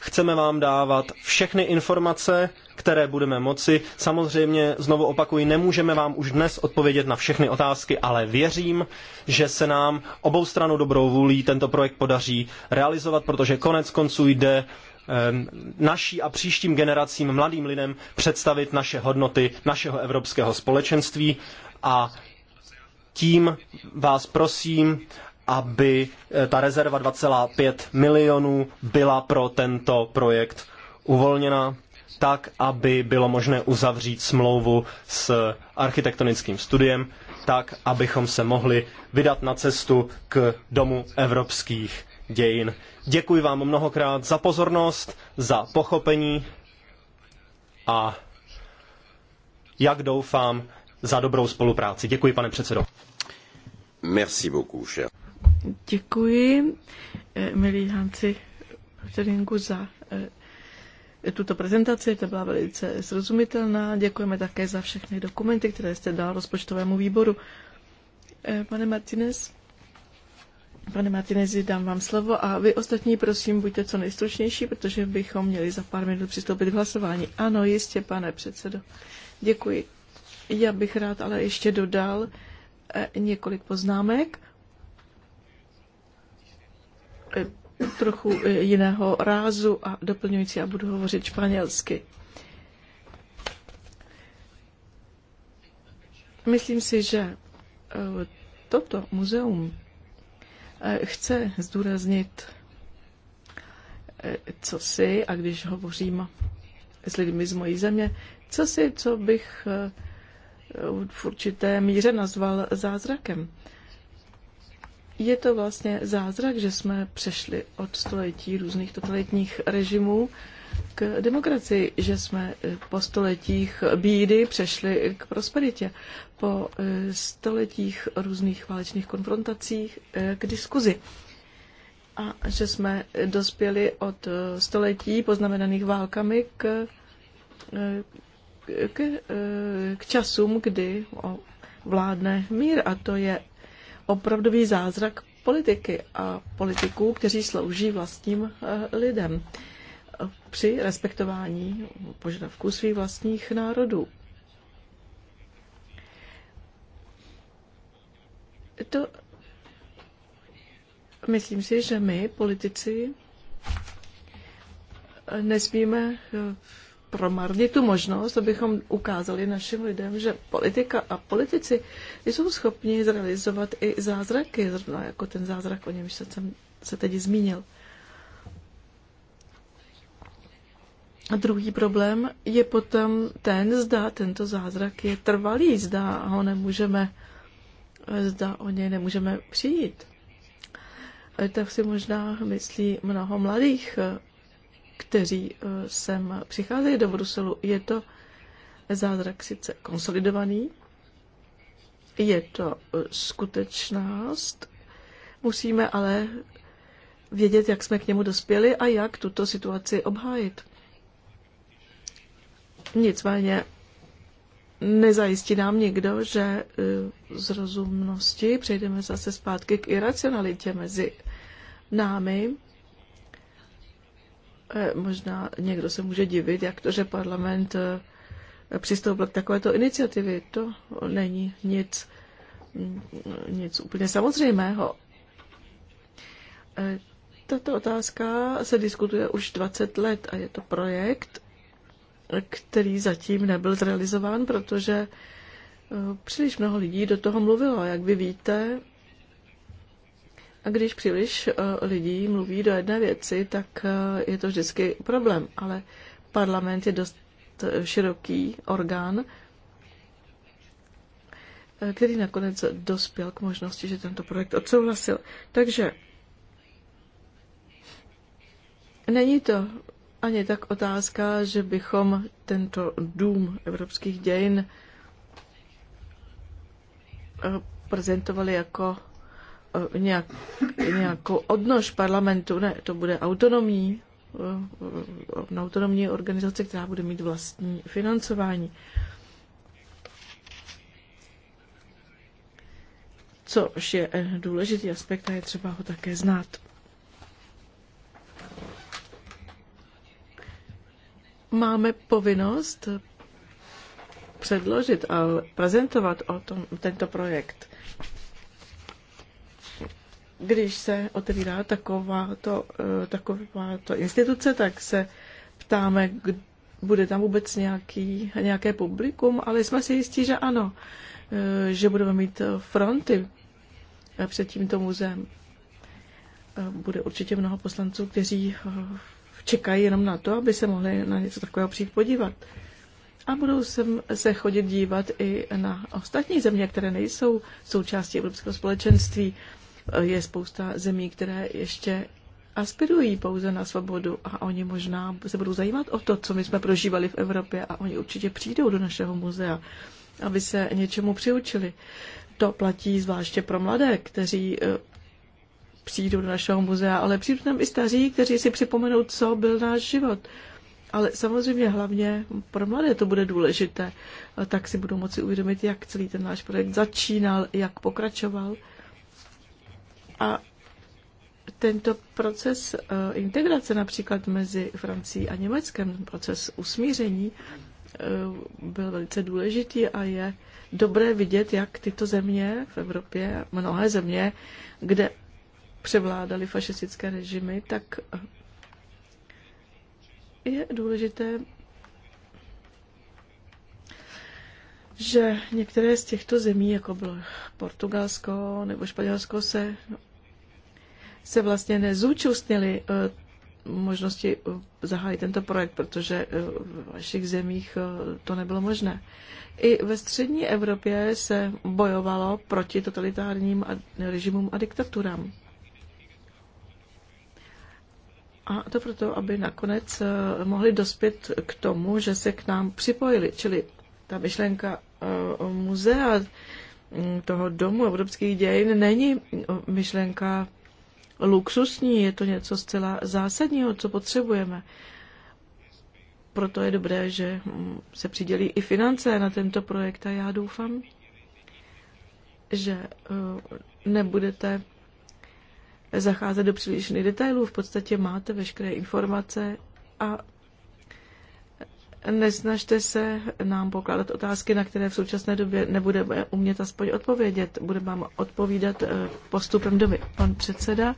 Chceme vám dávat všechny informace, které budeme moci. Samozřejmě, znovu opakuji, nemůžeme vám už dnes odpovědět na všechny otázky, ale věřím, že se nám obou stranu dobrou vůlí tento projekt podaří realizovat, protože konec konců jde eh, naší a příštím generacím mladým lidem představit naše hodnoty našeho evropského společenství a tím vás prosím, aby eh, ta rezerva 2,5 milionů byla pro tento projekt uvolněna tak, aby bylo možné uzavřít smlouvu s architektonickým studiem, tak, abychom se mohli vydat na cestu k Domu evropských dějin. Děkuji vám mnohokrát za pozornost, za pochopení a jak doufám, za dobrou spolupráci. Děkuji, pane předsedo. Merci beaucoup, cher. Děkuji, eh, milí Hanci Peteringu, za eh, tuto prezentaci, to byla velice srozumitelná. Děkujeme také za všechny dokumenty, které jste dal rozpočtovému výboru. Eh, pane Martinez, pane Martinezi, dám vám slovo a vy ostatní, prosím, buďte co nejstručnější, protože bychom měli za pár minut přistoupit k hlasování. Ano, jistě, pane předsedo. Děkuji. Já bych rád ale ještě dodal několik poznámek. E, trochu e, jiného rázu a doplňující já budu hovořit španělsky. Myslím si, že e, toto muzeum chce zdůraznit co si, a když hovořím s lidmi z mojí země, co si, co bych v určité míře nazval zázrakem je to vlastně zázrak, že jsme přešli od století různých totalitních režimů k demokracii, že jsme eh, po stoletích bídy přešli k prosperitě, po eh, stoletích různých válečných konfrontacích eh, k diskuzi. A že jsme dospěli od století poznamenaných válkami k, k, k časům, kdy vládne mír. A to je opravdový zázrak politiky a politiků, kteří slouží vlastním eh, lidem při respektování požadavků svých vlastních národů. To myslím si, že my, politici, nesmíme eh, promarnit tu možnost, abychom ukázali našim lidem, že politika a politici jsou schopni zrealizovat i zázraky, zrovna jako ten zázrak, o němž jsem se teď zmínil. A druhý problém je potom ten, zda tento zázrak je trvalý, zda ho nemůžeme, zda o něj nemůžeme přijít. Tak si možná myslí mnoho mladých kteří eh, sem přicházejí do Bruselu. Je to zázrak sice konsolidovaný, je to eh, skutečnost, musíme ale vědět, jak jsme k němu dospěli a jak tuto situaci obhájit. Nicméně nezajistí nám nikdo, že eh, z rozumnosti přejdeme zase zpátky k iracionalitě mezi námi Eh, možná někdo se může divit, jak to, že parlament eh, přistoupil k takovéto iniciativě. To není nic, mm, nic úplně samozřejmého. Eh, tato otázka se diskutuje už 20 let a je to projekt, který zatím nebyl zrealizován, protože příliš mnoho lidí do toho mluvilo. Jak vy víte, když příliš eh, lidí mluví do jedné věci, tak eh, je to vždycky problém. Ale parlament je dost eh, široký orgán, který nakonec dospěl k možnosti, že tento projekt odsouhlasil. Takže není to ani tak otázka, že bychom tento dům evropských dějin prezentovali jako nějak, nějakou odnož parlamentu, ne, to bude autonomní, eh, autonomní organizace, která bude mít vlastní financování. Což je eh, důležitý aspekt a je třeba ho také znát. Máme povinnost předložit a prezentovat o tom, tento projekt když se otevírá eh, taková to instituce, tak se ptáme, bude tam vůbec nějaký, nějaké publikum, ale jsme si jistí, že ano, eh, že budeme mít fronty před tímto muzeem. Eh, bude určitě mnoho poslanců, kteří čekají jenom na to, aby se mohli na něco takového přijít podívat. A budou sem se chodit dívat i na ostatní země, které nejsou součástí Evropského společenství je spousta zemí, které ještě aspirují pouze na svobodu a oni možná se budou zajímat o to, co my jsme prožívali v Evropě a oni určitě přijdou do našeho muzea, aby se něčemu přiučili. To platí zvláště pro mladé, kteří eh, přijdou do našeho muzea, ale přijdou tam i staří, kteří si připomenou, co byl náš život. Ale samozřejmě hlavně pro mladé to bude důležité, tak si budou moci uvědomit, jak celý ten náš projekt začínal, jak pokračoval. A tento proces eh, integrace například mezi Francií a Německem, proces usmíření, eh, byl velice důležitý a je dobré vidět, jak tyto země v Evropě, mnohé země, kde převládaly fašistické režimy, tak eh, je důležité, že některé z těchto zemí, jako bylo Portugalsko nebo Španělsko, se se vlastně nezúčastnili eh, možnosti eh, zahájit tento projekt, protože eh, v vašich zemích to nebylo možné. I ve střední Evropě se bojovalo proti totalitárním režimům a diktaturám. A to proto, aby nakonec mohli dospět k tomu, že se k nám připojili. Čili ta myšlenka muzea mm, toho domu evropských dějin není mm, myšlenka luxusní, je to něco zcela zásadního, co potřebujeme. Proto je dobré, že mm, se přidělí i finance na tento projekt a já doufám, že eh, nebudete zacházet do přílišných detailů. V podstatě máte veškeré informace a Nesnažte se nám pokládat otázky, na které v současné době nebudeme umět aspoň odpovědět. Budeme vám odpovídat eh, postupem doby. Pan předseda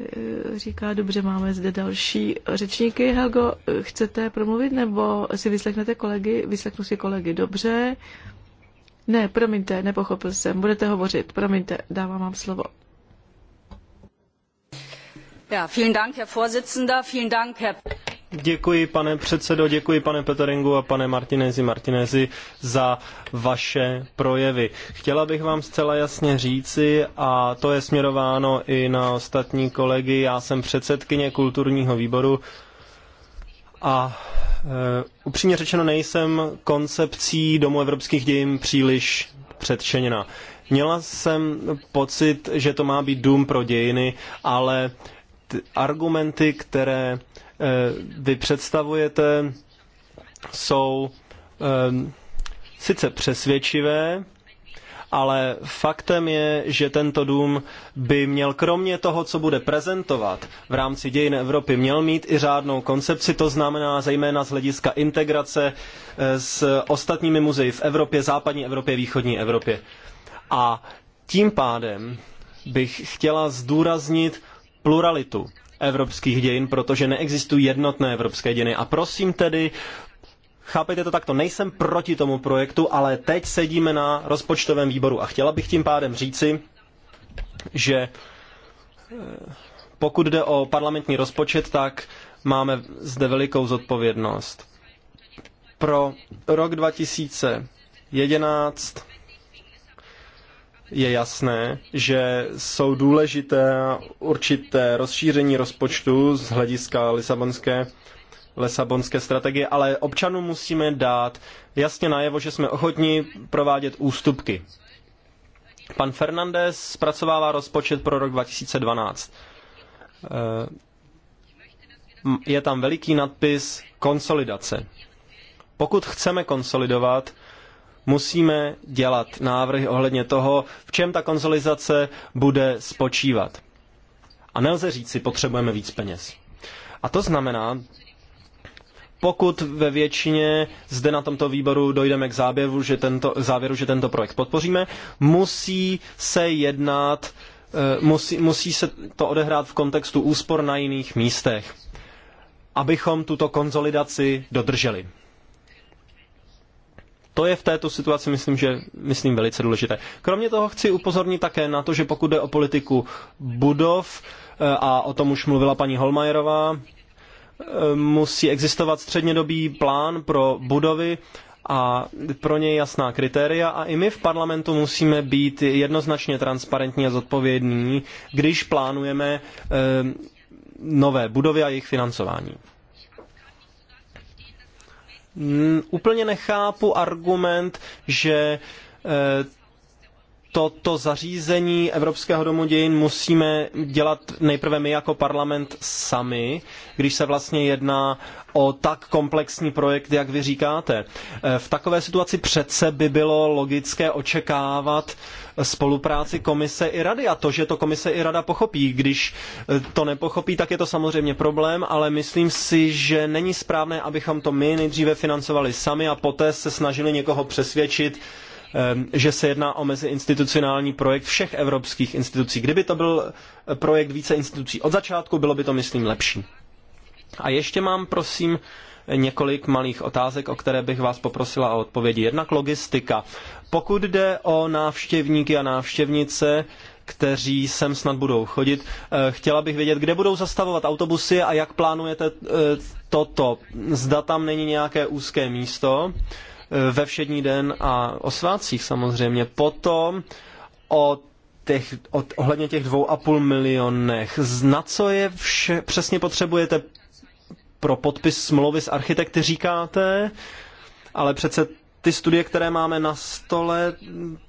eh, říká, dobře, máme zde další řečníky. Helgo, eh, chcete promluvit nebo si vyslechnete kolegy? Vyslechnu si kolegy, dobře. Ne, promiňte, nepochopil jsem. Budete hovořit, promiňte, dávám vám slovo. Ja, vielen Dank, Herr Vorsitzender, vielen Dank, Herr... Děkuji, pane předsedo, děkuji, pane Peteringu a pane Martinezi Martinezi za vaše projevy. Chtěla bych vám zcela jasně říci, a to je směrováno i na ostatní kolegy, já jsem předsedkyně kulturního výboru a e, upřímně řečeno nejsem koncepcí Domu evropských dějin příliš předčeněna. Měla jsem pocit, že to má být dům pro dějiny, ale argumenty, které Eh, vy představujete, jsou eh, sice přesvědčivé, ale faktem je, že tento dům by měl kromě toho, co bude prezentovat v rámci dějin Evropy, měl mít i řádnou koncepci, to znamená zejména z hlediska integrace eh, s ostatními muzeji v Evropě, západní Evropě, východní Evropě. A tím pádem bych chtěla zdůraznit pluralitu evropských dějin, protože neexistují jednotné evropské dějiny. A prosím tedy, Chápejte to takto, nejsem proti tomu projektu, ale teď sedíme na rozpočtovém výboru a chtěla bych tím pádem říci, že eh, pokud jde o parlamentní rozpočet, tak máme zde velikou zodpovědnost. Pro rok 2011 je jasné, že jsou důležité určité rozšíření rozpočtu z hlediska Lisabonské, Lisabonské strategie, ale občanům musíme dát jasně najevo, že jsme ochotní provádět ústupky. Pan Fernandez zpracovává rozpočet pro rok 2012. Eh, je tam veliký nadpis konsolidace. Pokud chceme konsolidovat, musíme dělat návrhy ohledně toho, v čem ta konsolidace bude spočívat. A nelze říct si, potřebujeme víc peněz. A to znamená, pokud ve většině zde na tomto výboru dojdeme k závěru, že tento, závěru, že tento projekt podpoříme, musí se jednat, eh, musí, musí se to odehrát v kontextu úspor na jiných místech, abychom tuto konzolidaci dodrželi to je v této situaci, myslím, že, myslím, velice důležité. Kromě toho chci upozornit také na to, že pokud jde o politiku budov, eh, a o tom už mluvila paní Holmajerová, eh, musí existovat střednědobý plán pro budovy a pro něj jasná kritéria a i my v parlamentu musíme být jednoznačně transparentní a zodpovědní, když plánujeme eh, nové budovy a jejich financování úplně nechápu argument, že eh, toto zařízení Evropského domu dějin musíme dělat nejprve my jako parlament sami, když se vlastně jedná o tak komplexní projekt, jak vy říkáte. E, v takové situaci přece by bylo logické očekávat spolupráci komise i rady a to, že to komise i rada pochopí. Když e, to nepochopí, tak je to samozřejmě problém, ale myslím si, že není správné, abychom to my nejdříve financovali sami a poté se snažili někoho přesvědčit, Ehm, že se jedná o meziinstitucionální projekt všech evropských institucí. Kdyby to byl projekt více institucí od začátku, bylo by to, myslím, lepší. A ještě mám, prosím, několik malých otázek, o které bych vás poprosila o odpovědi. Jednak logistika. Pokud jde o návštěvníky a návštěvnice, kteří sem snad budou chodit. Eh, chtěla bych vědět, kde budou zastavovat autobusy a jak plánujete eh, toto. Zda tam není nějaké úzké místo Eh, ve všední den a o svátcích samozřejmě. Potom o těch, od, ohledně těch dvou a půl milionech. Na co je vše, přesně potřebujete pro podpis smlouvy s architekty říkáte, ale přece ty studie, které máme na stole,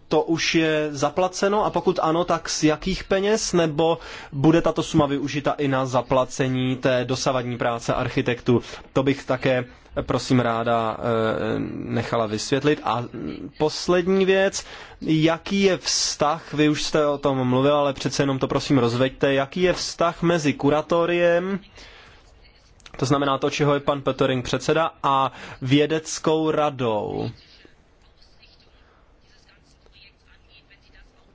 to už je zaplaceno a pokud ano, tak z jakých peněz nebo bude tato suma využita i na zaplacení té dosavadní práce architektu? To bych také prosím ráda eh, nechala vysvětlit. A poslední věc, jaký je vztah, vy už jste o tom mluvil, ale přece jenom to prosím rozveďte, jaký je vztah mezi kuratoriem, to znamená to, čeho je pan Petering předseda, a vědeckou radou.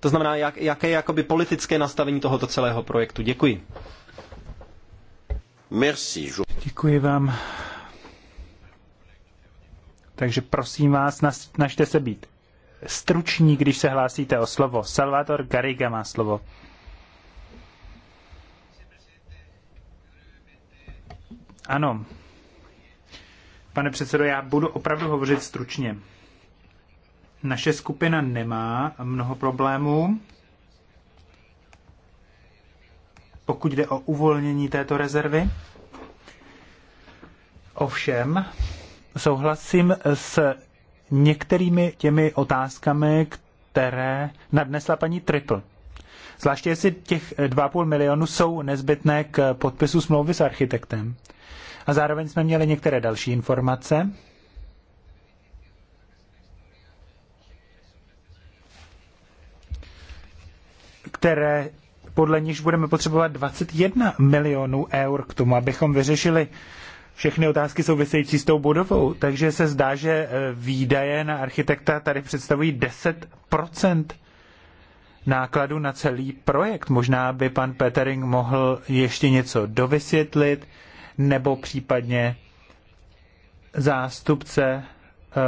To znamená, jak, jaké je jakoby politické nastavení tohoto celého projektu. Děkuji. Merci. Děkuji vám. Takže prosím vás, snažte se být struční, když se hlásíte o slovo. Salvator Gariga má slovo. Ano. Pane předsedo, já budu opravdu hovořit stručně. Naše skupina nemá mnoho problémů, pokud jde o uvolnění této rezervy. Ovšem, souhlasím s některými těmi otázkami, které nadnesla paní Triple. Zvláště jestli těch 2,5 milionu jsou nezbytné k podpisu smlouvy s architektem. A zároveň jsme měli některé další informace. které podle nichž budeme potřebovat 21 milionů eur k tomu, abychom vyřešili všechny otázky související s tou budovou. Takže se zdá, že eh, výdaje na architekta tady představují 10 nákladu na celý projekt. Možná by pan Petering mohl ještě něco dovysvětlit, nebo případně zástupce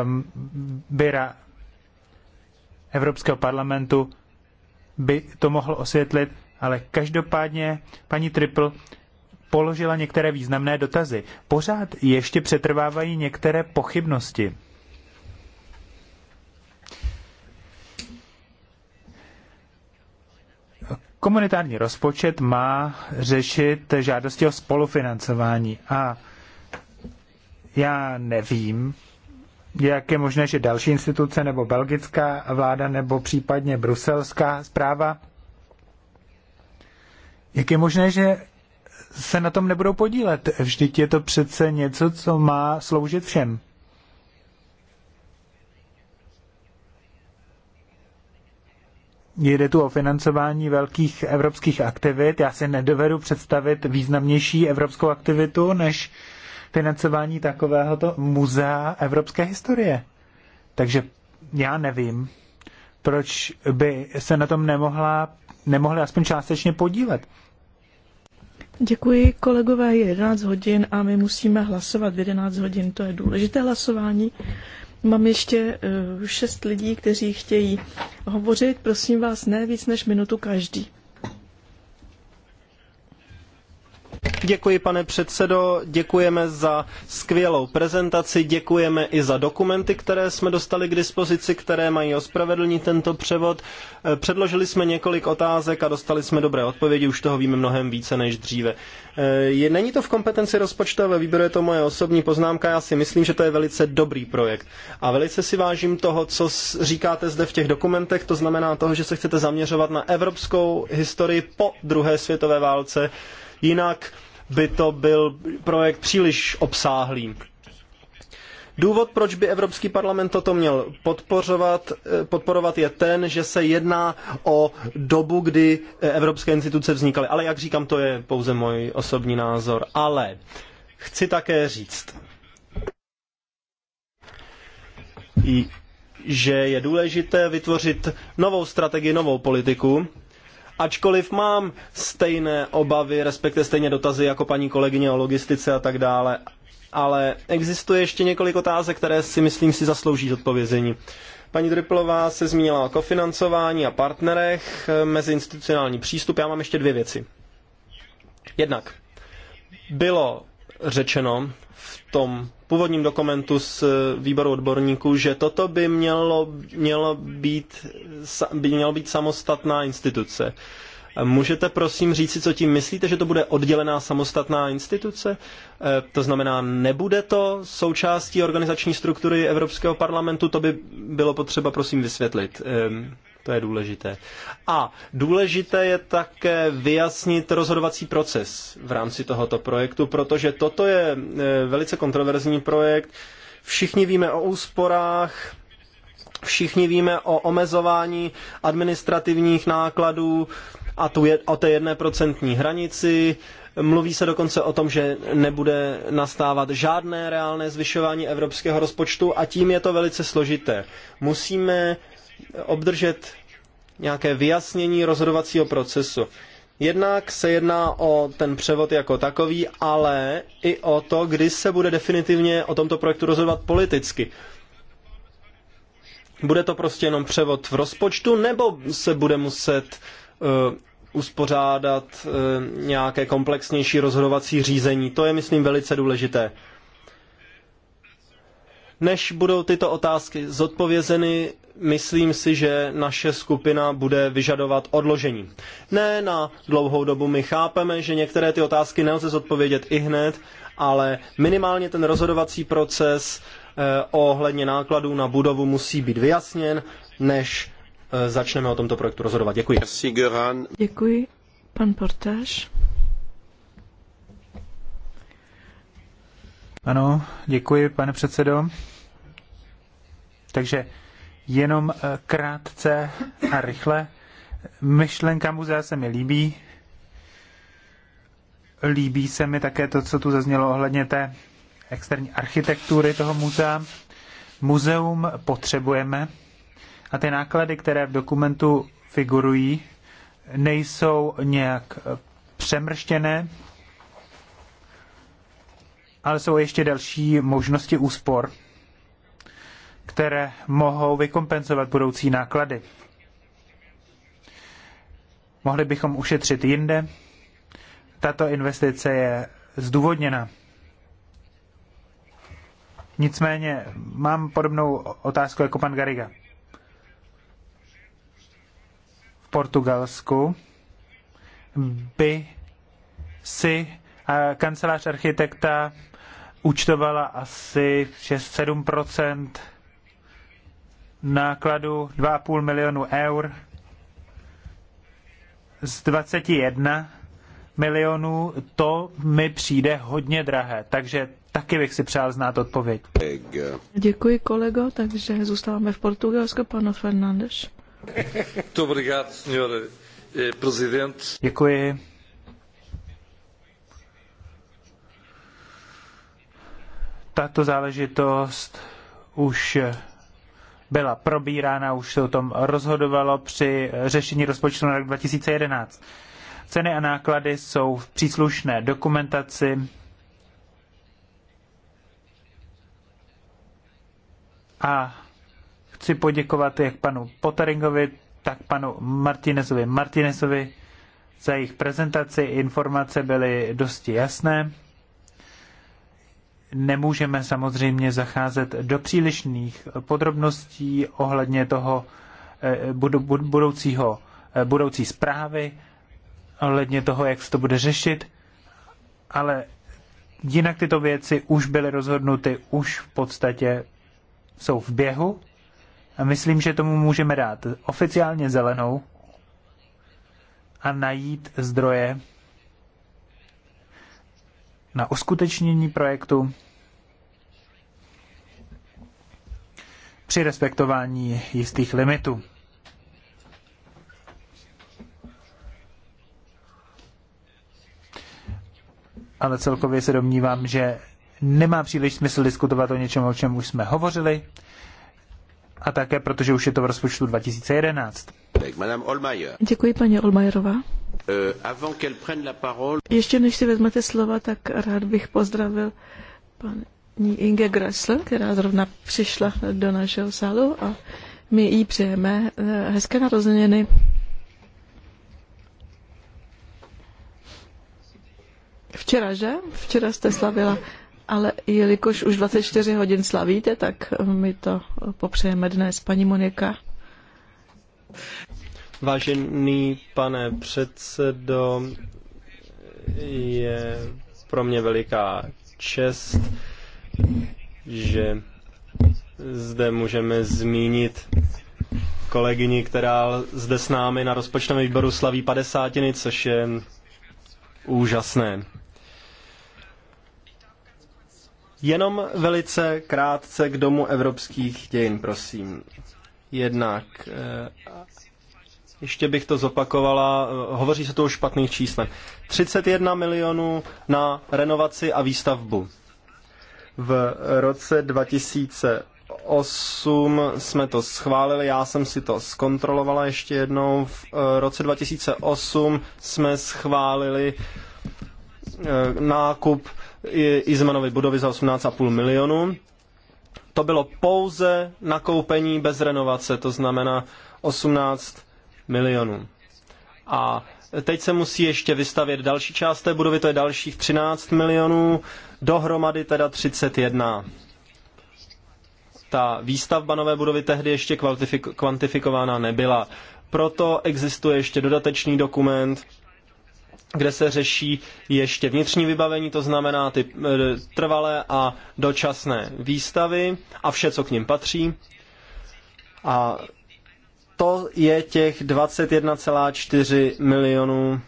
um, Byra Evropského parlamentu by to mohl osvětlit, ale každopádně, paní Triple, položila některé významné dotazy. Pořád ještě přetrvávají některé pochybnosti. Komunitární rozpočet má řešit žádosti o spolufinancování a já nevím, jak je možné, že další instituce nebo belgická vláda nebo případně bruselská zpráva, jak je možné, že se na tom nebudou podílet. Vždyť je to přece něco, co má sloužit všem. Jde tu o financování velkých evropských aktivit. Já si nedovedu představit významnější evropskou aktivitu než financování takovéhoto muzea evropské historie. Takže já nevím, proč by se na tom nemohla, nemohli aspoň částečně podílet. Děkuji, kolegové, je 11 hodin a my musíme hlasovat v 11 hodin, to je důležité hlasování. Mám ještě eh, šest lidí, kteří chtějí hovořit, prosím vás, ne víc než minutu každý. Děkuji, pane předsedo, děkujeme za skvělou prezentaci, děkujeme i za dokumenty, které jsme dostali k dispozici, které mají ospravedlnit tento převod. Eh, předložili jsme několik otázek a dostali jsme dobré odpovědi, už toho víme mnohem více než dříve. Eh, je, není to v kompetenci rozpočtového výboru, je to moje osobní poznámka, já si myslím, že to je velice dobrý projekt. A velice si vážím toho, co říkáte zde v těch dokumentech, to znamená toho, že se chcete zaměřovat na evropskou historii po druhé světové válce. Jinak by to byl projekt příliš obsáhlý. Důvod, proč by Evropský parlament toto měl podporovat, eh, podporovat, je ten, že se jedná o dobu, kdy eh, evropské instituce vznikaly. Ale jak říkám, to je pouze můj osobní názor. Ale chci také říct, že je důležité vytvořit novou strategii, novou politiku, ačkoliv mám stejné obavy, respektive stejně dotazy jako paní kolegyně o logistice a tak dále, ale existuje ještě několik otázek, které si myslím si zaslouží zodpovězení. Paní Driplová se zmínila o kofinancování a partnerech, eh, meziinstitucionální přístup. Já mám ještě dvě věci. Jednak bylo řečeno v tom původním dokumentu z výboru odborníků, že toto by mělo, mělo, být, by mělo být samostatná instituce. Můžete prosím říci, co tím myslíte, že to bude oddělená samostatná instituce? E, to znamená, nebude to součástí organizační struktury Evropského parlamentu? To by bylo potřeba prosím vysvětlit. To je důležité. A důležité je také vyjasnit rozhodovací proces v rámci tohoto projektu, protože toto je e, velice kontroverzní projekt. Všichni víme o úsporách, všichni víme o omezování administrativních nákladů a tu je, o té procentní hranici. Mluví se dokonce o tom, že nebude nastávat žádné reálné zvyšování evropského rozpočtu a tím je to velice složité. Musíme obdržet nějaké vyjasnění rozhodovacího procesu. Jednak se jedná o ten převod jako takový, ale i o to, kdy se bude definitivně o tomto projektu rozhodovat politicky. Bude to prostě jenom převod v rozpočtu, nebo se bude muset uh, uspořádat uh, nějaké komplexnější rozhodovací řízení? To je, myslím, velice důležité. Než budou tyto otázky zodpovězeny, myslím si, že naše skupina bude vyžadovat odložení. Ne na dlouhou dobu, my chápeme, že některé ty otázky nelze zodpovědět i hned, ale minimálně ten rozhodovací proces eh, ohledně nákladů na budovu musí být vyjasněn, než eh, začneme o tomto projektu rozhodovat. Děkuji. Děkuji. Pan Portáž. Ano, děkuji, pane předsedo. Takže Jenom eh, krátce a rychle. Myšlenka muzea se mi líbí. Líbí se mi také to, co tu zaznělo ohledně té externí architektury toho muzea. Muzeum potřebujeme a ty náklady, které v dokumentu figurují, nejsou nějak eh, přemrštěné, ale jsou ještě další možnosti úspor které mohou vykompenzovat budoucí náklady. Mohli bychom ušetřit jinde. Tato investice je zdůvodněna. Nicméně mám podobnou otázku jako pan Gariga. V Portugalsku by si eh, kancelář architekta účtovala asi 6-7 nákladu 2,5 milionu eur z 21 milionů, to mi přijde hodně drahé, takže taky bych si přál znát odpověď. Děkuji kolego, takže zůstáváme v Portugalsku, pano Fernandes. Eh, Děkuji. Tato záležitost už byla probírána, už se o tom rozhodovalo při řešení rozpočtu na rok 2011. Ceny a náklady jsou v příslušné dokumentaci. A chci poděkovat jak panu Potteringovi, tak panu Martinezovi Martinezovi za jejich prezentaci. Informace byly dosti jasné nemůžeme samozřejmě zacházet do přílišných podrobností ohledně toho eh, budoucího, eh, budoucí zprávy, ohledně toho, jak se to bude řešit, ale jinak tyto věci už byly rozhodnuty, už v podstatě jsou v běhu a myslím, že tomu můžeme dát oficiálně zelenou a najít zdroje na uskutečnění projektu při respektování jistých limitů. Ale celkově se domnívám, že nemá příliš smysl diskutovat o něčem, o čem už jsme hovořili, a také protože už je to v rozpočtu 2011. Děkuji, paní Olmajerová. Eh, Ještě než si vezmete slova, tak rád bych pozdravil paní Inge Gressler, která zrovna přišla do našeho sálu a my jí přejeme eh, hezké narozeniny. Včera, že? Včera jste slavila, ale jelikož už 24 hodin slavíte, tak my to popřejeme dnes, paní Monika. Vážený pane předsedo, je pro mě veliká čest, že zde můžeme zmínit kolegyni, která zde s námi na rozpočtovém výboru slaví padesátiny, což je úžasné. Jenom velice krátce k Domu evropských dějin, prosím. Jednak eh, ještě bych to zopakovala, eh, hovoří se tu o špatných číslech. 31 milionů na renovaci a výstavbu. V roce 2008 jsme to schválili, já jsem si to zkontrolovala ještě jednou. V eh, roce 2008 jsme schválili eh, nákup Izmanovy budovy za 18,5 milionů. To bylo pouze nakoupení bez renovace, to znamená 18 milionů. A teď se musí ještě vystavět další část té budovy, to je dalších 13 milionů, dohromady teda 31. Ta výstavba nové budovy tehdy ještě kvantifikována nebyla. Proto existuje ještě dodatečný dokument, kde se řeší ještě vnitřní vybavení, to znamená ty eh, trvalé a dočasné výstavy a vše, co k nim patří. A to je těch 21,4 milionů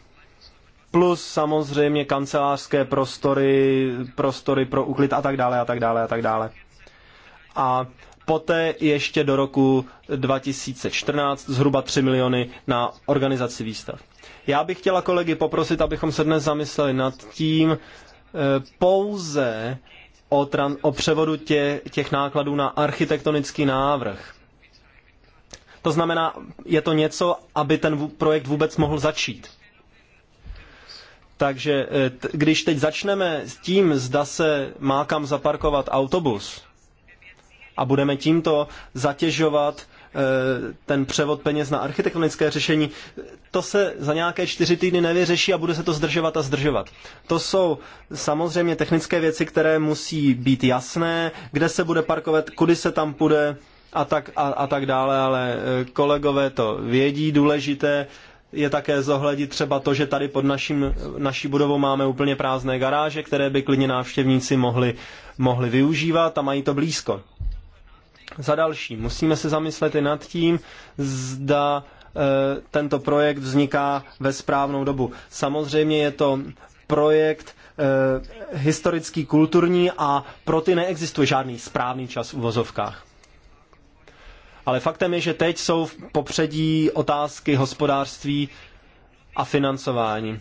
plus samozřejmě kancelářské prostory, prostory pro uklid a tak dále a tak dále a tak dále. A poté ještě do roku 2014 zhruba 3 miliony na organizaci výstav. Já bych chtěla kolegy poprosit, abychom se dnes zamysleli nad tím eh, pouze o, tran- o převodu tě- těch nákladů na architektonický návrh to znamená, je to něco, aby ten projekt vůbec mohl začít. Takže e, když teď začneme s tím, zda se má kam zaparkovat autobus a budeme tímto zatěžovat e, ten převod peněz na architektonické řešení, to se za nějaké čtyři týdny nevyřeší a bude se to zdržovat a zdržovat. To jsou samozřejmě technické věci, které musí být jasné, kde se bude parkovat, kudy se tam půjde, a tak, a, a tak dále, ale eh, kolegové to vědí. Důležité je také zohledit třeba to, že tady pod naším, naší budovou máme úplně prázdné garáže, které by klidně návštěvníci mohli, mohli využívat a mají to blízko. Za další, musíme se zamyslet i nad tím, zda e, tento projekt vzniká ve správnou dobu. Samozřejmě je to projekt e, historický, kulturní a pro ty neexistuje žádný správný čas v uvozovkách. Ale faktem je, že teď jsou v popředí otázky hospodářství a financování.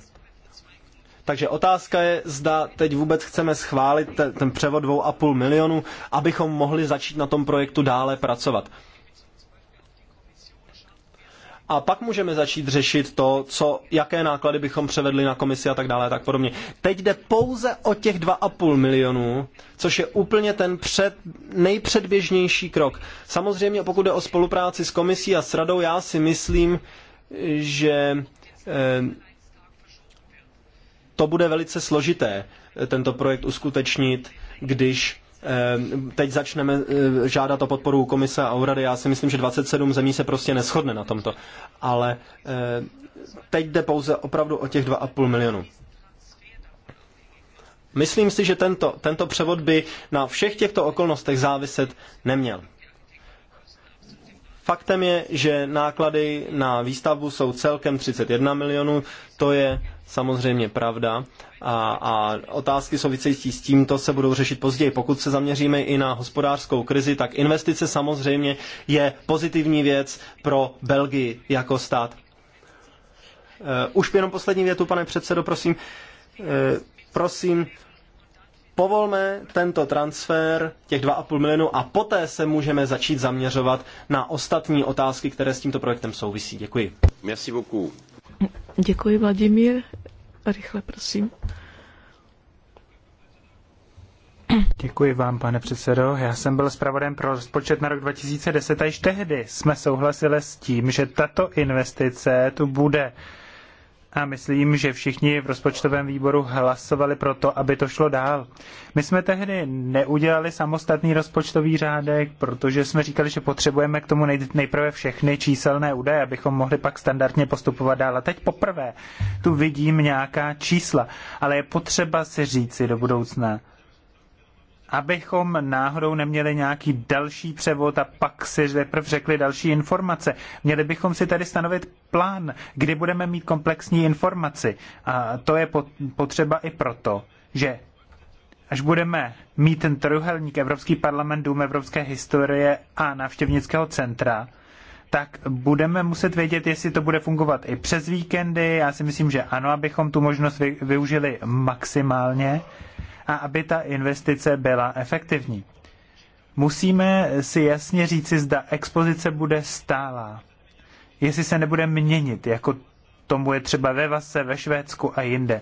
Takže otázka je, zda teď vůbec chceme schválit ten převod 2,5 milionu, abychom mohli začít na tom projektu dále pracovat a pak můžeme začít řešit to, co, jaké náklady bychom převedli na komisi a tak dále a tak podobně. Teď jde pouze o těch 2,5 milionů, což je úplně ten před, nejpředběžnější krok. Samozřejmě pokud jde o spolupráci s komisí a s radou, já si myslím, že eh, to bude velice složité eh, tento projekt uskutečnit, když Ehm, teď začneme eh, žádat o podporu komise a úrady. Já si myslím, že 27 zemí se prostě neschodne na tomto. Ale eh, teď jde pouze opravdu o těch 2,5 milionu. Myslím si, že tento, tento převod by na všech těchto okolnostech záviset neměl. Faktem je, že náklady na výstavbu jsou celkem 31 milionů, to je samozřejmě pravda. A, a otázky související s tímto se budou řešit později. Pokud se zaměříme i na hospodářskou krizi, tak investice samozřejmě je pozitivní věc pro Belgii jako stát. Eh, už jenom poslední větu, pane předsedo, prosím. Eh, prosím, povolme tento transfer těch 2,5 milionu a poté se můžeme začít zaměřovat na ostatní otázky, které s tímto projektem souvisí. Děkuji. Merci beaucoup. Děkuji, Vladimír. Rychle, prosím. Děkuji vám, pane předsedo. Já jsem byl zpravodajem pro rozpočet na rok 2010 a již tehdy jsme souhlasili s tím, že tato investice tu bude a myslím, že všichni v rozpočtovém výboru hlasovali pro to, aby to šlo dál. My jsme tehdy neudělali samostatný rozpočtový řádek, protože jsme říkali, že potřebujeme k tomu nejprve všechny číselné údaje, abychom mohli pak standardně postupovat dál. A teď poprvé tu vidím nějaká čísla, ale je potřeba si říci do budoucna, abychom náhodou neměli nějaký další převod a pak si teprve řekli další informace. Měli bychom si tady stanovit plán, kdy budeme mít komplexní informaci. A to je potřeba i proto, že až budeme mít ten trojuhelník Evropský parlament, Dům Evropské historie a návštěvnického centra, tak budeme muset vědět, jestli to bude fungovat i přes víkendy. Já si myslím, že ano, abychom tu možnost využili maximálně a aby ta investice byla efektivní. Musíme si jasně říci, zda expozice bude stálá, jestli se nebude měnit, jako tomu je třeba ve Vase, ve Švédsku a jinde.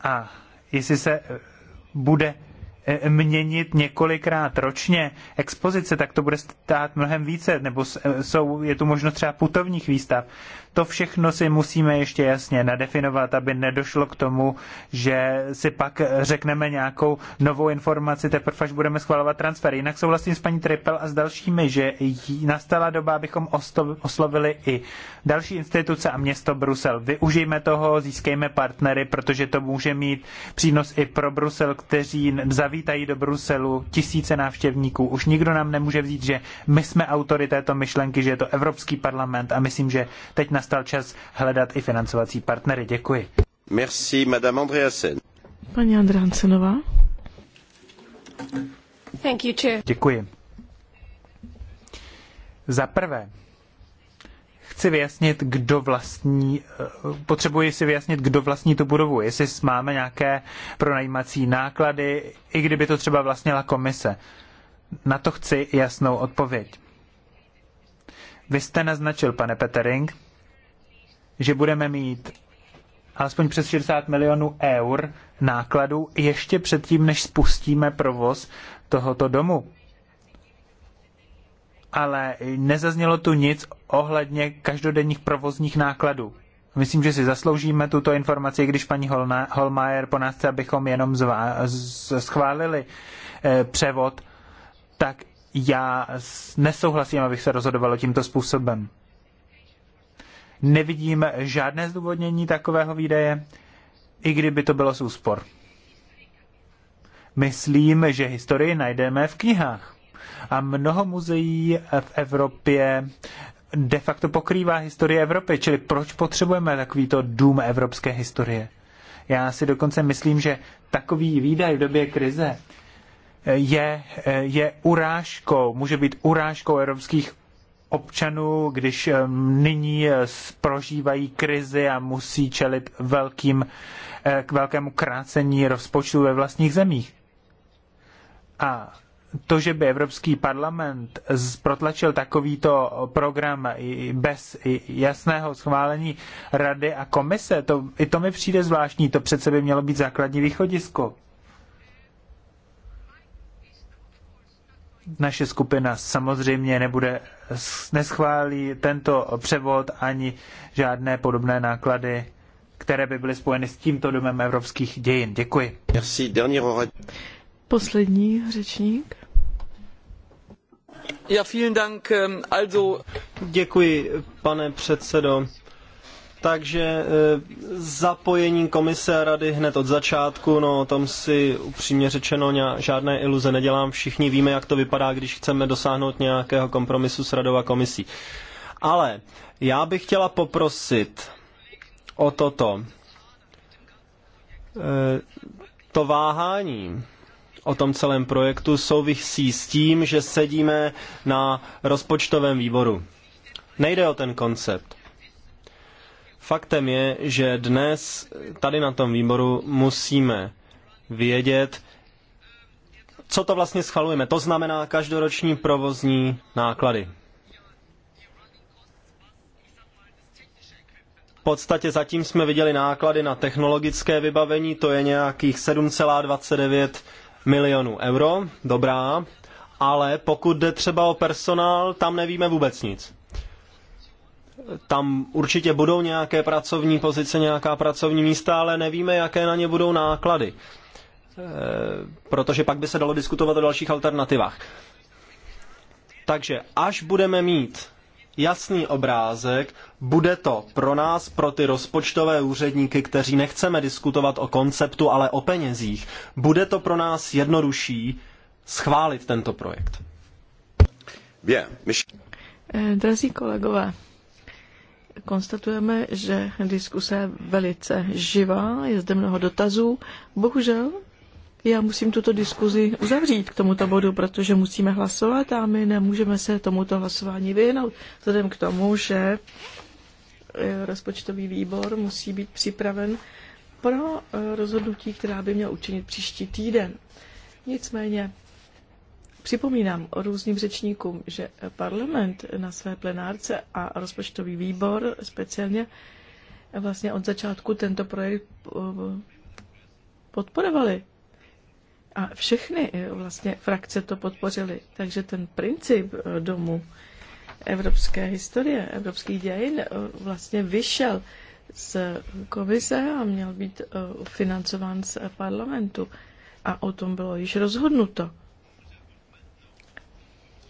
A jestli se eh, bude eh, měnit několikrát ročně expozice, tak to bude stát mnohem více, nebo eh, jsou, je tu možnost třeba putovních výstav. To všechno si musíme ještě jasně nadefinovat, aby nedošlo k tomu, že si pak řekneme nějakou novou informaci teprve, až budeme schvalovat transfer. Jinak souhlasím s paní Tripel a s dalšími, že nastala doba, abychom oslovili i další instituce a město Brusel. Využijme toho, získejme partnery, protože to může mít přínos i pro Brusel, kteří zavítají do Bruselu tisíce návštěvníků. Už nikdo nám nemůže vzít, že my jsme autory této myšlenky, že je to Evropský parlament a myslím, že teď nastává nastal čas hledat i financovací partnery. Děkuji. Merci, Madame Andreasen. Paní Andreasenová. Thank you, chair. Děkuji. Za prvé, chci vyjasnit, kdo vlastní, eh, potřebuji si vyjasnit, kdo vlastní tu budovu, jestli máme nějaké pronajímací náklady, i kdyby to třeba vlastnila komise. Na to chci jasnou odpověď. Vy jste naznačil, pane Petering, že budeme mít alespoň přes 60 milionů eur nákladů ještě předtím, než spustíme provoz tohoto domu. Ale nezaznělo tu nic ohledně každodenních provozních nákladů. Myslím, že si zasloužíme tuto informaci, když paní Holmajer po nás chce, abychom jenom zvá, schválili eh, převod, tak já nesouhlasím, abych se rozhodovalo tímto způsobem. Nevidím žádné zdůvodnění takového výdeje, i kdyby to bylo z úspor. Myslím, že historii najdeme v knihách. A mnoho muzeí v Evropě de facto pokrývá historii Evropy, čili proč potřebujeme takovýto dům evropské historie? Já si dokonce myslím, že takový výdaj v době krize je, je urážkou, může být urážkou evropských občanů, když nyní eh, prožívají krizi a musí čelit velkým, eh, k velkému krácení rozpočtu ve vlastních zemích. A to, že by Evropský parlament protlačil takovýto program bez jasného schválení rady a komise, to, i to mi přijde zvláštní, to přece by mělo být základní východisko. naše skupina samozřejmě nebude, neschválí tento převod ani žádné podobné náklady, které by byly spojeny s tímto domem evropských dějin. Děkuji. Merci. Poslední řečník. Ja, vielen Dank. Ähm, also... Děkuji, pane předsedo. Takže e, zapojení komise a rady hned od začátku, no o tom si upřímně řečeno žádné iluze nedělám. Všichni víme, jak to vypadá, když chceme dosáhnout nějakého kompromisu s radou a komisí. Ale já bych chtěla poprosit o toto. E, to váhání o tom celém projektu souvisí s tím, že sedíme na rozpočtovém výboru. Nejde o ten koncept. Faktem je, že dnes tady na tom výboru musíme vědět, co to vlastně schvalujeme. To znamená každoroční provozní náklady. V podstatě zatím jsme viděli náklady na technologické vybavení, to je nějakých 7,29 milionů euro, dobrá, ale pokud jde třeba o personál, tam nevíme vůbec nic tam určitě budou nějaké pracovní pozice, nějaká pracovní místa, ale nevíme, jaké na ně budou náklady. E, protože pak by se dalo diskutovat o dalších alternativách. Takže až budeme mít jasný obrázek, bude to pro nás, pro ty rozpočtové úředníky, kteří nechceme diskutovat o konceptu, ale o penězích, bude to pro nás jednodušší schválit tento projekt. Eh, drazí kolegové, Konstatujeme, že diskuse je velice živá, je zde mnoho dotazů. Bohužel já musím tuto diskuzi uzavřít k tomuto bodu, protože musíme hlasovat a my nemůžeme se tomuto hlasování vyhnout, vzhledem k tomu, že eh, rozpočtový výbor musí být připraven pro eh, rozhodnutí, která by měla učinit příští týden. Nicméně Připomínám různým řečníkům, že parlament na své plenárce a rozpočtový výbor speciálně vlastně od začátku tento projekt eh, podporovali. A všechny eh, vlastně frakce to podpořily. Takže ten princip eh, domu evropské historie, evropských dějin vlastně vyšel z komise a měl být financován z parlamentu. A o tom bylo již rozhodnuto.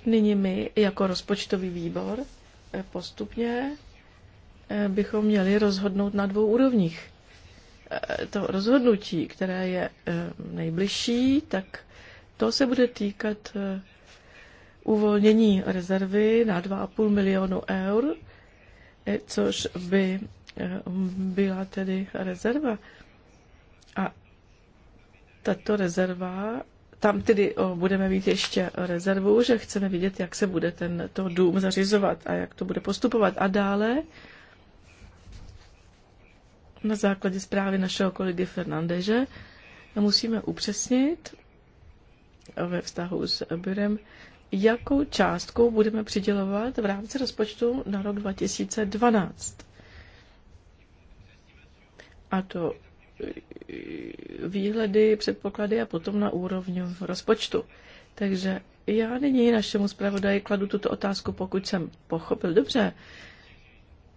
Nyní my jako rozpočtový výbor eh, postupně eh, bychom měli rozhodnout na dvou úrovních. Eh, to rozhodnutí, které je nejbližší, tak to se bude týkat uvolnění rezervy na 2,5 milionu eur, což by byla tedy rezerva. A tato rezerva tam tedy budeme mít ještě rezervu, že chceme vidět, jak se bude ten to dům zařizovat a jak to bude postupovat. A dále na základě zprávy našeho kolegy Fernandeže musíme upřesnit ve vztahu s Byrem, jakou částku budeme přidělovat v rámci rozpočtu na rok 2012. A to výhledy, předpoklady a potom na úrovni rozpočtu. Takže já nyní našemu zpravodaji kladu tuto otázku, pokud jsem pochopil dobře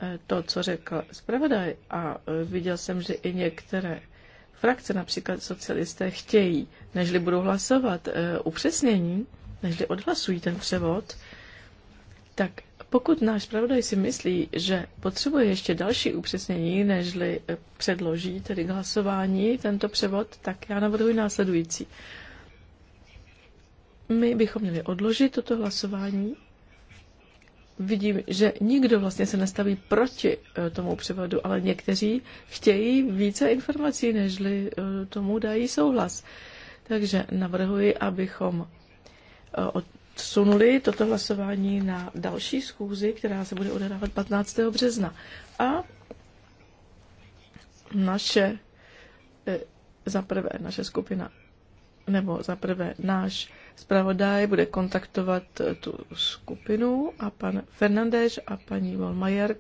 eh, to, co řekl zpravodaj a eh, viděl jsem, že i některé frakce, například socialisté, chtějí, nežli budou hlasovat eh, upřesnění, nežli odhlasují ten převod, tak pokud náš pravodaj si myslí, že potřebuje ještě další upřesnění, nežli eh, předloží tedy k hlasování tento převod, tak já navrhuji následující. My bychom měli odložit toto hlasování. Vidím, že nikdo vlastně se nestaví proti eh, tomu převodu, ale někteří chtějí více informací, nežli eh, tomu dají souhlas. Takže navrhuji, abychom odsunuli toto hlasování na další schůzi, která se bude odehrávat 15. března. A naše, eh, za prvé, naše skupina, nebo za prvé náš zpravodaj bude kontaktovat eh, tu skupinu a pan Fernandez a paní Volmajer,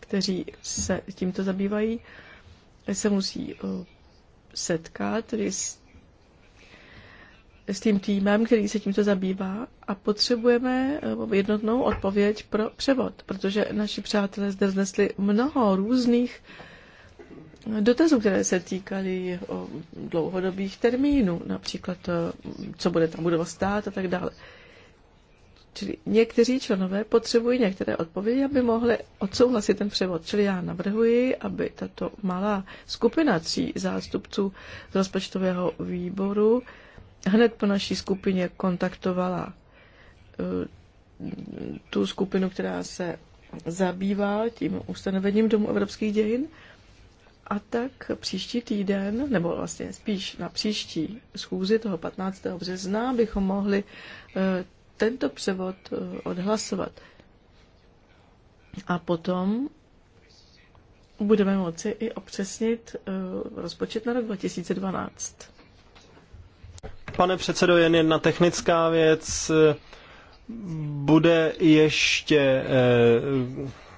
kteří se tímto zabývají, se musí eh, setkat tedy s s tím týmem, který se tímto zabývá a potřebujeme eh, jednotnou odpověď pro převod, protože naši přátelé zde vznesli mnoho různých dotazů, které se týkaly eh, dlouhodobých termínů, například eh, co bude tam budova stát a tak dále. Čili někteří členové potřebují některé odpovědi, aby mohli odsouhlasit ten převod. Čili já navrhuji, aby tato malá skupina tří zástupců z rozpočtového výboru hned po naší skupině kontaktovala eh, tu skupinu, která se zabývá tím ustanovením Domu evropských dějin. A tak příští týden, nebo vlastně spíš na příští schůzi toho 15. března, bychom mohli eh, tento převod eh, odhlasovat. A potom budeme moci i opřesnit rozpočet na rok 2012. Pane předsedo, jen jedna technická věc. Bude ještě eh,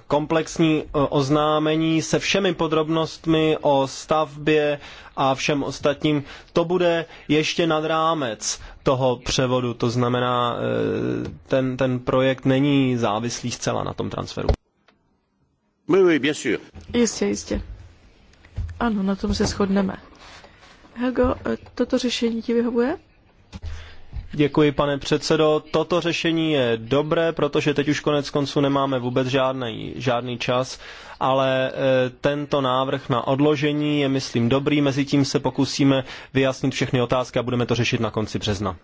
komplexní eh, oznámení se všemi podrobnostmi o stavbě a všem ostatním. To bude ještě nad rámec toho převodu, to znamená, eh, ten, ten projekt není závislý zcela na tom transferu. Oui, oui, bien sûr. Jistě, jistě. Ano, na tom se shodneme. Helgo, toto řešení ti vyhovuje? Děkuji, pane předsedo. Toto řešení je dobré, protože teď už konec konců nemáme vůbec žádný, žádný čas, ale eh, tento návrh na odložení je, myslím, dobrý. Mezitím se pokusíme vyjasnit všechny otázky a budeme to řešit na konci března.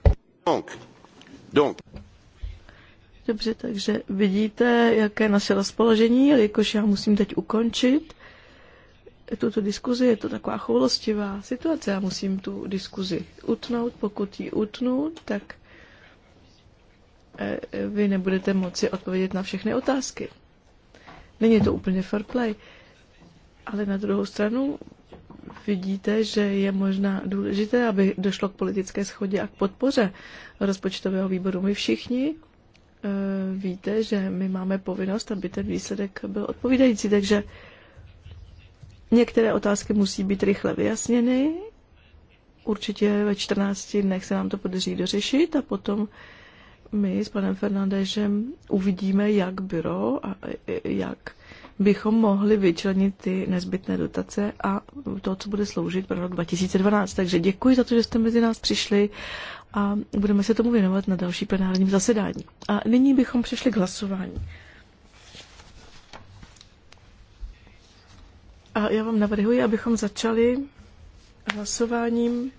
Dobře, takže vidíte, jaké naše rozpoložení, jelikož já musím teď ukončit tuto diskuzi, je to taková choulostivá situace, já musím tu diskuzi utnout, pokud ji utnu, tak e, vy nebudete moci odpovědět na všechny otázky. Není to úplně fair play, ale na druhou stranu vidíte, že je možná důležité, aby došlo k politické schodě a k podpoře rozpočtového výboru. My všichni e, víte, že my máme povinnost, aby ten výsledek byl odpovídající, takže Některé otázky musí být rychle vyjasněny. Určitě ve 14 dnech se nám to podaří dořešit a potom my s panem Fernandežem uvidíme, jak byro a e, e, jak bychom mohli vyčlenit ty nezbytné dotace a to, co bude sloužit pro rok 2012. Takže děkuji za to, že jste mezi nás přišli a budeme se tomu věnovat na další plenárním zasedání. A nyní bychom přešli k hlasování. A já vám navrhuji, abychom začali hlasováním,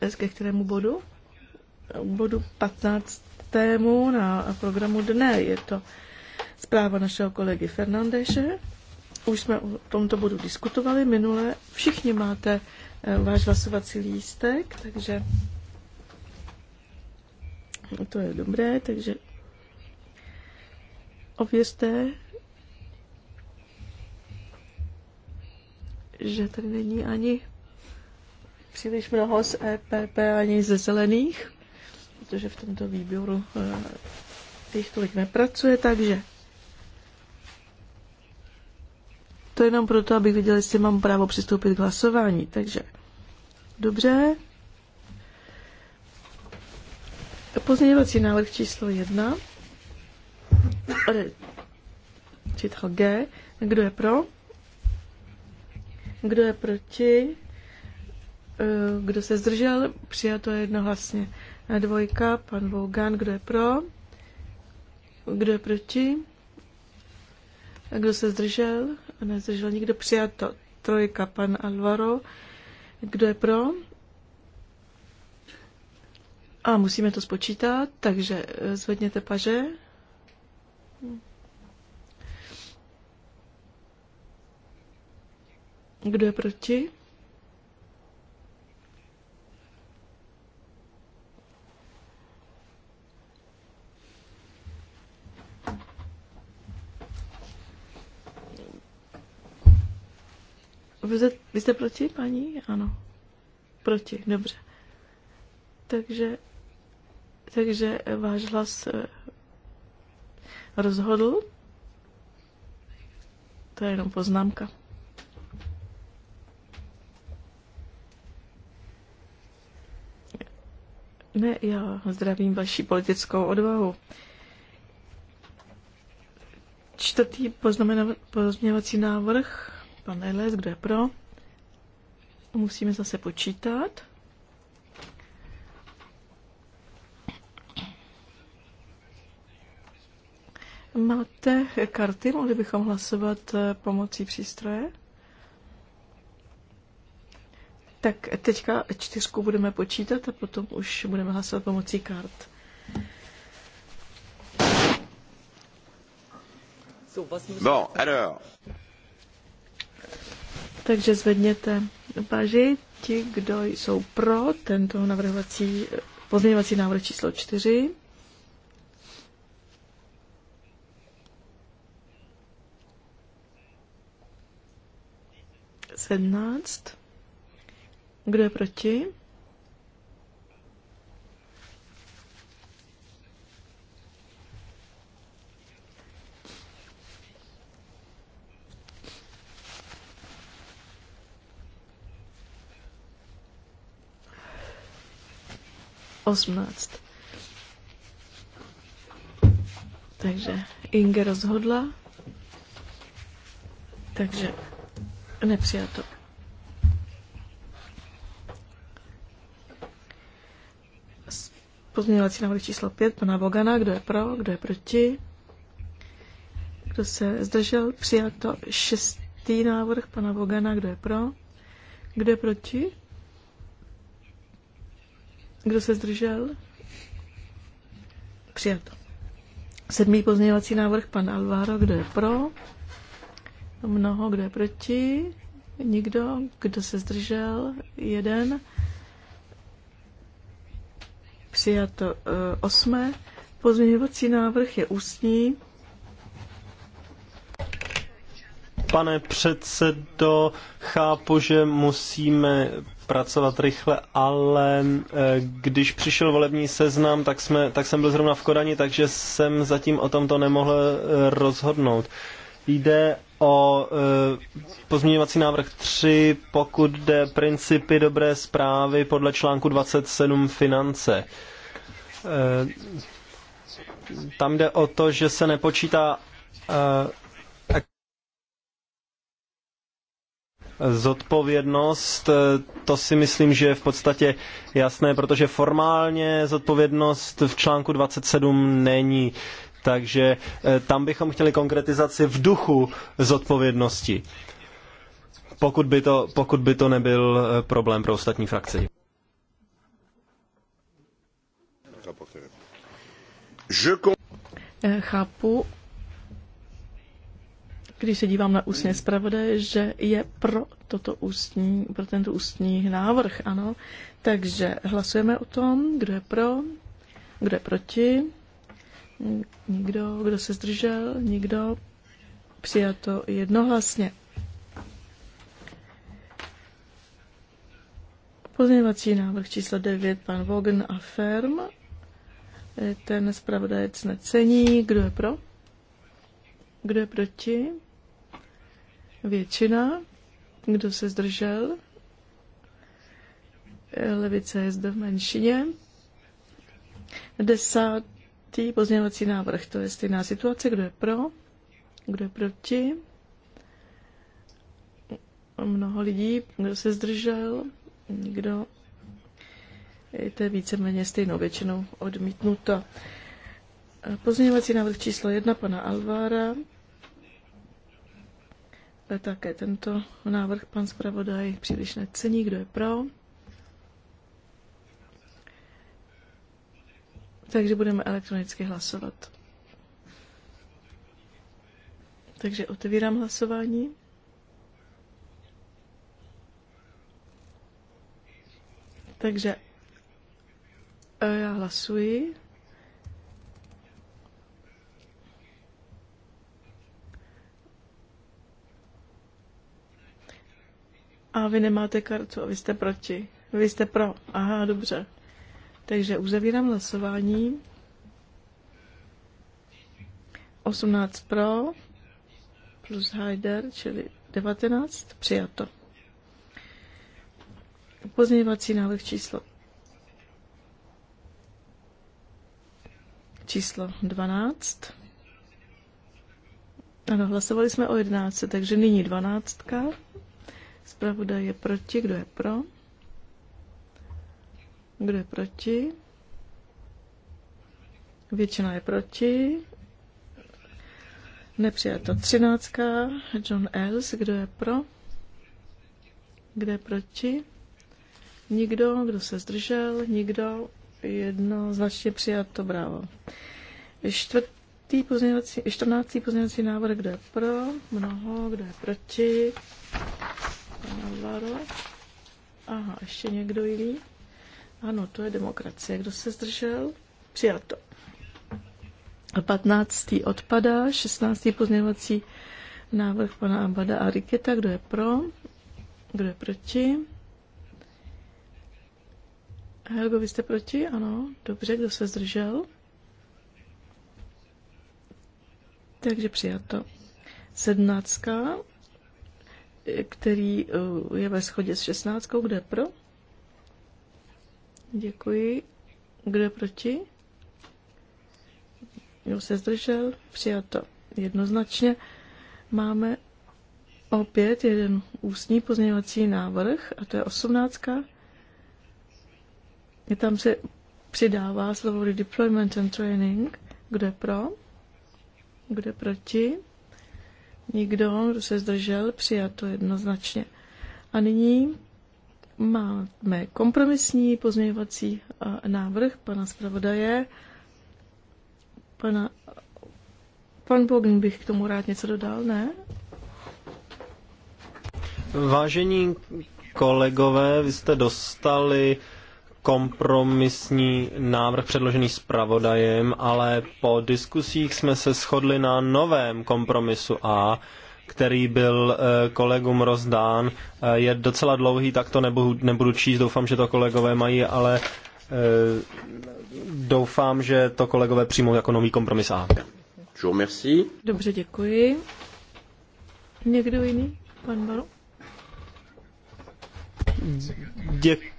eh, ke kterému bodu? Eh, bodu 15. na programu dne. Je to zpráva našeho kolegy Fernandeše. Už jsme o tomto bodu diskutovali minule. Všichni máte eh, váš hlasovací lístek, takže to je dobré, takže ověřte, že tady není ani příliš mnoho z EPP, ani ze zelených, protože v tomto výběru eh, jich tolik nepracuje, takže to je jenom proto, abych viděl, jestli mám právo přistoupit k hlasování. Takže dobře. Pozměňovací návrh číslo jedna. Čítko G. Kdo je pro? Kdo je proti? Eh, kdo se zdržel? Přijato jednohlasně. Eh, dvojka, pan Vougan, kdo je pro? Kdo je proti? Eh, kdo se zdržel? Nezdržel nikdo. Přijato. Trojka, pan Alvaro. Kdo je pro? A musíme to spočítat, takže zvedněte paže. Kdo je proti? Vy jste, vy jste proti, paní? Ano. Proti, dobře. Takže, takže váš hlas eh, rozhodl. To je jenom poznámka. Ne, já zdravím vaši politickou odvahu. Čtvrtý pozměňovací návrh, pan Eles, kdo je pro? Musíme zase počítat. Máte karty, mohli bychom hlasovat eh, pomocí přístroje? Tak teďka čtyřku budeme počítat a potom už budeme hlasovat pomocí kart. Bon, alors. Takže zvedněte paži, ti, kdo jsou pro tento navrhovací eh, pozměňovací návrh číslo čtyři. 17. Kdo je proti? Osmnáct. Takže Inge rozhodla. Takže Nepřijato. Pozměňovací návrh číslo 5 pana Vogana. Kdo je pro? Kdo je proti? Kdo se zdržel? Přijato. Šestý návrh pana Vogana. Kdo je pro? Kdo je proti? Kdo se zdržel? Přijato. Sedmý pozměňovací návrh pan Alvaro. Kdo je pro? Mnoho, kdo je proti? Nikdo. Kdo se zdržel? Jeden. Přijato eh, osmé. Pozměňovací návrh je ústní. Pane předsedo, chápu, že musíme pracovat rychle, ale eh, když přišel volební seznam, tak, jsme, tak jsem byl zrovna v Kodani, takže jsem zatím o tomto nemohl eh, rozhodnout. Jde o e, pozměňovací návrh 3, pokud jde principy dobré zprávy podle článku 27 finance. E, tam jde o to, že se nepočítá e, zodpovědnost. To si myslím, že je v podstatě jasné, protože formálně zodpovědnost v článku 27 není. Takže eh, tam bychom chtěli konkretizaci v duchu zodpovědnosti, pokud by to, pokud by to nebyl eh, problém pro ostatní frakci. Eh, chápu, když se dívám na ústně zpravodaje, že je pro, toto ústní, pro tento ústní návrh, ano. Takže hlasujeme o tom, kdo je pro, kdo je proti, Nikdo, kdo se zdržel, nikdo. Přijato jednohlasně. Pozměňovací návrh číslo 9, pan Vogen a Ferm. Ten zpravodajec necení. Kdo je pro? Kdo je proti? Většina. Kdo se zdržel? Levice je zde v menšině. Desát, Pátý pozměňovací návrh, to je stejná situace, kdo je pro, kdo je proti. Mnoho lidí, kdo se zdržel, nikdo. To víceméně stejnou většinou odmítnuto. Pozměňovací návrh číslo jedna pana Alvára. Také tento návrh pan zpravodaj příliš necení. Kdo je pro? Takže budeme elektronicky hlasovat. Takže otevírám hlasování. Takže eh, já hlasuji. A vy nemáte kartu a vy jste proti. Vy jste pro. Aha, dobře. Takže uzavírám hlasování. 18 pro plus Heider, čili 19, přijato. Upozněvací návrh číslo číslo 12. Ano, hlasovali jsme o 11, takže nyní 12. Zpravodaj je proti, kdo je pro? Kdo je proti? Většina je proti. Nepřijato třináctka. John Els. kdo je pro? Kdo je proti? Nikdo, kdo se zdržel, nikdo, jedno, značně přijato, bravo. Čtvrtý pozměňovací, čtrnáctý pozměňovací návrh, kdo je pro, mnoho, kdo je proti, Navarro. Aha, ještě někdo jiný? Ano, to je demokracie. Kdo se zdržel? Přijato. 15. odpadá, 16. pozměňovací návrh pana Abada a Riketa. Kdo je pro? Kdo je proti? Helgo, vy jste proti? Ano, dobře, kdo se zdržel? Takže přijato. 17. který eh, je ve shodě s šestnáctkou, kde pro? Děkuji. Kdo je proti? Jo, se zdržel? Přijato jednoznačně. Máme opět jeden ústní pozměňovací návrh, a to je osmnáctka. Je tam se přidává slovo redeployment and training. Kdo je pro? Kdo je proti? Nikdo, kdo se zdržel, přijato jednoznačně. A nyní Máme kompromisní pozměňovací eh, návrh pana zpravodaje. Pana, pan Bogn bych k tomu rád něco dodal, ne? Vážení kolegové, vy jste dostali kompromisní návrh předložený zpravodajem, ale po diskusích jsme se shodli na novém kompromisu A, který byl eh, kolegům rozdán. Eh, je docela dlouhý, tak to nebudu, nebudu číst, doufám, že to kolegové mají, ale eh, doufám, že to kolegové přijmou jako nový kompromis A. Dobře, děkuji. Někdo jiný? Pan Baru? Děkuji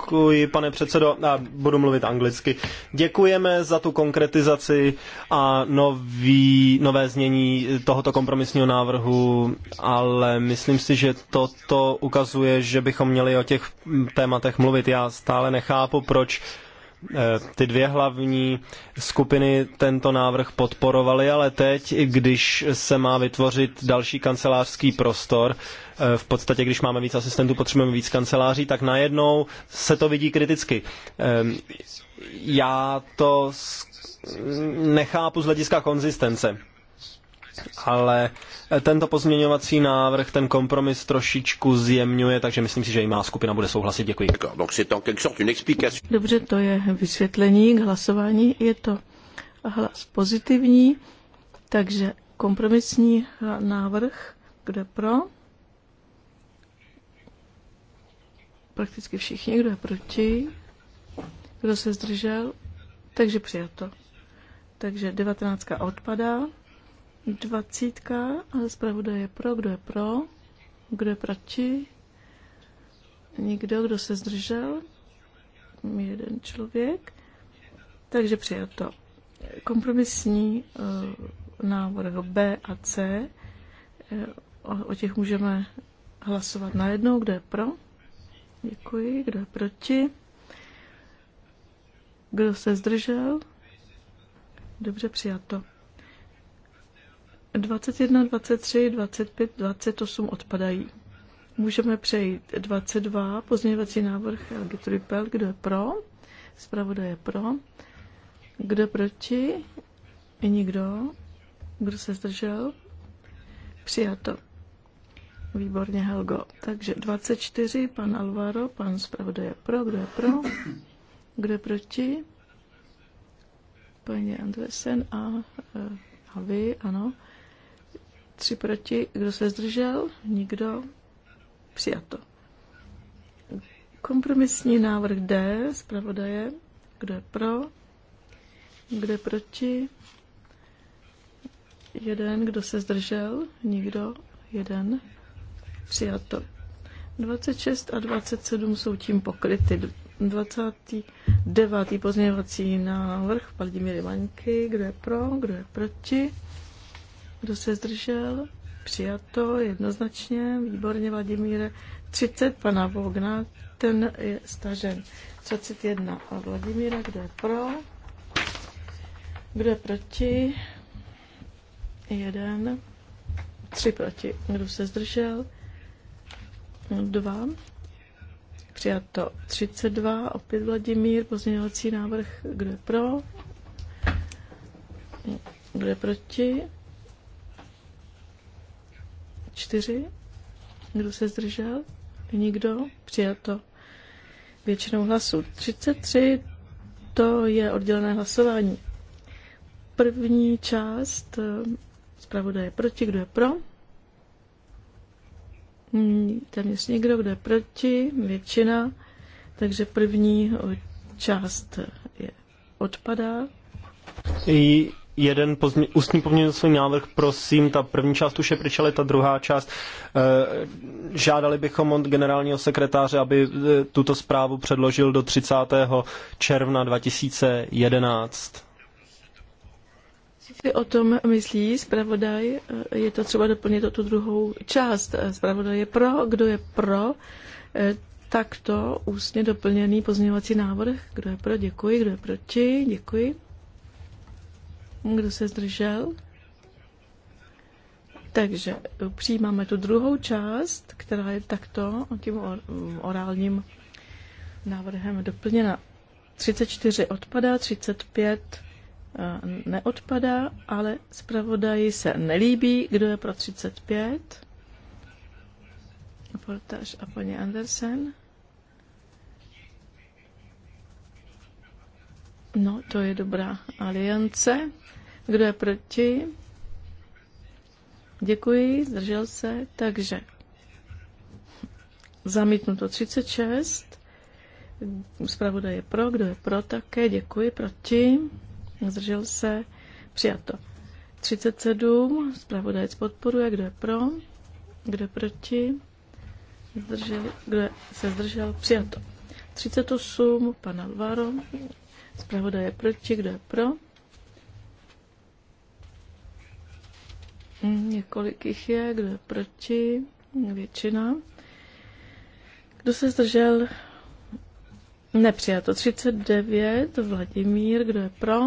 Děkuji, pane předsedo, a budu mluvit anglicky. Děkujeme za tu konkretizaci a nový, nové znění tohoto kompromisního návrhu, ale myslím si, že toto ukazuje, že bychom měli o těch tématech mluvit. Já stále nechápu, proč Eh, ty dvě hlavní skupiny tento návrh podporovaly, ale teď, když se má vytvořit další kancelářský prostor, eh, v podstatě, když máme víc asistentů, potřebujeme víc kanceláří, tak najednou se to vidí kriticky. Eh, já to nechápu z hlediska konzistence ale tento pozměňovací návrh, ten kompromis trošičku zjemňuje, takže myslím si, že i má skupina bude souhlasit. Děkuji. Dobře, to je vysvětlení k hlasování. Je to hlas pozitivní, takže kompromisní návrh, kde pro? Prakticky všichni, kdo je proti? Kdo se zdržel? Takže přijato. Takže devatenáctka odpadá. Dvacítka, kdo je pro, kdo je pro, kdo je proti, nikdo, kdo se zdržel, jeden člověk, takže přijato. Kompromisní uh, návrh B a C, eh, o, o těch můžeme hlasovat najednou, kdo je pro, děkuji, kdo je proti, kdo se zdržel, dobře přijato. 21, 23, 25, 28 odpadají. Můžeme přejít 22, pozměňovací návrh Helgi Tripel, kdo je pro, Zpravoda je pro, kdo proti, je nikdo, kdo se zdržel, přijato. Výborně, Helgo. Takže 24, pan Alvaro, pan zpravoda je pro, kdo je pro, kdo je proti, paní Andresen a, eh, a vy, ano. Tři proti. Kdo se zdržel? Nikdo. Přijato. Kompromisní návrh D, zpravodaje. Kdo je pro? Kdo je proti? Jeden. Kdo se zdržel? Nikdo. Jeden. Přijato. 26 a 27 jsou tím pokryty. 29. pozměňovací návrh Vladimíry Vaňky. Kdo je pro? Kdo je proti? Kdo se zdržel? Přijato jednoznačně. Výborně, Vladimíre. 30 pana Vogna, ten je stažen. 31 a Vladimíra, kdo je pro? Kdo je proti? Jeden. Tři proti. Kdo se zdržel? Dva. Přijato 32, opět Vladimír, pozměňovací návrh, kdo je pro? Kdo je proti? čtyři, Kdo se zdržel? Nikdo? Přijato. Většinou hlasů. 33. To je oddělené hlasování. První část eh, je proti. Kdo je pro? Hmm, téměř nikdo. Kdo je proti? Většina. Takže první eh, část eh, je odpadá jeden pozmě, ústní pozměňovací návrh, prosím, ta první část už je pryč, ale ta druhá část. E, žádali bychom od generálního sekretáře, aby eh, tuto zprávu předložil do 30. června 2011. Co si o tom myslí zpravodaj? Eh, je to třeba doplnit o tu druhou část. Zpravodaj je pro, kdo je pro takto ústně doplněný pozměňovací návrh. Kdo je pro, děkuji. Kdo je proti, děkuji. Kdo se zdržel? Takže přijímáme tu druhou část, která je takto tím orálním návrhem doplněna. 34 odpadá, 35 eh, neodpadá, ale zpravodaji se nelíbí, kdo je pro 35. Portáž a paní Andersen. No, to je dobrá aliance. Kdo je proti? Děkuji, zdržel se. Takže zamítnuto 36. Zpravodaj je pro, kdo je pro také, děkuji, proti, zdržel se, přijato. 37, zpravodajec podporuje, kdo je pro, kdo je proti, zdržel, kdo se zdržel, přijato. 38, pan Alvaro, zpravodaj je proti, kdo je pro, Hm, několik jich je, kdo je proti, většina. Kdo se zdržel? Nepřijato 39, Vladimír, kdo je pro?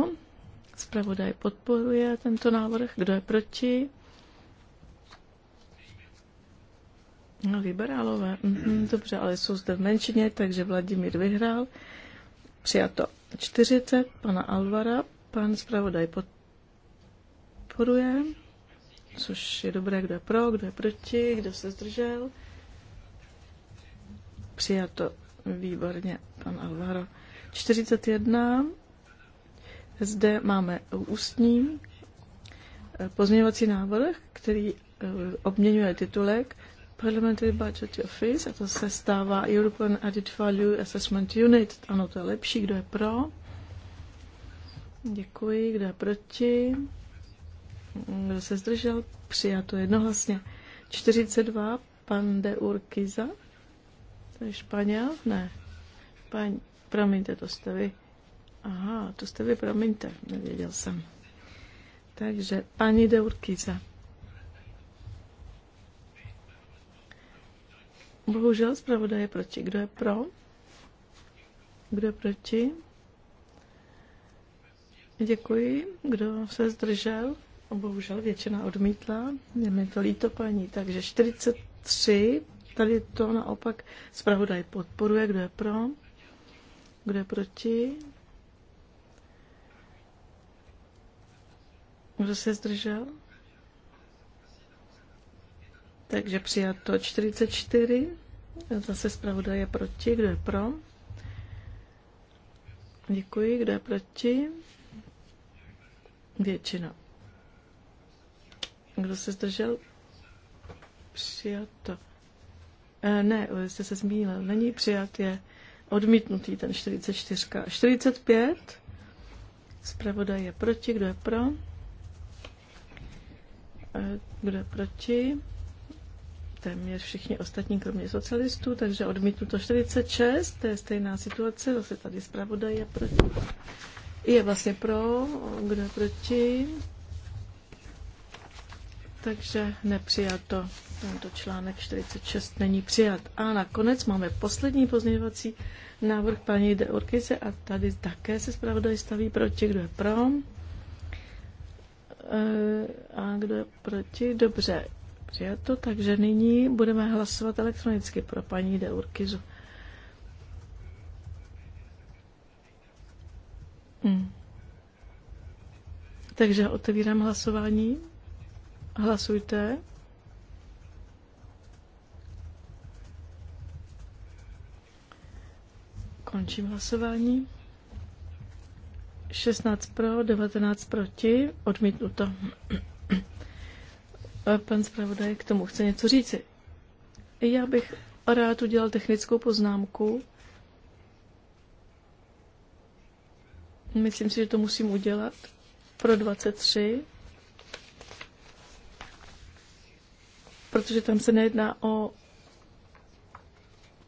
spravodaj podporuje tento návrh, kdo je proti? No, liberálové, mm-hmm, dobře, ale jsou zde v menšině, takže Vladimír vyhrál. Přijato 40, pana Alvara, pan zpravodaj podporuje což je dobré, kdo je pro, kdo je proti, kdo se zdržel. Přijato výborně, pan Alvaro. 41. Zde máme ústní eh, pozměňovací návrh, který eh, obměňuje titulek Parliamentary Budget Office a to se stává European Added Value Assessment Unit. Ano, to je lepší. Kdo je pro? Děkuji. Kdo je proti? Kdo se zdržel? Přijato jednohlasně. 42. Pan de Urquiza. To je Španěl? Ne. Pan, promiňte, to jste vy. Aha, to jste vy, promiňte, nevěděl jsem. Takže paní de Urquiza. Bohužel zpravodaj je proti. Kdo je pro? Kdo je proti? Děkuji. Kdo se zdržel? Bohužel většina odmítla, je mi to líto paní, takže 43, tady to naopak zpravodaj podporuje, kdo je pro, kdo je proti, kdo se zdržel. Takže přijato 44, zase zpravodaj je proti, kdo je pro. Děkuji, kdo je proti? Většina. Kdo se zdržel? Přijato. E, ne, jste se zmínil. Není přijat, je odmítnutý ten 44. 45. Zpravodaj je proti. Kdo je pro? E, kdo je proti? téměř všichni ostatní, kromě socialistů, takže odmítnuto 46, to je stejná situace, zase tady zpravodaj je proti. Je vlastně pro, kdo je proti, takže nepřijato. Tento článek 46 není přijat. A nakonec máme poslední pozměňovací návrh paní De Urkice a tady také se zpravodaj staví proti. Kdo je pro? E, a kdo je proti? Dobře, přijato. Takže nyní budeme hlasovat elektronicky pro paní De Urkizu. Hmm. Takže otevírám hlasování. Hlasujte. Končím hlasování. 16 pro, 19 proti, odmítnuto. Pan zpravodaj k tomu chce něco říci. Já bych rád udělal technickou poznámku. Myslím si, že to musím udělat pro 23. protože tam se nejedná o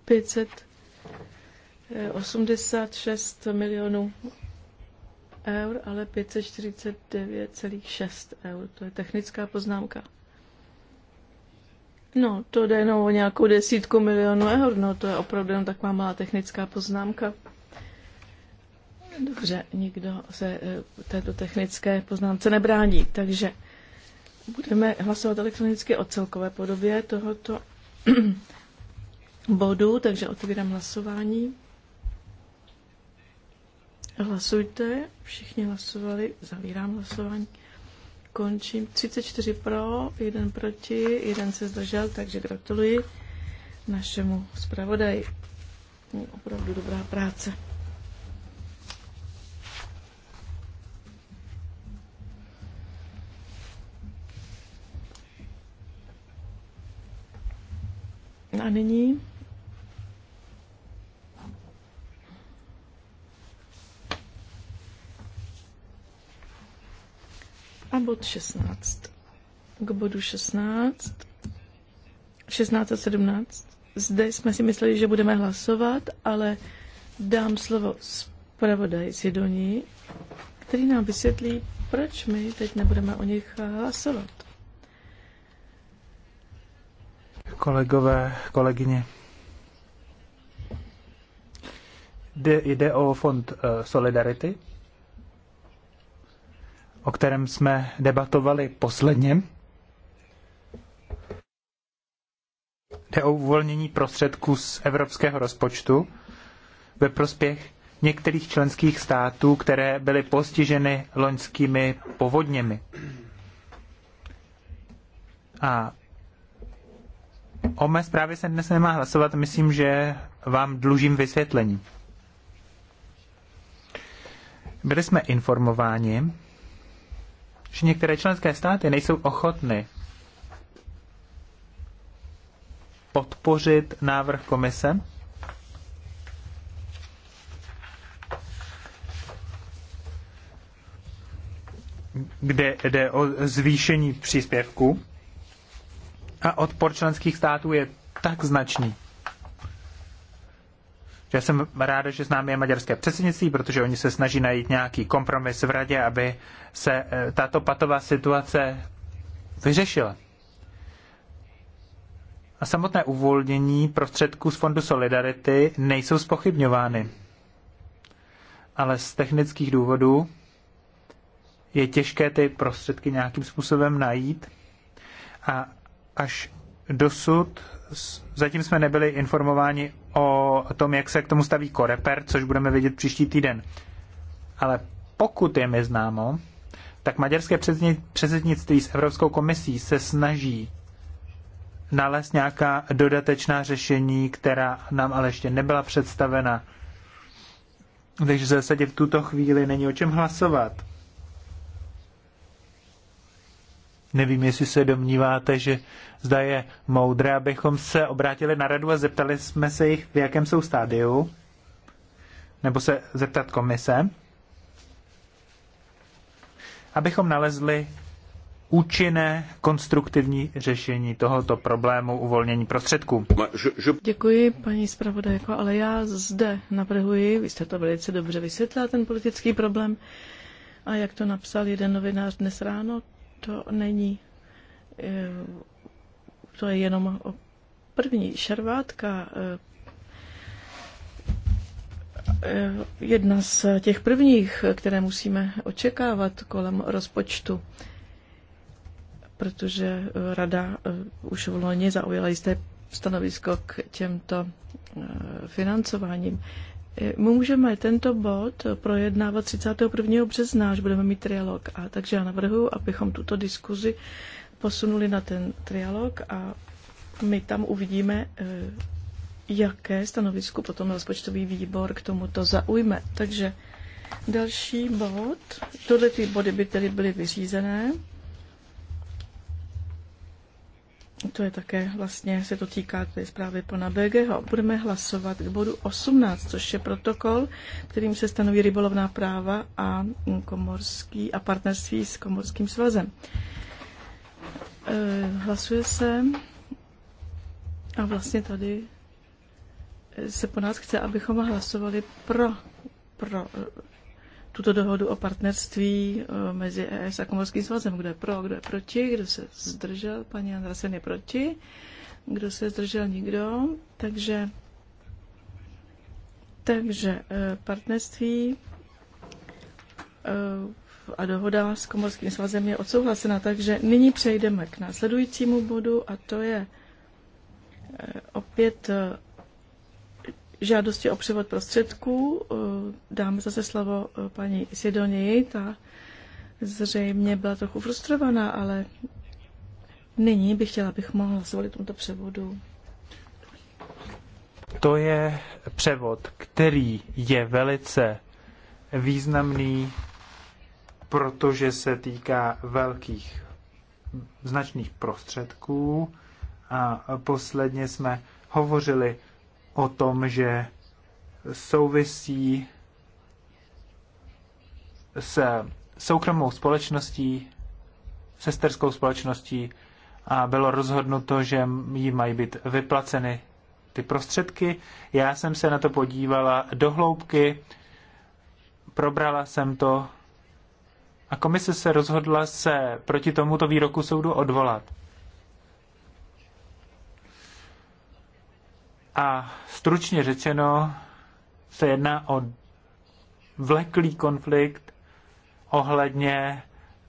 586 milionů eur, ale 549,6 eur. To je technická poznámka. No, to jde jenom o nějakou desítku milionů eur, no to je opravdu jenom taková malá technická poznámka. Dobře, nikdo se eh, této technické poznámce nebrání, takže Budeme hlasovat elektronicky o celkové podobě tohoto bodu, takže otevírám hlasování. Hlasujte, všichni hlasovali, zavírám hlasování. Končím. 34 pro, jeden proti, jeden se zdržel, takže gratuluji našemu zpravodaji. Opravdu dobrá práce. A nyní a bod 16. K bodu 16. 16 a 17. Zde jsme si mysleli, že budeme hlasovat, ale dám slovo zpravodaj Doni, který nám vysvětlí, proč my teď nebudeme o nich hlasovat. Kolegové, kolegyně. Jde, jde o fond eh, Solidarity, o kterém jsme debatovali posledně. Jde o uvolnění prostředků z evropského rozpočtu ve prospěch některých členských států, které byly postiženy loňskými povodněmi. A O mé zprávě se dnes nemá hlasovat, myslím, že vám dlužím vysvětlení. Byli jsme informováni, že některé členské státy nejsou ochotny podpořit návrh komise, kde jde o zvýšení příspěvku a odpor členských států je tak značný, že jsem rád, že s námi je maďarské předsednictví, protože oni se snaží najít nějaký kompromis v radě, aby se eh, tato patová situace vyřešila. A samotné uvolnění prostředků z Fondu Solidarity nejsou spochybňovány. Ale z technických důvodů je těžké ty prostředky nějakým způsobem najít. A až dosud zatím jsme nebyli informováni o tom, jak se k tomu staví Koreper, což budeme vidět příští týden. Ale pokud je mi známo, tak maďarské předsednictví s Evropskou komisí se snaží nalézt nějaká dodatečná řešení, která nám ale ještě nebyla představena. Takže v zásadě v tuto chvíli není o čem hlasovat. Nevím, jestli se domníváte, že zda je moudré, abychom se obrátili na radu a zeptali jsme se jich, v jakém jsou stádiu, nebo se zeptat komise, abychom nalezli účinné konstruktivní řešení tohoto problému uvolnění prostředků. Děkuji, paní zpravodajko, ale já zde navrhuji, vy jste to velice dobře vysvětlila, ten politický problém, a jak to napsal jeden novinář dnes ráno, to není eh, to je jenom první šarvátka, jedna z těch prvních, které musíme očekávat kolem rozpočtu, protože rada eh, už v loni zaujala jisté stanovisko k těmto eh, financováním. Eh, můžeme tento bod projednávat 31. března, až budeme mít trialog. A takže já navrhuji, abychom tuto diskuzi posunuli na ten trialog a my tam uvidíme, eh, jaké stanovisko potom rozpočtový výbor k tomuto zaujme. Takže další bod, tohle ty body by tedy byly vyřízené. To je také vlastně, se to týká té zprávy pana BGho. Budeme hlasovat k bodu 18, což je protokol, kterým se stanoví rybolovná práva a komorský a partnerství s komorským svazem. Eh, hlasuje se a vlastně tady eh, se po nás chce, abychom hlasovali pro, pro eh, tuto dohodu o partnerství mezi ES a Komorským svazem. Kdo je pro, kdo je proti, kdo se zdržel, paní Andrasen je proti, kdo se zdržel, nikdo. Takže, takže partnerství a dohoda s Komorským svazem je odsouhlasena, takže nyní přejdeme k následujícímu bodu a to je eh, opět eh, žádosti o převod prostředků. Eh, Dáme zase slovo paní Sidonii, ta zřejmě byla trochu frustrovaná, ale nyní bych chtěla, abych mohla zvolit tomuto převodu. To je převod, který je velice významný protože se týká velkých značných prostředků. A posledně jsme hovořili o tom, že souvisí s soukromou společností, sesterskou společností a bylo rozhodnuto, že jí mají být vyplaceny ty prostředky. Já jsem se na to podívala do hloubky, probrala jsem to a komise se rozhodla se proti tomuto výroku soudu odvolat. A stručně řečeno se jedná o vleklý konflikt ohledně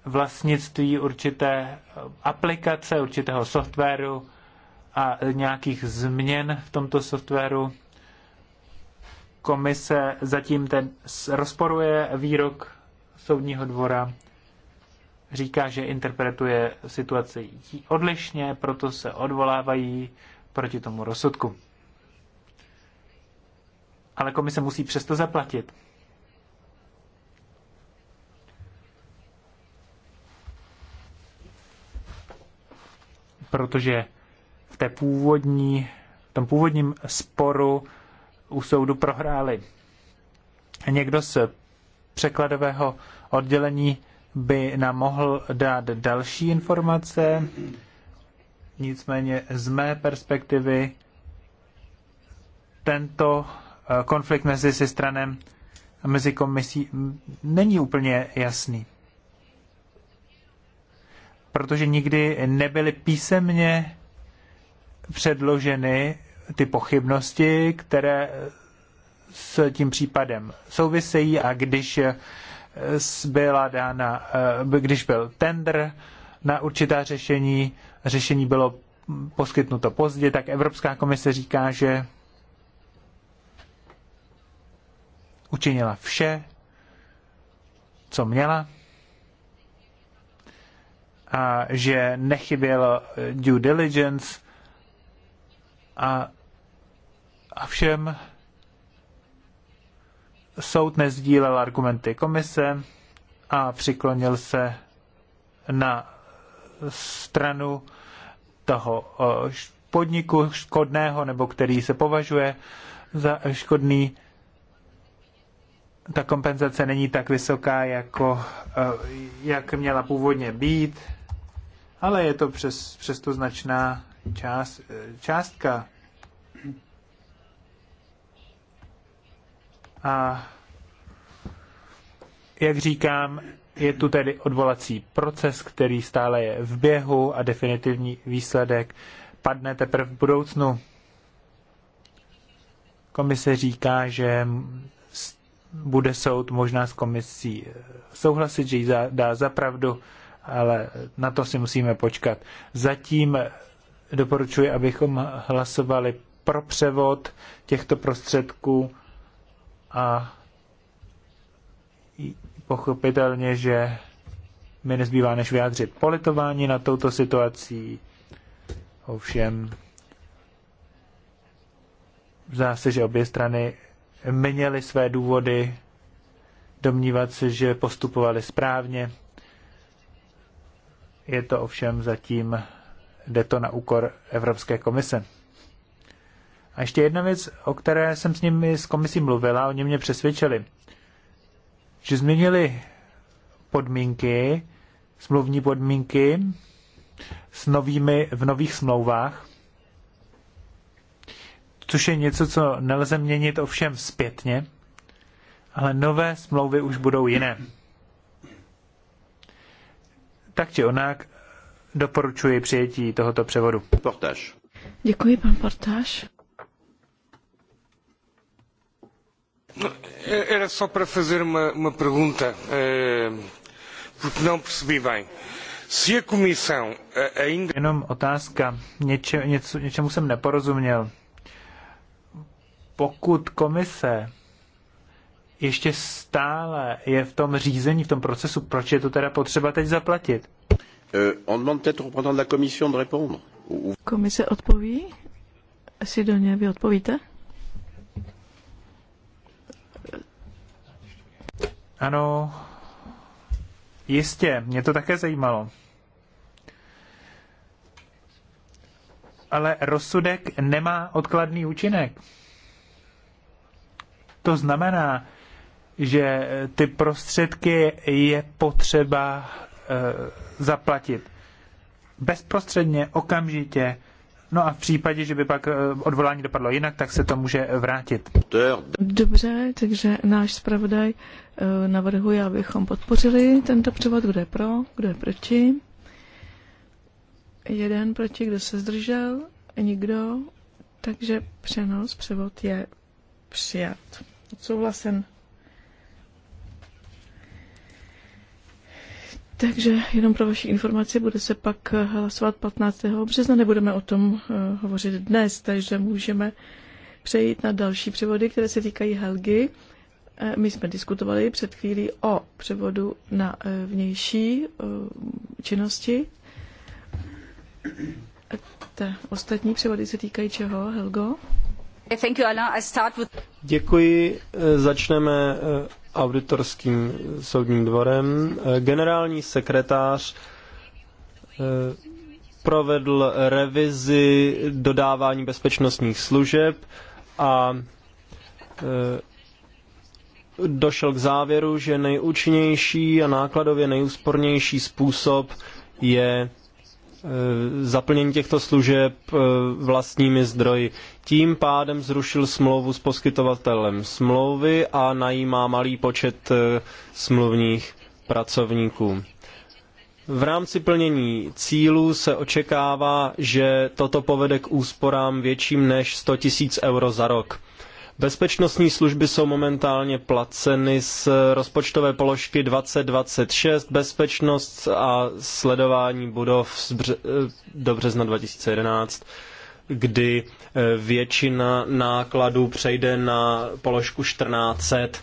vlastnictví určité aplikace, určitého softwaru a nějakých změn v tomto softwaru. Komise zatím ten rozporuje výrok soudního dvora říká, že interpretuje situaci odlišně, proto se odvolávají proti tomu rozsudku. Ale komise musí přesto zaplatit. Protože v té původní, v tom původním sporu u soudu prohráli. Někdo z překladového oddělení by nám mohl dát další informace. Nicméně z mé perspektivy tento eh, konflikt mezi stranem a mezi komisí není úplně jasný. Protože nikdy nebyly písemně předloženy ty pochybnosti, které s tím případem souvisejí a když eh, byla dána, eh, když byl tender na určitá řešení, řešení bylo poskytnuto pozdě, tak Evropská komise říká, že učinila vše, co měla a že nechyběl due diligence a, a všem soud nezdílel argumenty komise a přiklonil se na stranu toho eh, podniku škodného, nebo který se považuje za škodný, ta kompenzace není tak vysoká, jako, eh, jak měla původně být, ale je to přes, přesto značná část, eh, částka. A jak říkám, je tu tedy odvolací proces, který stále je v běhu a definitivní výsledek padne teprve v budoucnu. Komise říká, že bude soud možná s komisí eh, souhlasit, že ji dá za pravdu, ale na to si musíme počkat. Zatím eh, doporučuji, abychom hlasovali pro převod těchto prostředků a pochopitelně, že mi nezbývá než vyjádřit politování na touto situací. Ovšem, zdá se, že obě strany měly své důvody domnívat se, že postupovali správně. Je to ovšem zatím, jde to na úkor Evropské komise. A ještě jedna věc, o které jsem s nimi, s komisí mluvila, oni mě přesvědčili, že změnili podmínky, smluvní podmínky s novými, v nových smlouvách, což je něco, co nelze měnit ovšem zpětně, ale nové smlouvy už budou jiné. Tak či onak doporučuji přijetí tohoto převodu. Portáž. Děkuji, pan Portáž. Era só para fazer uma, uma pergunta, eh, porque não percebi bem. Se a comissão eh, ainda... Jenom otázka, Něče, něco, něčemu jsem neporozuměl. Pokud komise ještě stále je v tom řízení, v tom procesu, proč je to teda potřeba teď zaplatit? Eh, on demande peut-être au représentant de la commission de répondre. Komise odpoví? Sidoně, vy odpovíte? Ano, jistě, mě to také zajímalo. Ale rozsudek nemá odkladný účinek. To znamená, že ty prostředky je potřeba e, zaplatit. Bezprostředně, okamžitě, No a v případě, že by pak eh, odvolání dopadlo jinak, tak se to může vrátit. Dobře, takže náš zpravodaj eh, navrhuje, abychom podpořili tento převod, kdo je pro, kdo je proti. Jeden proti, kdo se zdržel, nikdo. Takže přenos, převod je přijat. Odsouhlasen. Takže jenom pro vaši informaci, bude se pak hlasovat 15. března, nebudeme o tom eh, hovořit dnes, takže můžeme přejít na další převody, které se týkají Helgy. Eh, my jsme diskutovali před chvílí o převodu na eh, vnější činnosti. Te ostatní převody se týkají čeho, Helgo? Děkuji. Začneme eh, auditorským soudním dvorem. Eh, generální sekretář eh, provedl revizi dodávání bezpečnostních služeb a došel k závěru, že nejúčinnější a nákladově nejúspornější způsob je Eh, zaplnění těchto služeb eh, vlastními zdroji. Tím pádem zrušil smlouvu s poskytovatelem smlouvy a najímá malý počet eh, smluvních pracovníků. V rámci plnění cílů se očekává, že toto povede k úsporám větším než 100 000 euro za rok. Bezpečnostní služby jsou momentálně placeny z rozpočtové položky 2026 bezpečnost a sledování budov do března 2011 kdy eh, většina nákladů přejde na položku 1400,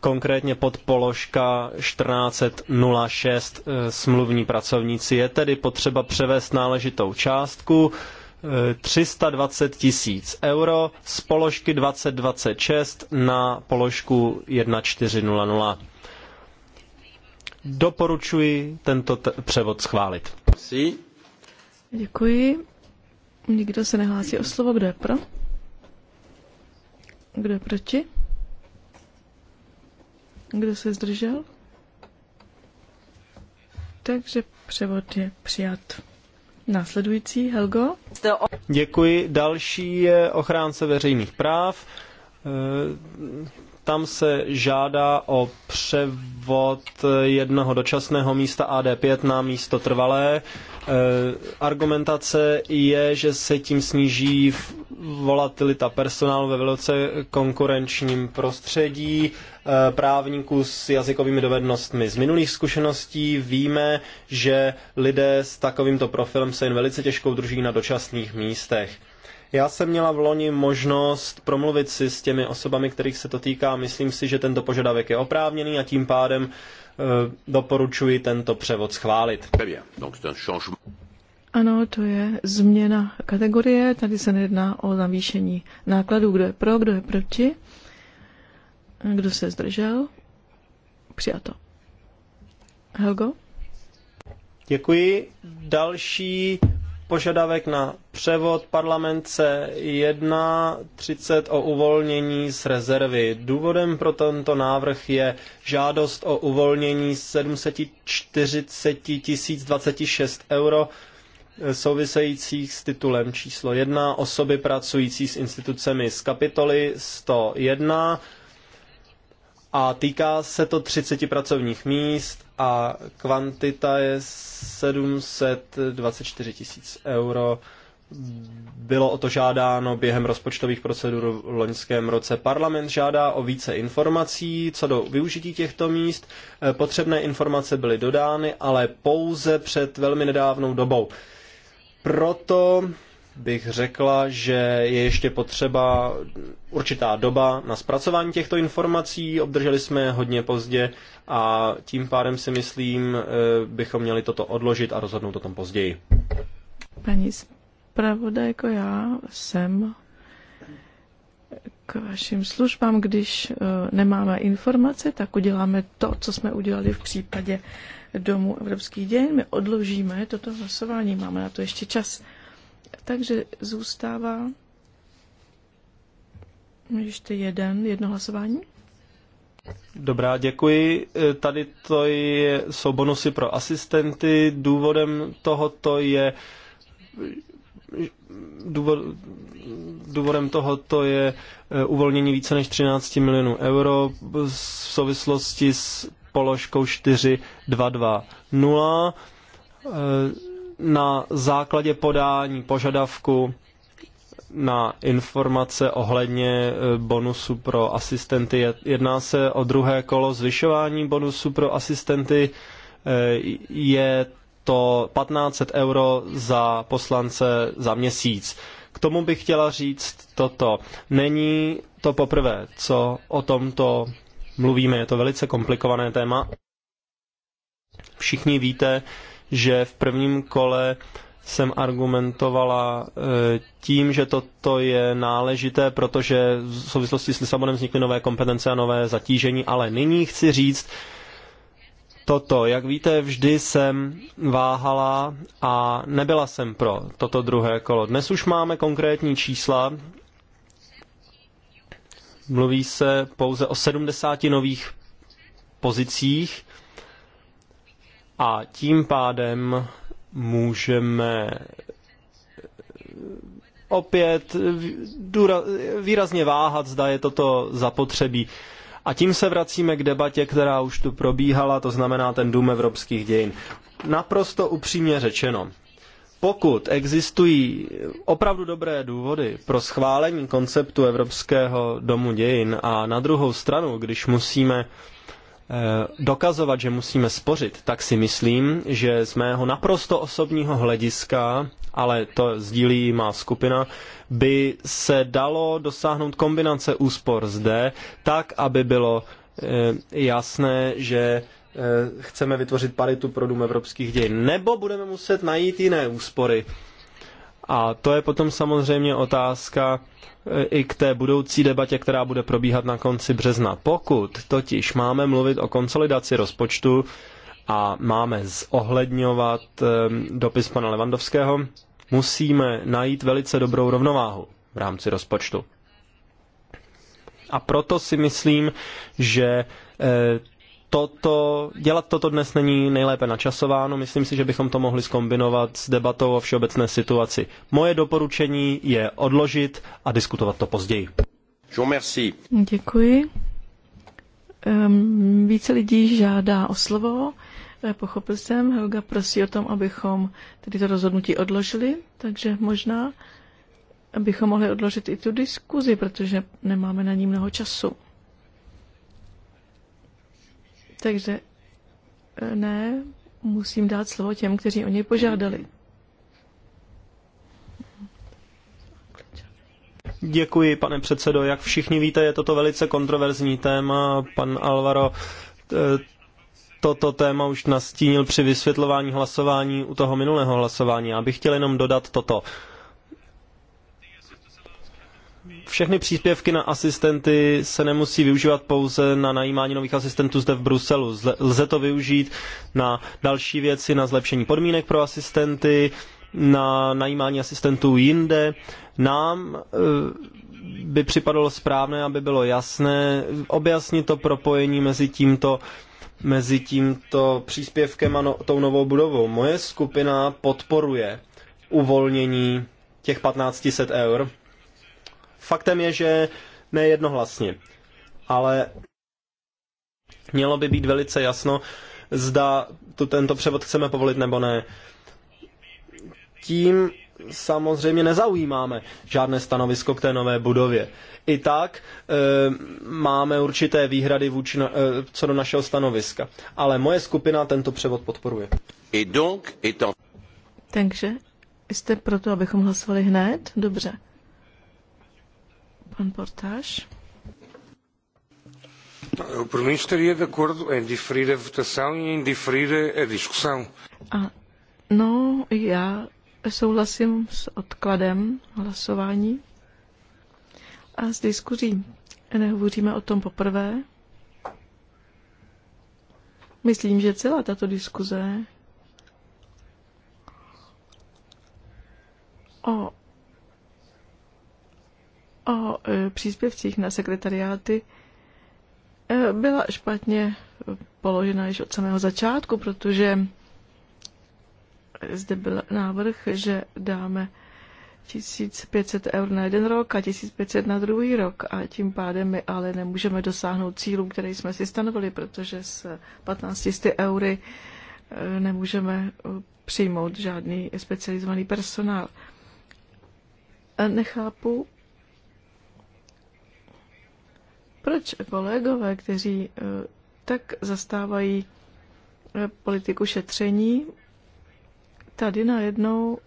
konkrétně pod položka 1406 eh, smluvní pracovníci. Je tedy potřeba převést náležitou částku 320 tisíc euro z položky 2026 na položku 1400. Doporučuji tento převod schválit. Děkuji. Nikdo se nehlásí o slovo. Kdo je pro? Kdo je proti? Kdo se zdržel? Takže převod je přijat. Následující, Helgo. Děkuji. Další je ochránce veřejných práv. Tam se žádá o převod jednoho dočasného místa AD5 na místo trvalé. E, argumentace je, že se tím sníží volatilita personálu ve velice konkurenčním prostředí e, právníků s jazykovými dovednostmi. Z minulých zkušeností víme, že lidé s takovýmto profilem se jen velice těžko udrží na dočasných místech. Já jsem měla v loni možnost promluvit si s těmi osobami, kterých se to týká. Myslím si, že tento požadavek je oprávněný a tím pádem eh, doporučuji tento převod schválit. Ano, to je změna kategorie. Tady se nejedná o navýšení nákladů. Kdo je pro, kdo je proti? Kdo se zdržel? Přijato. Helgo? Děkuji. Další požadavek na převod parlament se 1.30 o uvolnění z rezervy. Důvodem pro tento návrh je žádost o uvolnění 740 026 euro eh, souvisejících s titulem číslo 1 osoby pracující s institucemi z kapitoly 101 a týká se to 30 pracovních míst a kvantita je 724 tisíc euro. Bylo o to žádáno během rozpočtových procedur v loňském roce. Parlament žádá o více informací co do využití těchto míst. Eh, potřebné informace byly dodány, ale pouze před velmi nedávnou dobou. Proto bych řekla, že je ještě potřeba určitá doba na zpracování těchto informací. Obdrželi jsme je hodně pozdě a tím pádem si myslím, eh, bychom měli toto odložit a rozhodnout o tom později. Paní zpravoda, jako já jsem k vašim službám, když eh, nemáme informace, tak uděláme to, co jsme udělali v případě Domu Evropských dějin. My odložíme toto hlasování, máme na to ještě čas. Takže zůstává ještě jeden, jedno hlasování. Dobrá, děkuji. Tady to je, jsou bonusy pro asistenty. Důvodem tohoto je důvod, důvodem tohoto je eh, uvolnění více než 13 milionů euro v souvislosti s položkou 4220 na základě podání požadavku na informace ohledně e, bonusu pro asistenty. Jedná se o druhé kolo zvyšování bonusu pro asistenty. E, je to 1500 euro za poslance za měsíc. K tomu bych chtěla říct toto. Není to poprvé, co o tomto mluvíme. Je to velice komplikované téma. Všichni víte, že v prvním kole jsem argumentovala eh, tím, že toto je náležité, protože v souvislosti s Lisabonem vznikly nové kompetence a nové zatížení, ale nyní chci říct toto. Jak víte, vždy jsem váhala a nebyla jsem pro toto druhé kolo. Dnes už máme konkrétní čísla. Mluví se pouze o 70 nových pozicích a tím pádem můžeme opět výrazně váhat, zda je toto zapotřebí. A tím se vracíme k debatě, která už tu probíhala, to znamená ten dům evropských dějin. Naprosto upřímně řečeno, pokud existují opravdu dobré důvody pro schválení konceptu Evropského domu dějin a na druhou stranu, když musíme uh, Eh, dokazovat, že musíme spořit, tak si myslím, že z mého naprosto osobního hlediska, ale to sdílí má skupina, by se dalo dosáhnout kombinace úspor zde, tak, aby bylo eh, jasné, že eh, chceme vytvořit paritu pro dům evropských dějin. Nebo budeme muset najít jiné úspory a to je potom samozřejmě otázka eh, i k té budoucí debatě, která bude probíhat na konci března. Pokud totiž máme mluvit o konsolidaci rozpočtu a máme zohledňovat eh, dopis pana Levandovského, musíme najít velice dobrou rovnováhu v rámci rozpočtu. A proto si myslím, že eh, toto, dělat toto dnes není nejlépe načasováno. Myslím si, že bychom to mohli skombinovat s debatou o všeobecné situaci. Moje doporučení je odložit a diskutovat to později. Děkuji. Ehm, více lidí žádá o slovo. Eh, pochopil jsem, Helga prosí o tom, abychom tedy to rozhodnutí odložili, takže možná bychom mohli odložit i tu diskuzi, protože nemáme na ní mnoho času. Takže eh, ne, musím dát slovo těm, kteří o něj požádali. Děkuji, pane předsedo. Jak všichni víte, je toto velice kontroverzní téma. Pan Alvaro eh, toto téma už nastínil při vysvětlování hlasování u toho minulého hlasování. Já bych chtěl jenom dodat toto všechny příspěvky na asistenty se nemusí využívat pouze na najímání nových asistentů zde v Bruselu. Lze to využít na další věci, na zlepšení podmínek pro asistenty, na najímání asistentů jinde. Nám eh, by připadalo správné, aby bylo jasné, objasnit to propojení mezi tímto mezi tímto příspěvkem a no, tou novou budovou. Moje skupina podporuje uvolnění těch 1500 eur Faktem je, že nejednohlasně. Ale mělo by být velice jasno, zda tu, tento převod chceme povolit nebo ne. Tím samozřejmě nezaujímáme žádné stanovisko k té nové budově. I tak e, máme určité výhrady vůči na, e, co do našeho stanoviska. Ale moje skupina tento převod podporuje. Et donc, et to, Takže jste proto, abychom hlasovali hned? Dobře por mim, estaria de acordo em diferir a votação e em diferir a discussão. A, no, já souhlasím s odkladem hlasování a s diskuzí. Nehovoříme o tom poprvé. Myslím, že celá tato diskuze o o e, příspěvcích na sekretariáty e, byla špatně položena již od samého začátku, protože zde byl návrh, že dáme 1500 eur na jeden rok a 1500 na druhý rok a tím pádem my ale nemůžeme dosáhnout cílů, které jsme si stanovili, protože s 1500 eury e, nemůžeme přijmout žádný specializovaný personál. Nechápu, Proč kolegové, kteří eh, tak zastávají eh, politiku šetření, tady najednou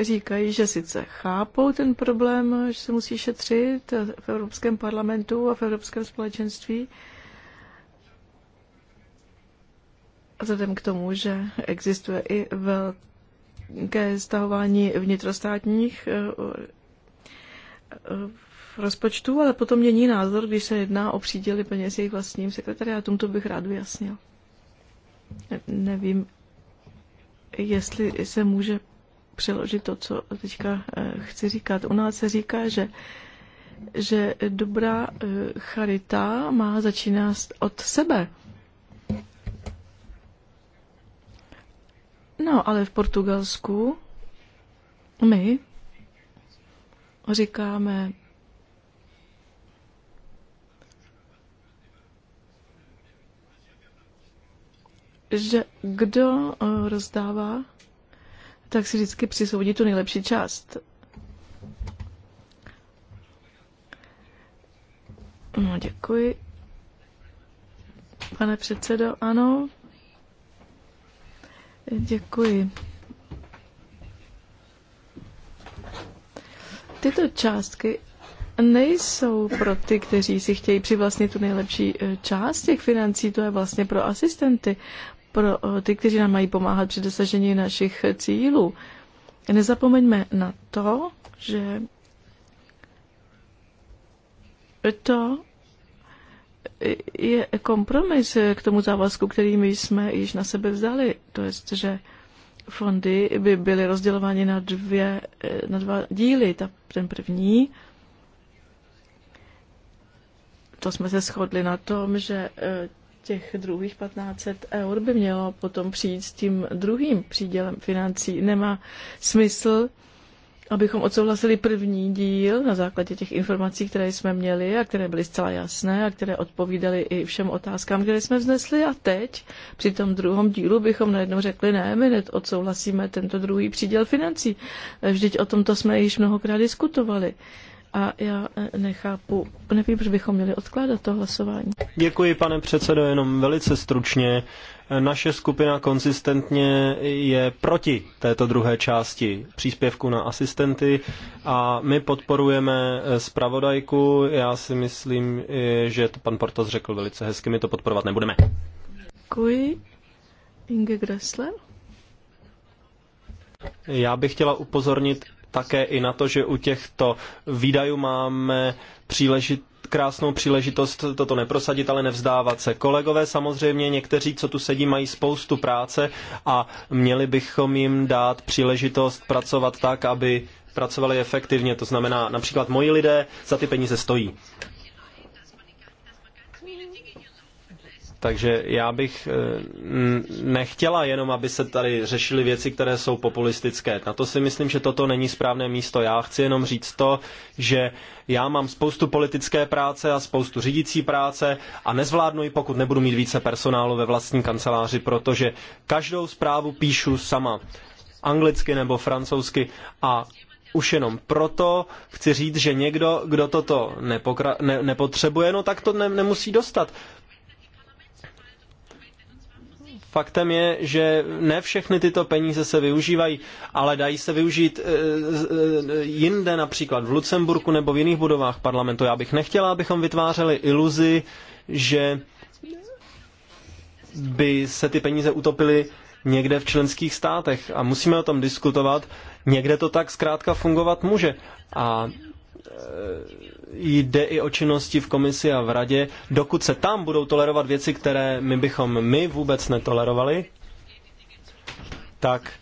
říkají, že sice chápou ten problém, že se musí šetřit v Evropském parlamentu a v Evropském společenství, vzhledem k tomu, že existuje i velké stahování vnitrostátních eh, rozpočtu, ale potom mění názor, když se jedná o příděly peněz jejich vlastním sekretariátům. To bych rád vyjasnil. Nevím, jestli se může přeložit to, co teďka eh, chci říkat. U nás se říká, že, že dobrá eh, charita má začínat od sebe. No, ale v Portugalsku my říkáme že kdo eh, rozdává, tak si vždycky přisoudí tu nejlepší část. No, děkuji. Pane předsedo, ano. Děkuji. Tyto částky nejsou pro ty, kteří si chtějí přivlastnit tu nejlepší eh, část těch financí, to je vlastně pro asistenty, pro eh, ty, kteří nám mají pomáhat při dosažení našich cílů. Nezapomeňme na to, že to je kompromis k tomu závazku, který my jsme již na sebe vzali. To je, že fondy by byly rozdělovány na, dvě, eh, na dva díly. Ta, ten první, to jsme se shodli na tom, že eh, těch druhých 1500 eur by mělo potom přijít s tím druhým přídělem financí. Nemá smysl, abychom odsouhlasili první díl na základě těch informací, které jsme měli a které byly zcela jasné a které odpovídaly i všem otázkám, které jsme vznesli. A teď při tom druhém dílu bychom najednou řekli, ne, my hned odsouhlasíme tento druhý příděl financí. Vždyť o tomto jsme již mnohokrát diskutovali a já e, nechápu, nevím, proč bychom měli odkládat to hlasování. Děkuji, pane předsedo, jenom velice stručně. Naše skupina konzistentně je proti této druhé části příspěvku na asistenty a my podporujeme e, zpravodajku. Já si myslím, e, že to pan Portas řekl velice hezky, my to podporovat nebudeme. Děkuji. Inge Gressler? Já bych chtěla upozornit také i na to, že u těchto výdajů máme příležit, krásnou příležitost toto neprosadit, ale nevzdávat se. Kolegové samozřejmě, někteří, co tu sedí, mají spoustu práce a měli bychom jim dát příležitost pracovat tak, aby pracovali efektivně. To znamená, například moji lidé za ty peníze stojí. Takže já bych eh, nechtěla jenom, aby se tady řešily věci, které jsou populistické. Na to si myslím, že toto není správné místo. Já chci jenom říct to, že já mám spoustu politické práce a spoustu řídící práce a nezvládnu ji, pokud nebudu mít více personálu ve vlastní kanceláři, protože každou zprávu píšu sama anglicky nebo francouzsky a už jenom proto chci říct, že někdo, kdo toto nepokra- ne- nepotřebuje, no tak to ne- nemusí dostat. Faktem je, že ne všechny tyto peníze se využívají, ale dají se využít eh, eh, jinde, například v Lucemburku nebo v jiných budovách parlamentu. Já bych nechtěla, abychom vytvářeli iluzi, že by se ty peníze utopily někde v členských státech a musíme o tom diskutovat. Někde to tak zkrátka fungovat může. A Eh, jde i o činnosti v komisi a v radě, dokud se tam budou tolerovat věci, které my bychom my vůbec netolerovali, tak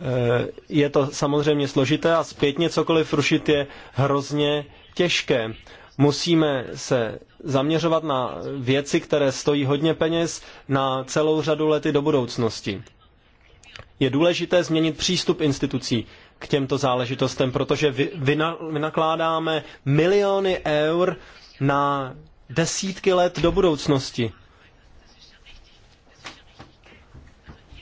eh, je to samozřejmě složité a zpětně cokoliv rušit je hrozně těžké. Musíme se zaměřovat na věci, které stojí hodně peněz na celou řadu lety do budoucnosti. Je důležité změnit přístup institucí k těmto záležitostem, protože vy, vynakládáme miliony eur na desítky let do budoucnosti.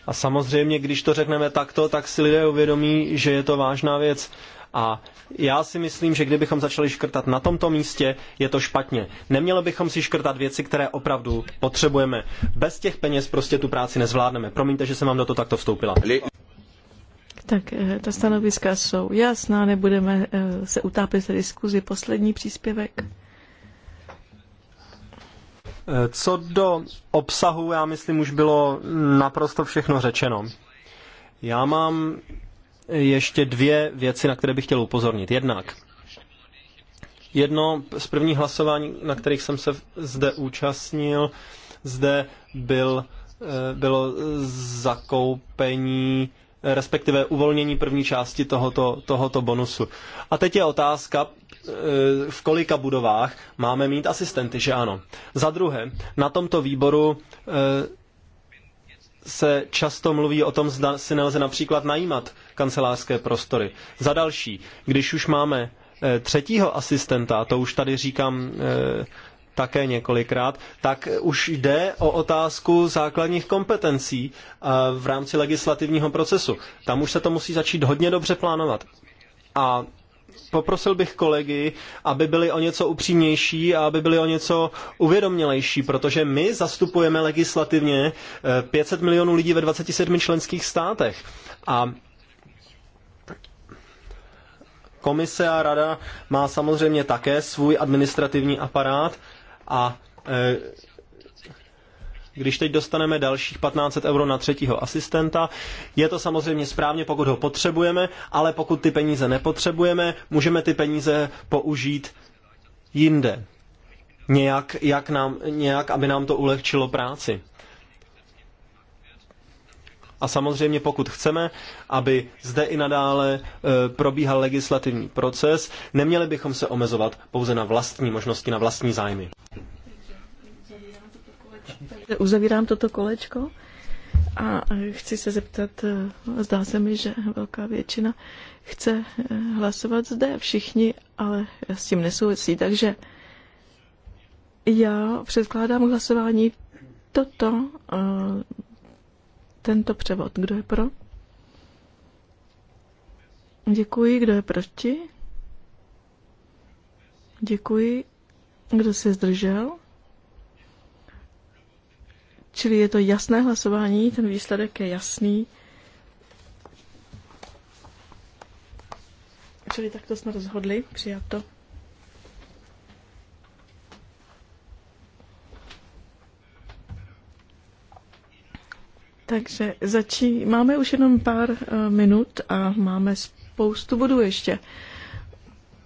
A samozřejmě, když to řekneme takto, tak si lidé uvědomí, že je to vážná věc. A já si myslím, že kdybychom začali škrtat na tomto místě, je to špatně. Neměli bychom si škrtat věci, které opravdu potřebujeme. Bez těch peněz prostě tu práci nezvládneme. Promiňte, že jsem vám do toho takto vstoupila. Tak eh, ta stanoviska jsou jasná, nebudeme eh, se utápět v diskuzi. Poslední příspěvek. Eh, co do obsahu, já myslím, už bylo naprosto všechno řečeno. Já mám ještě dvě věci, na které bych chtěl upozornit. Jednak, jedno z prvních hlasování, na kterých jsem se zde účastnil, zde byl, bylo zakoupení respektive uvolnění první části tohoto, tohoto bonusu. A teď je otázka, e, v kolika budovách máme mít asistenty, že ano. Za druhé, na tomto výboru e, se často mluví o tom, zda si nelze například najímat kancelářské prostory. Za další, když už máme e, třetího asistenta, to už tady říkám také několikrát, tak už jde o otázku základních kompetencí eh, v rámci legislativního procesu. Tam už se to musí začít hodně dobře plánovat. A poprosil bych kolegy, aby byli o něco upřímnější a aby byli o něco uvědomělejší, protože my zastupujeme legislativně 500 eh, milionů lidí ve 27 členských státech. A Komise a rada má samozřejmě také svůj administrativní aparát a e, když teď dostaneme dalších 1500 euro na třetího asistenta, je to samozřejmě správně, pokud ho potřebujeme, ale pokud ty peníze nepotřebujeme, můžeme ty peníze použít jinde. Nějak, jak nám, nějak aby nám to ulehčilo práci. A samozřejmě pokud chceme, aby zde i nadále e, probíhal legislativní proces, neměli bychom se omezovat pouze na vlastní možnosti, na vlastní zájmy. Uzavírám toto kolečko a e, chci se zeptat, e, zdá se mi, že velká většina chce hlasovat zde všichni, ale s tím nesouvisí, takže já předkládám hlasování toto tento převod. Kdo je pro? Děkuji. Kdo je proti? Děkuji. Kdo se zdržel? Čili je to jasné hlasování, ten výsledek je jasný. Čili takto jsme rozhodli, přijato. Takže začí, máme už jenom pár eh, minut a máme spoustu bodů ještě.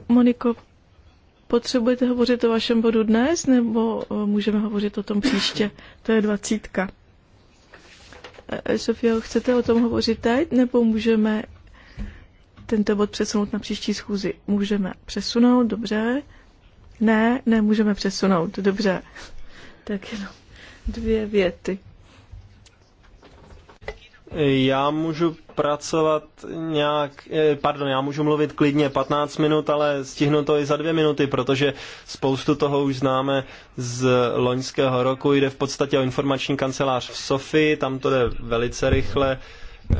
Moniko, potřebujete hovořit o vašem bodu dnes, nebo eh, můžeme hovořit o tom příště? To je dvacítka. Eh, Sofia, chcete o tom hovořit teď, nebo můžeme tento bod přesunout na příští schůzi? Můžeme přesunout, dobře. Ne, nemůžeme přesunout, dobře. Tak jenom dvě věty. Já můžu pracovat nějak, eh, pardon, já můžu mluvit klidně 15 minut, ale stihnu to i za dvě minuty, protože spoustu toho už známe z loňského roku. Jde v podstatě o informační kancelář v Sofii, tam to jde velice rychle. Eh,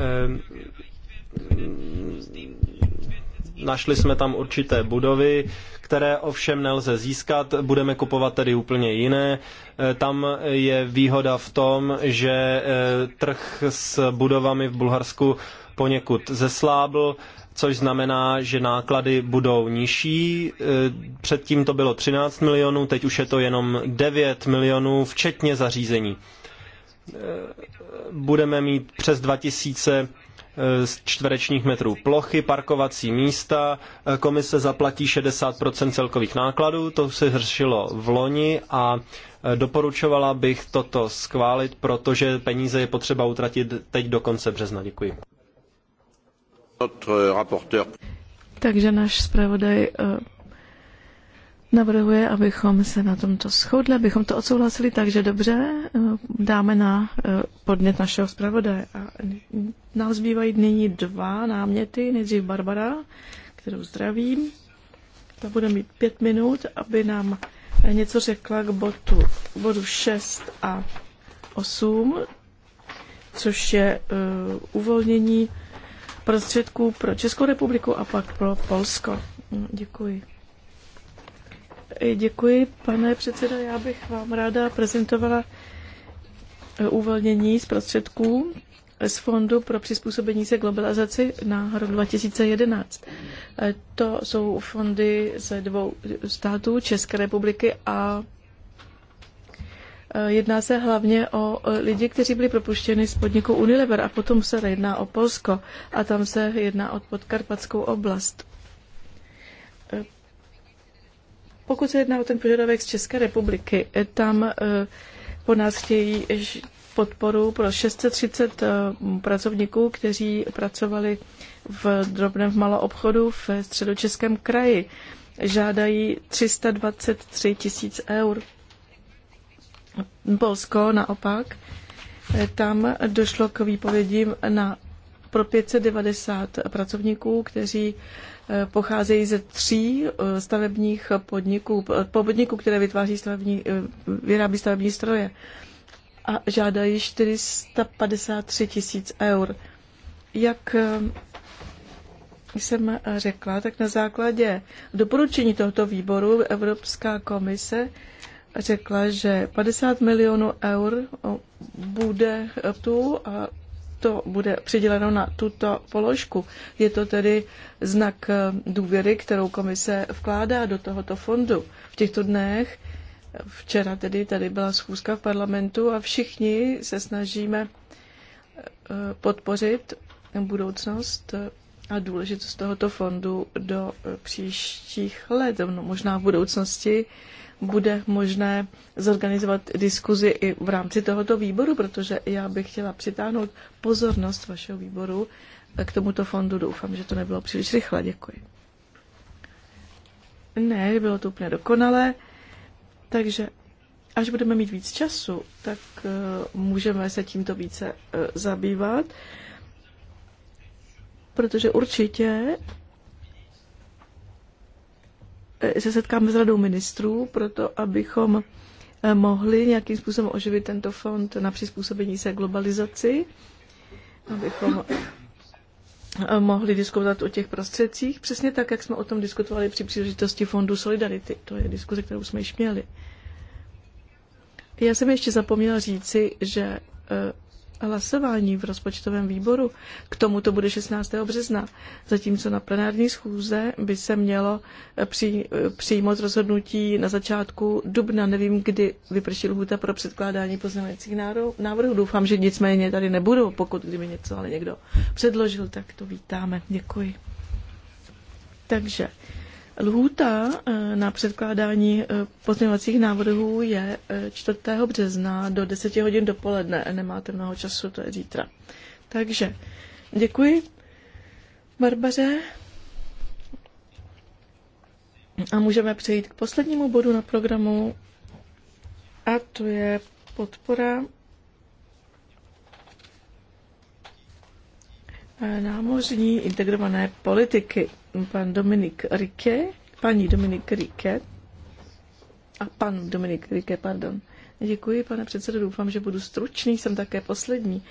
našli jsme tam určité budovy které ovšem nelze získat, budeme kupovat tedy úplně jiné. E, tam je výhoda v tom, že e, trh s budovami v Bulharsku poněkud zeslábl, což znamená, že náklady budou nižší. E, předtím to bylo 13 milionů, teď už je to jenom 9 milionů, včetně zařízení. Budeme mít přes 2000 čtverečních metrů plochy, parkovací místa, komise zaplatí 60% celkových nákladů, to se řešilo v loni a e, doporučovala bych toto schválit, protože peníze je potřeba utratit teď do konce března. Děkuji. Takže náš zpravodaj e, navrhuje, abychom se na tomto shodli, abychom to odsouhlasili, takže dobře, eh, dáme na eh, podnět našeho zpravodaje. A nám zbývají nyní dva náměty, nejdřív Barbara, kterou zdravím. Ta bude mít pět minut, aby nám něco řekla k botu, bodu 6 a 8, což je uh, uvolnění prostředků pro Českou republiku a pak pro Polsko. Hm, děkuji. Děkuji, pane předsedající, Já bych vám ráda prezentovala eh, uvolnění z prostředků z Fondu pro přizpůsobení se globalizaci na rok 2011. Eh, to jsou fondy ze dvou států, České republiky a eh, Jedná se hlavně o lidi, kteří byli propuštěni z podniku Unilever a potom se jedná o Polsko a tam se jedná o podkarpatskou oblast. Pokud se jedná o ten požadavek z České republiky, eh, tam eh, po nás chtějí podporu pro 630 eh, pracovníků, kteří pracovali v drobném v maloobchodu v středočeském kraji. Žádají 323 tisíc eur. Polsko naopak, tam došlo k výpovědím na pro 590 pracovníků, kteří pocházejí ze tří eh, stavebních podniků, podniků, které vytváří stavební, eh, vyrábí stavební stroje a žádají 453 tisíc eur. Jak eh, jsem řekla, tak na základě doporučení tohoto výboru Evropská komise řekla, že 50 milionů eur bude tu a to bude přiděleno na tuto položku. Je to tedy znak eh, důvěry, kterou komise vkládá do tohoto fondu. V těchto dnech, včera tedy tady byla schůzka v parlamentu a všichni se snažíme eh, podpořit budoucnost eh, a důležitost tohoto fondu do příštích let, možná v budoucnosti bude možné zorganizovat diskuzi i v rámci tohoto výboru, protože já bych chtěla přitáhnout pozornost vašeho výboru k tomuto fondu. Doufám, že to nebylo příliš rychle. Děkuji. Ne, bylo to úplně dokonalé. Takže až budeme mít víc času, tak uh, můžeme se tímto více uh, zabývat, protože určitě se setkáme s radou ministrů, proto abychom eh, mohli nějakým způsobem oživit tento fond na přizpůsobení se globalizaci, abychom eh, mohli diskutovat o těch prostředcích, přesně tak, jak jsme o tom diskutovali při příležitosti Fondu Solidarity. To je diskuze, kterou jsme již měli. Já jsem ještě zapomněla říci, že eh, hlasování v rozpočtovém výboru. K tomu to bude 16. března, zatímco na plenární schůze by se mělo eh, při, eh, přijmout rozhodnutí na začátku dubna. Nevím, kdy vyprší lhůta pro předkládání poznávajících návrhů. Doufám, že nicméně tady nebudou, pokud kdyby něco ale někdo předložil, tak to vítáme. Děkuji. Takže Lhůta eh, na předkládání eh, pozměňovacích návrhů je 4. Eh, března do 10 hodin dopoledne. Nemáte mnoho času, to je zítra. Takže děkuji Barbaře a můžeme přejít k poslednímu bodu na programu a to je podpora Eh, námořní integrované politiky. Pan Dominik Rike, paní Dominik Rike a pan Dominik Rike, pardon. Děkuji, pane předsedo, doufám, že budu stručný, jsem také poslední.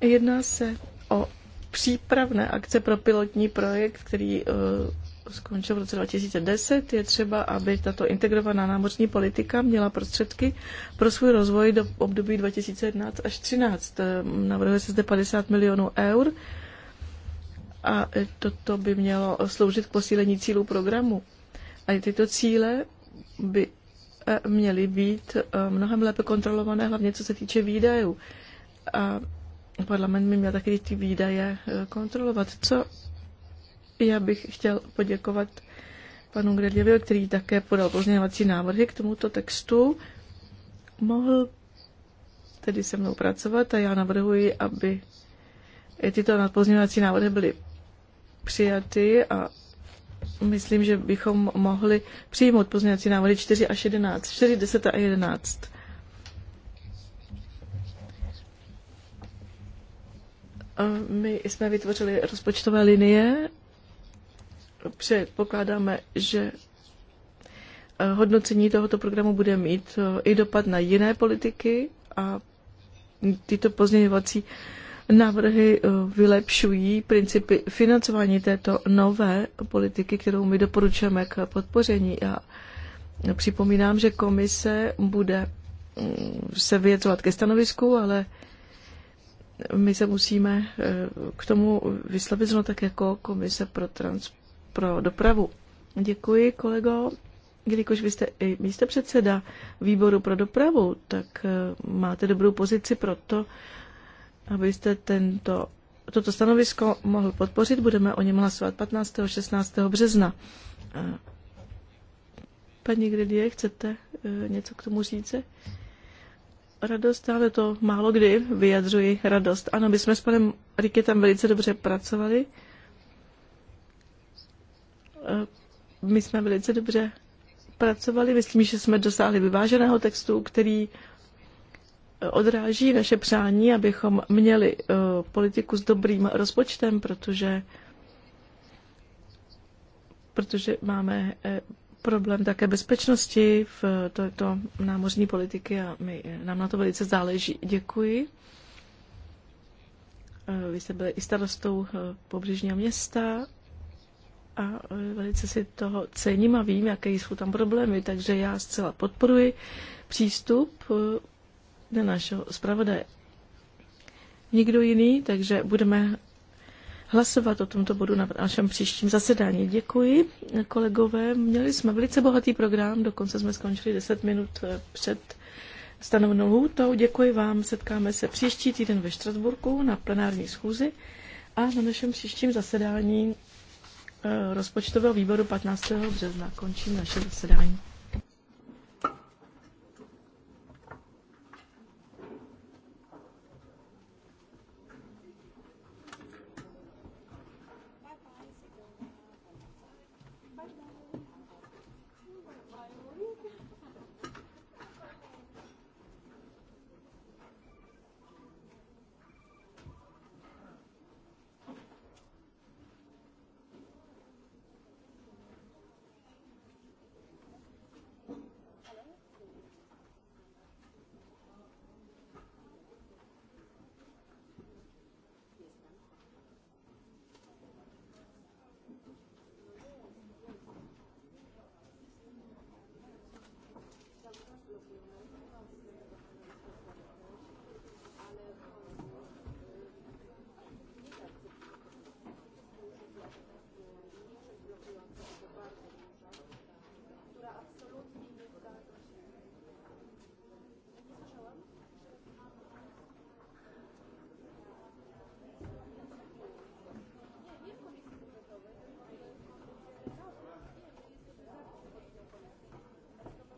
Jedná se o přípravné akce pro pilotní projekt, který eh, skončil v roce 2010, je třeba, aby tato integrovaná námořní politika měla prostředky pro svůj rozvoj do období 2011 až 2013. Navrhuje se zde 50 milionů eur a toto by mělo sloužit k posílení cílů programu. A tyto cíle by eh, měly být eh, mnohem lépe kontrolované, hlavně co se týče výdajů. A parlament by měl taky ty výdaje eh, kontrolovat. Co já bych chtěl poděkovat panu Gredlivio, který také podal pozměňovací návrhy k tomuto textu. Mohl tedy se mnou pracovat a já navrhuji, aby tyto pozměňovací návrhy byly přijaty a myslím, že bychom mohli přijmout pozměňovací návrhy 4 až 11, 4, 10 a 11. My jsme vytvořili rozpočtové linie předpokládáme, že eh, hodnocení tohoto programu bude mít eh, i dopad na jiné politiky a tyto pozměňovací návrhy eh, vylepšují principy financování této nové politiky, kterou my doporučujeme k podpoření. A připomínám, že komise bude mm, se vyjadřovat ke stanovisku, ale my se musíme k tomu vyslovit, no tak jako komise pro transport pro dopravu. Děkuji, kolego. Jelikož vy jste i místo předseda výboru pro dopravu, tak eh, máte dobrou pozici pro to, abyste tento, toto stanovisko mohl podpořit. Budeme o něm hlasovat 15. a 16. března. Eh, paní Gridie, chcete eh, něco k tomu říct? Radost, ale to málo kdy vyjadřuji radost. Ano, my jsme s panem Riketem velice dobře pracovali. Eh, my jsme velice dobře pracovali. Myslím, že jsme dosáhli vyváženého textu, který eh, odráží naše přání, abychom měli eh, politiku s dobrým rozpočtem, protože protože máme problém také bezpečnosti v této námořní politiky a my, nám na to velice záleží. Děkuji. Vy jste byli i starostou pobřežního města a e, velice si toho cením a vím, jaké jsou tam problémy, takže já zcela podporuji přístup e, na našeho zpravodaje. Nikdo jiný, takže budeme hlasovat o tomto bodu na našem příštím zasedání. Děkuji, kolegové. Měli jsme velice bohatý program, dokonce jsme skončili 10 minut e, před stanovenou lhůtou. Děkuji vám, setkáme se příští týden ve Štrasburku na plenární schůzi a na našem příštím zasedání rozpočtového výboru 15. března. Končím naše zasedání.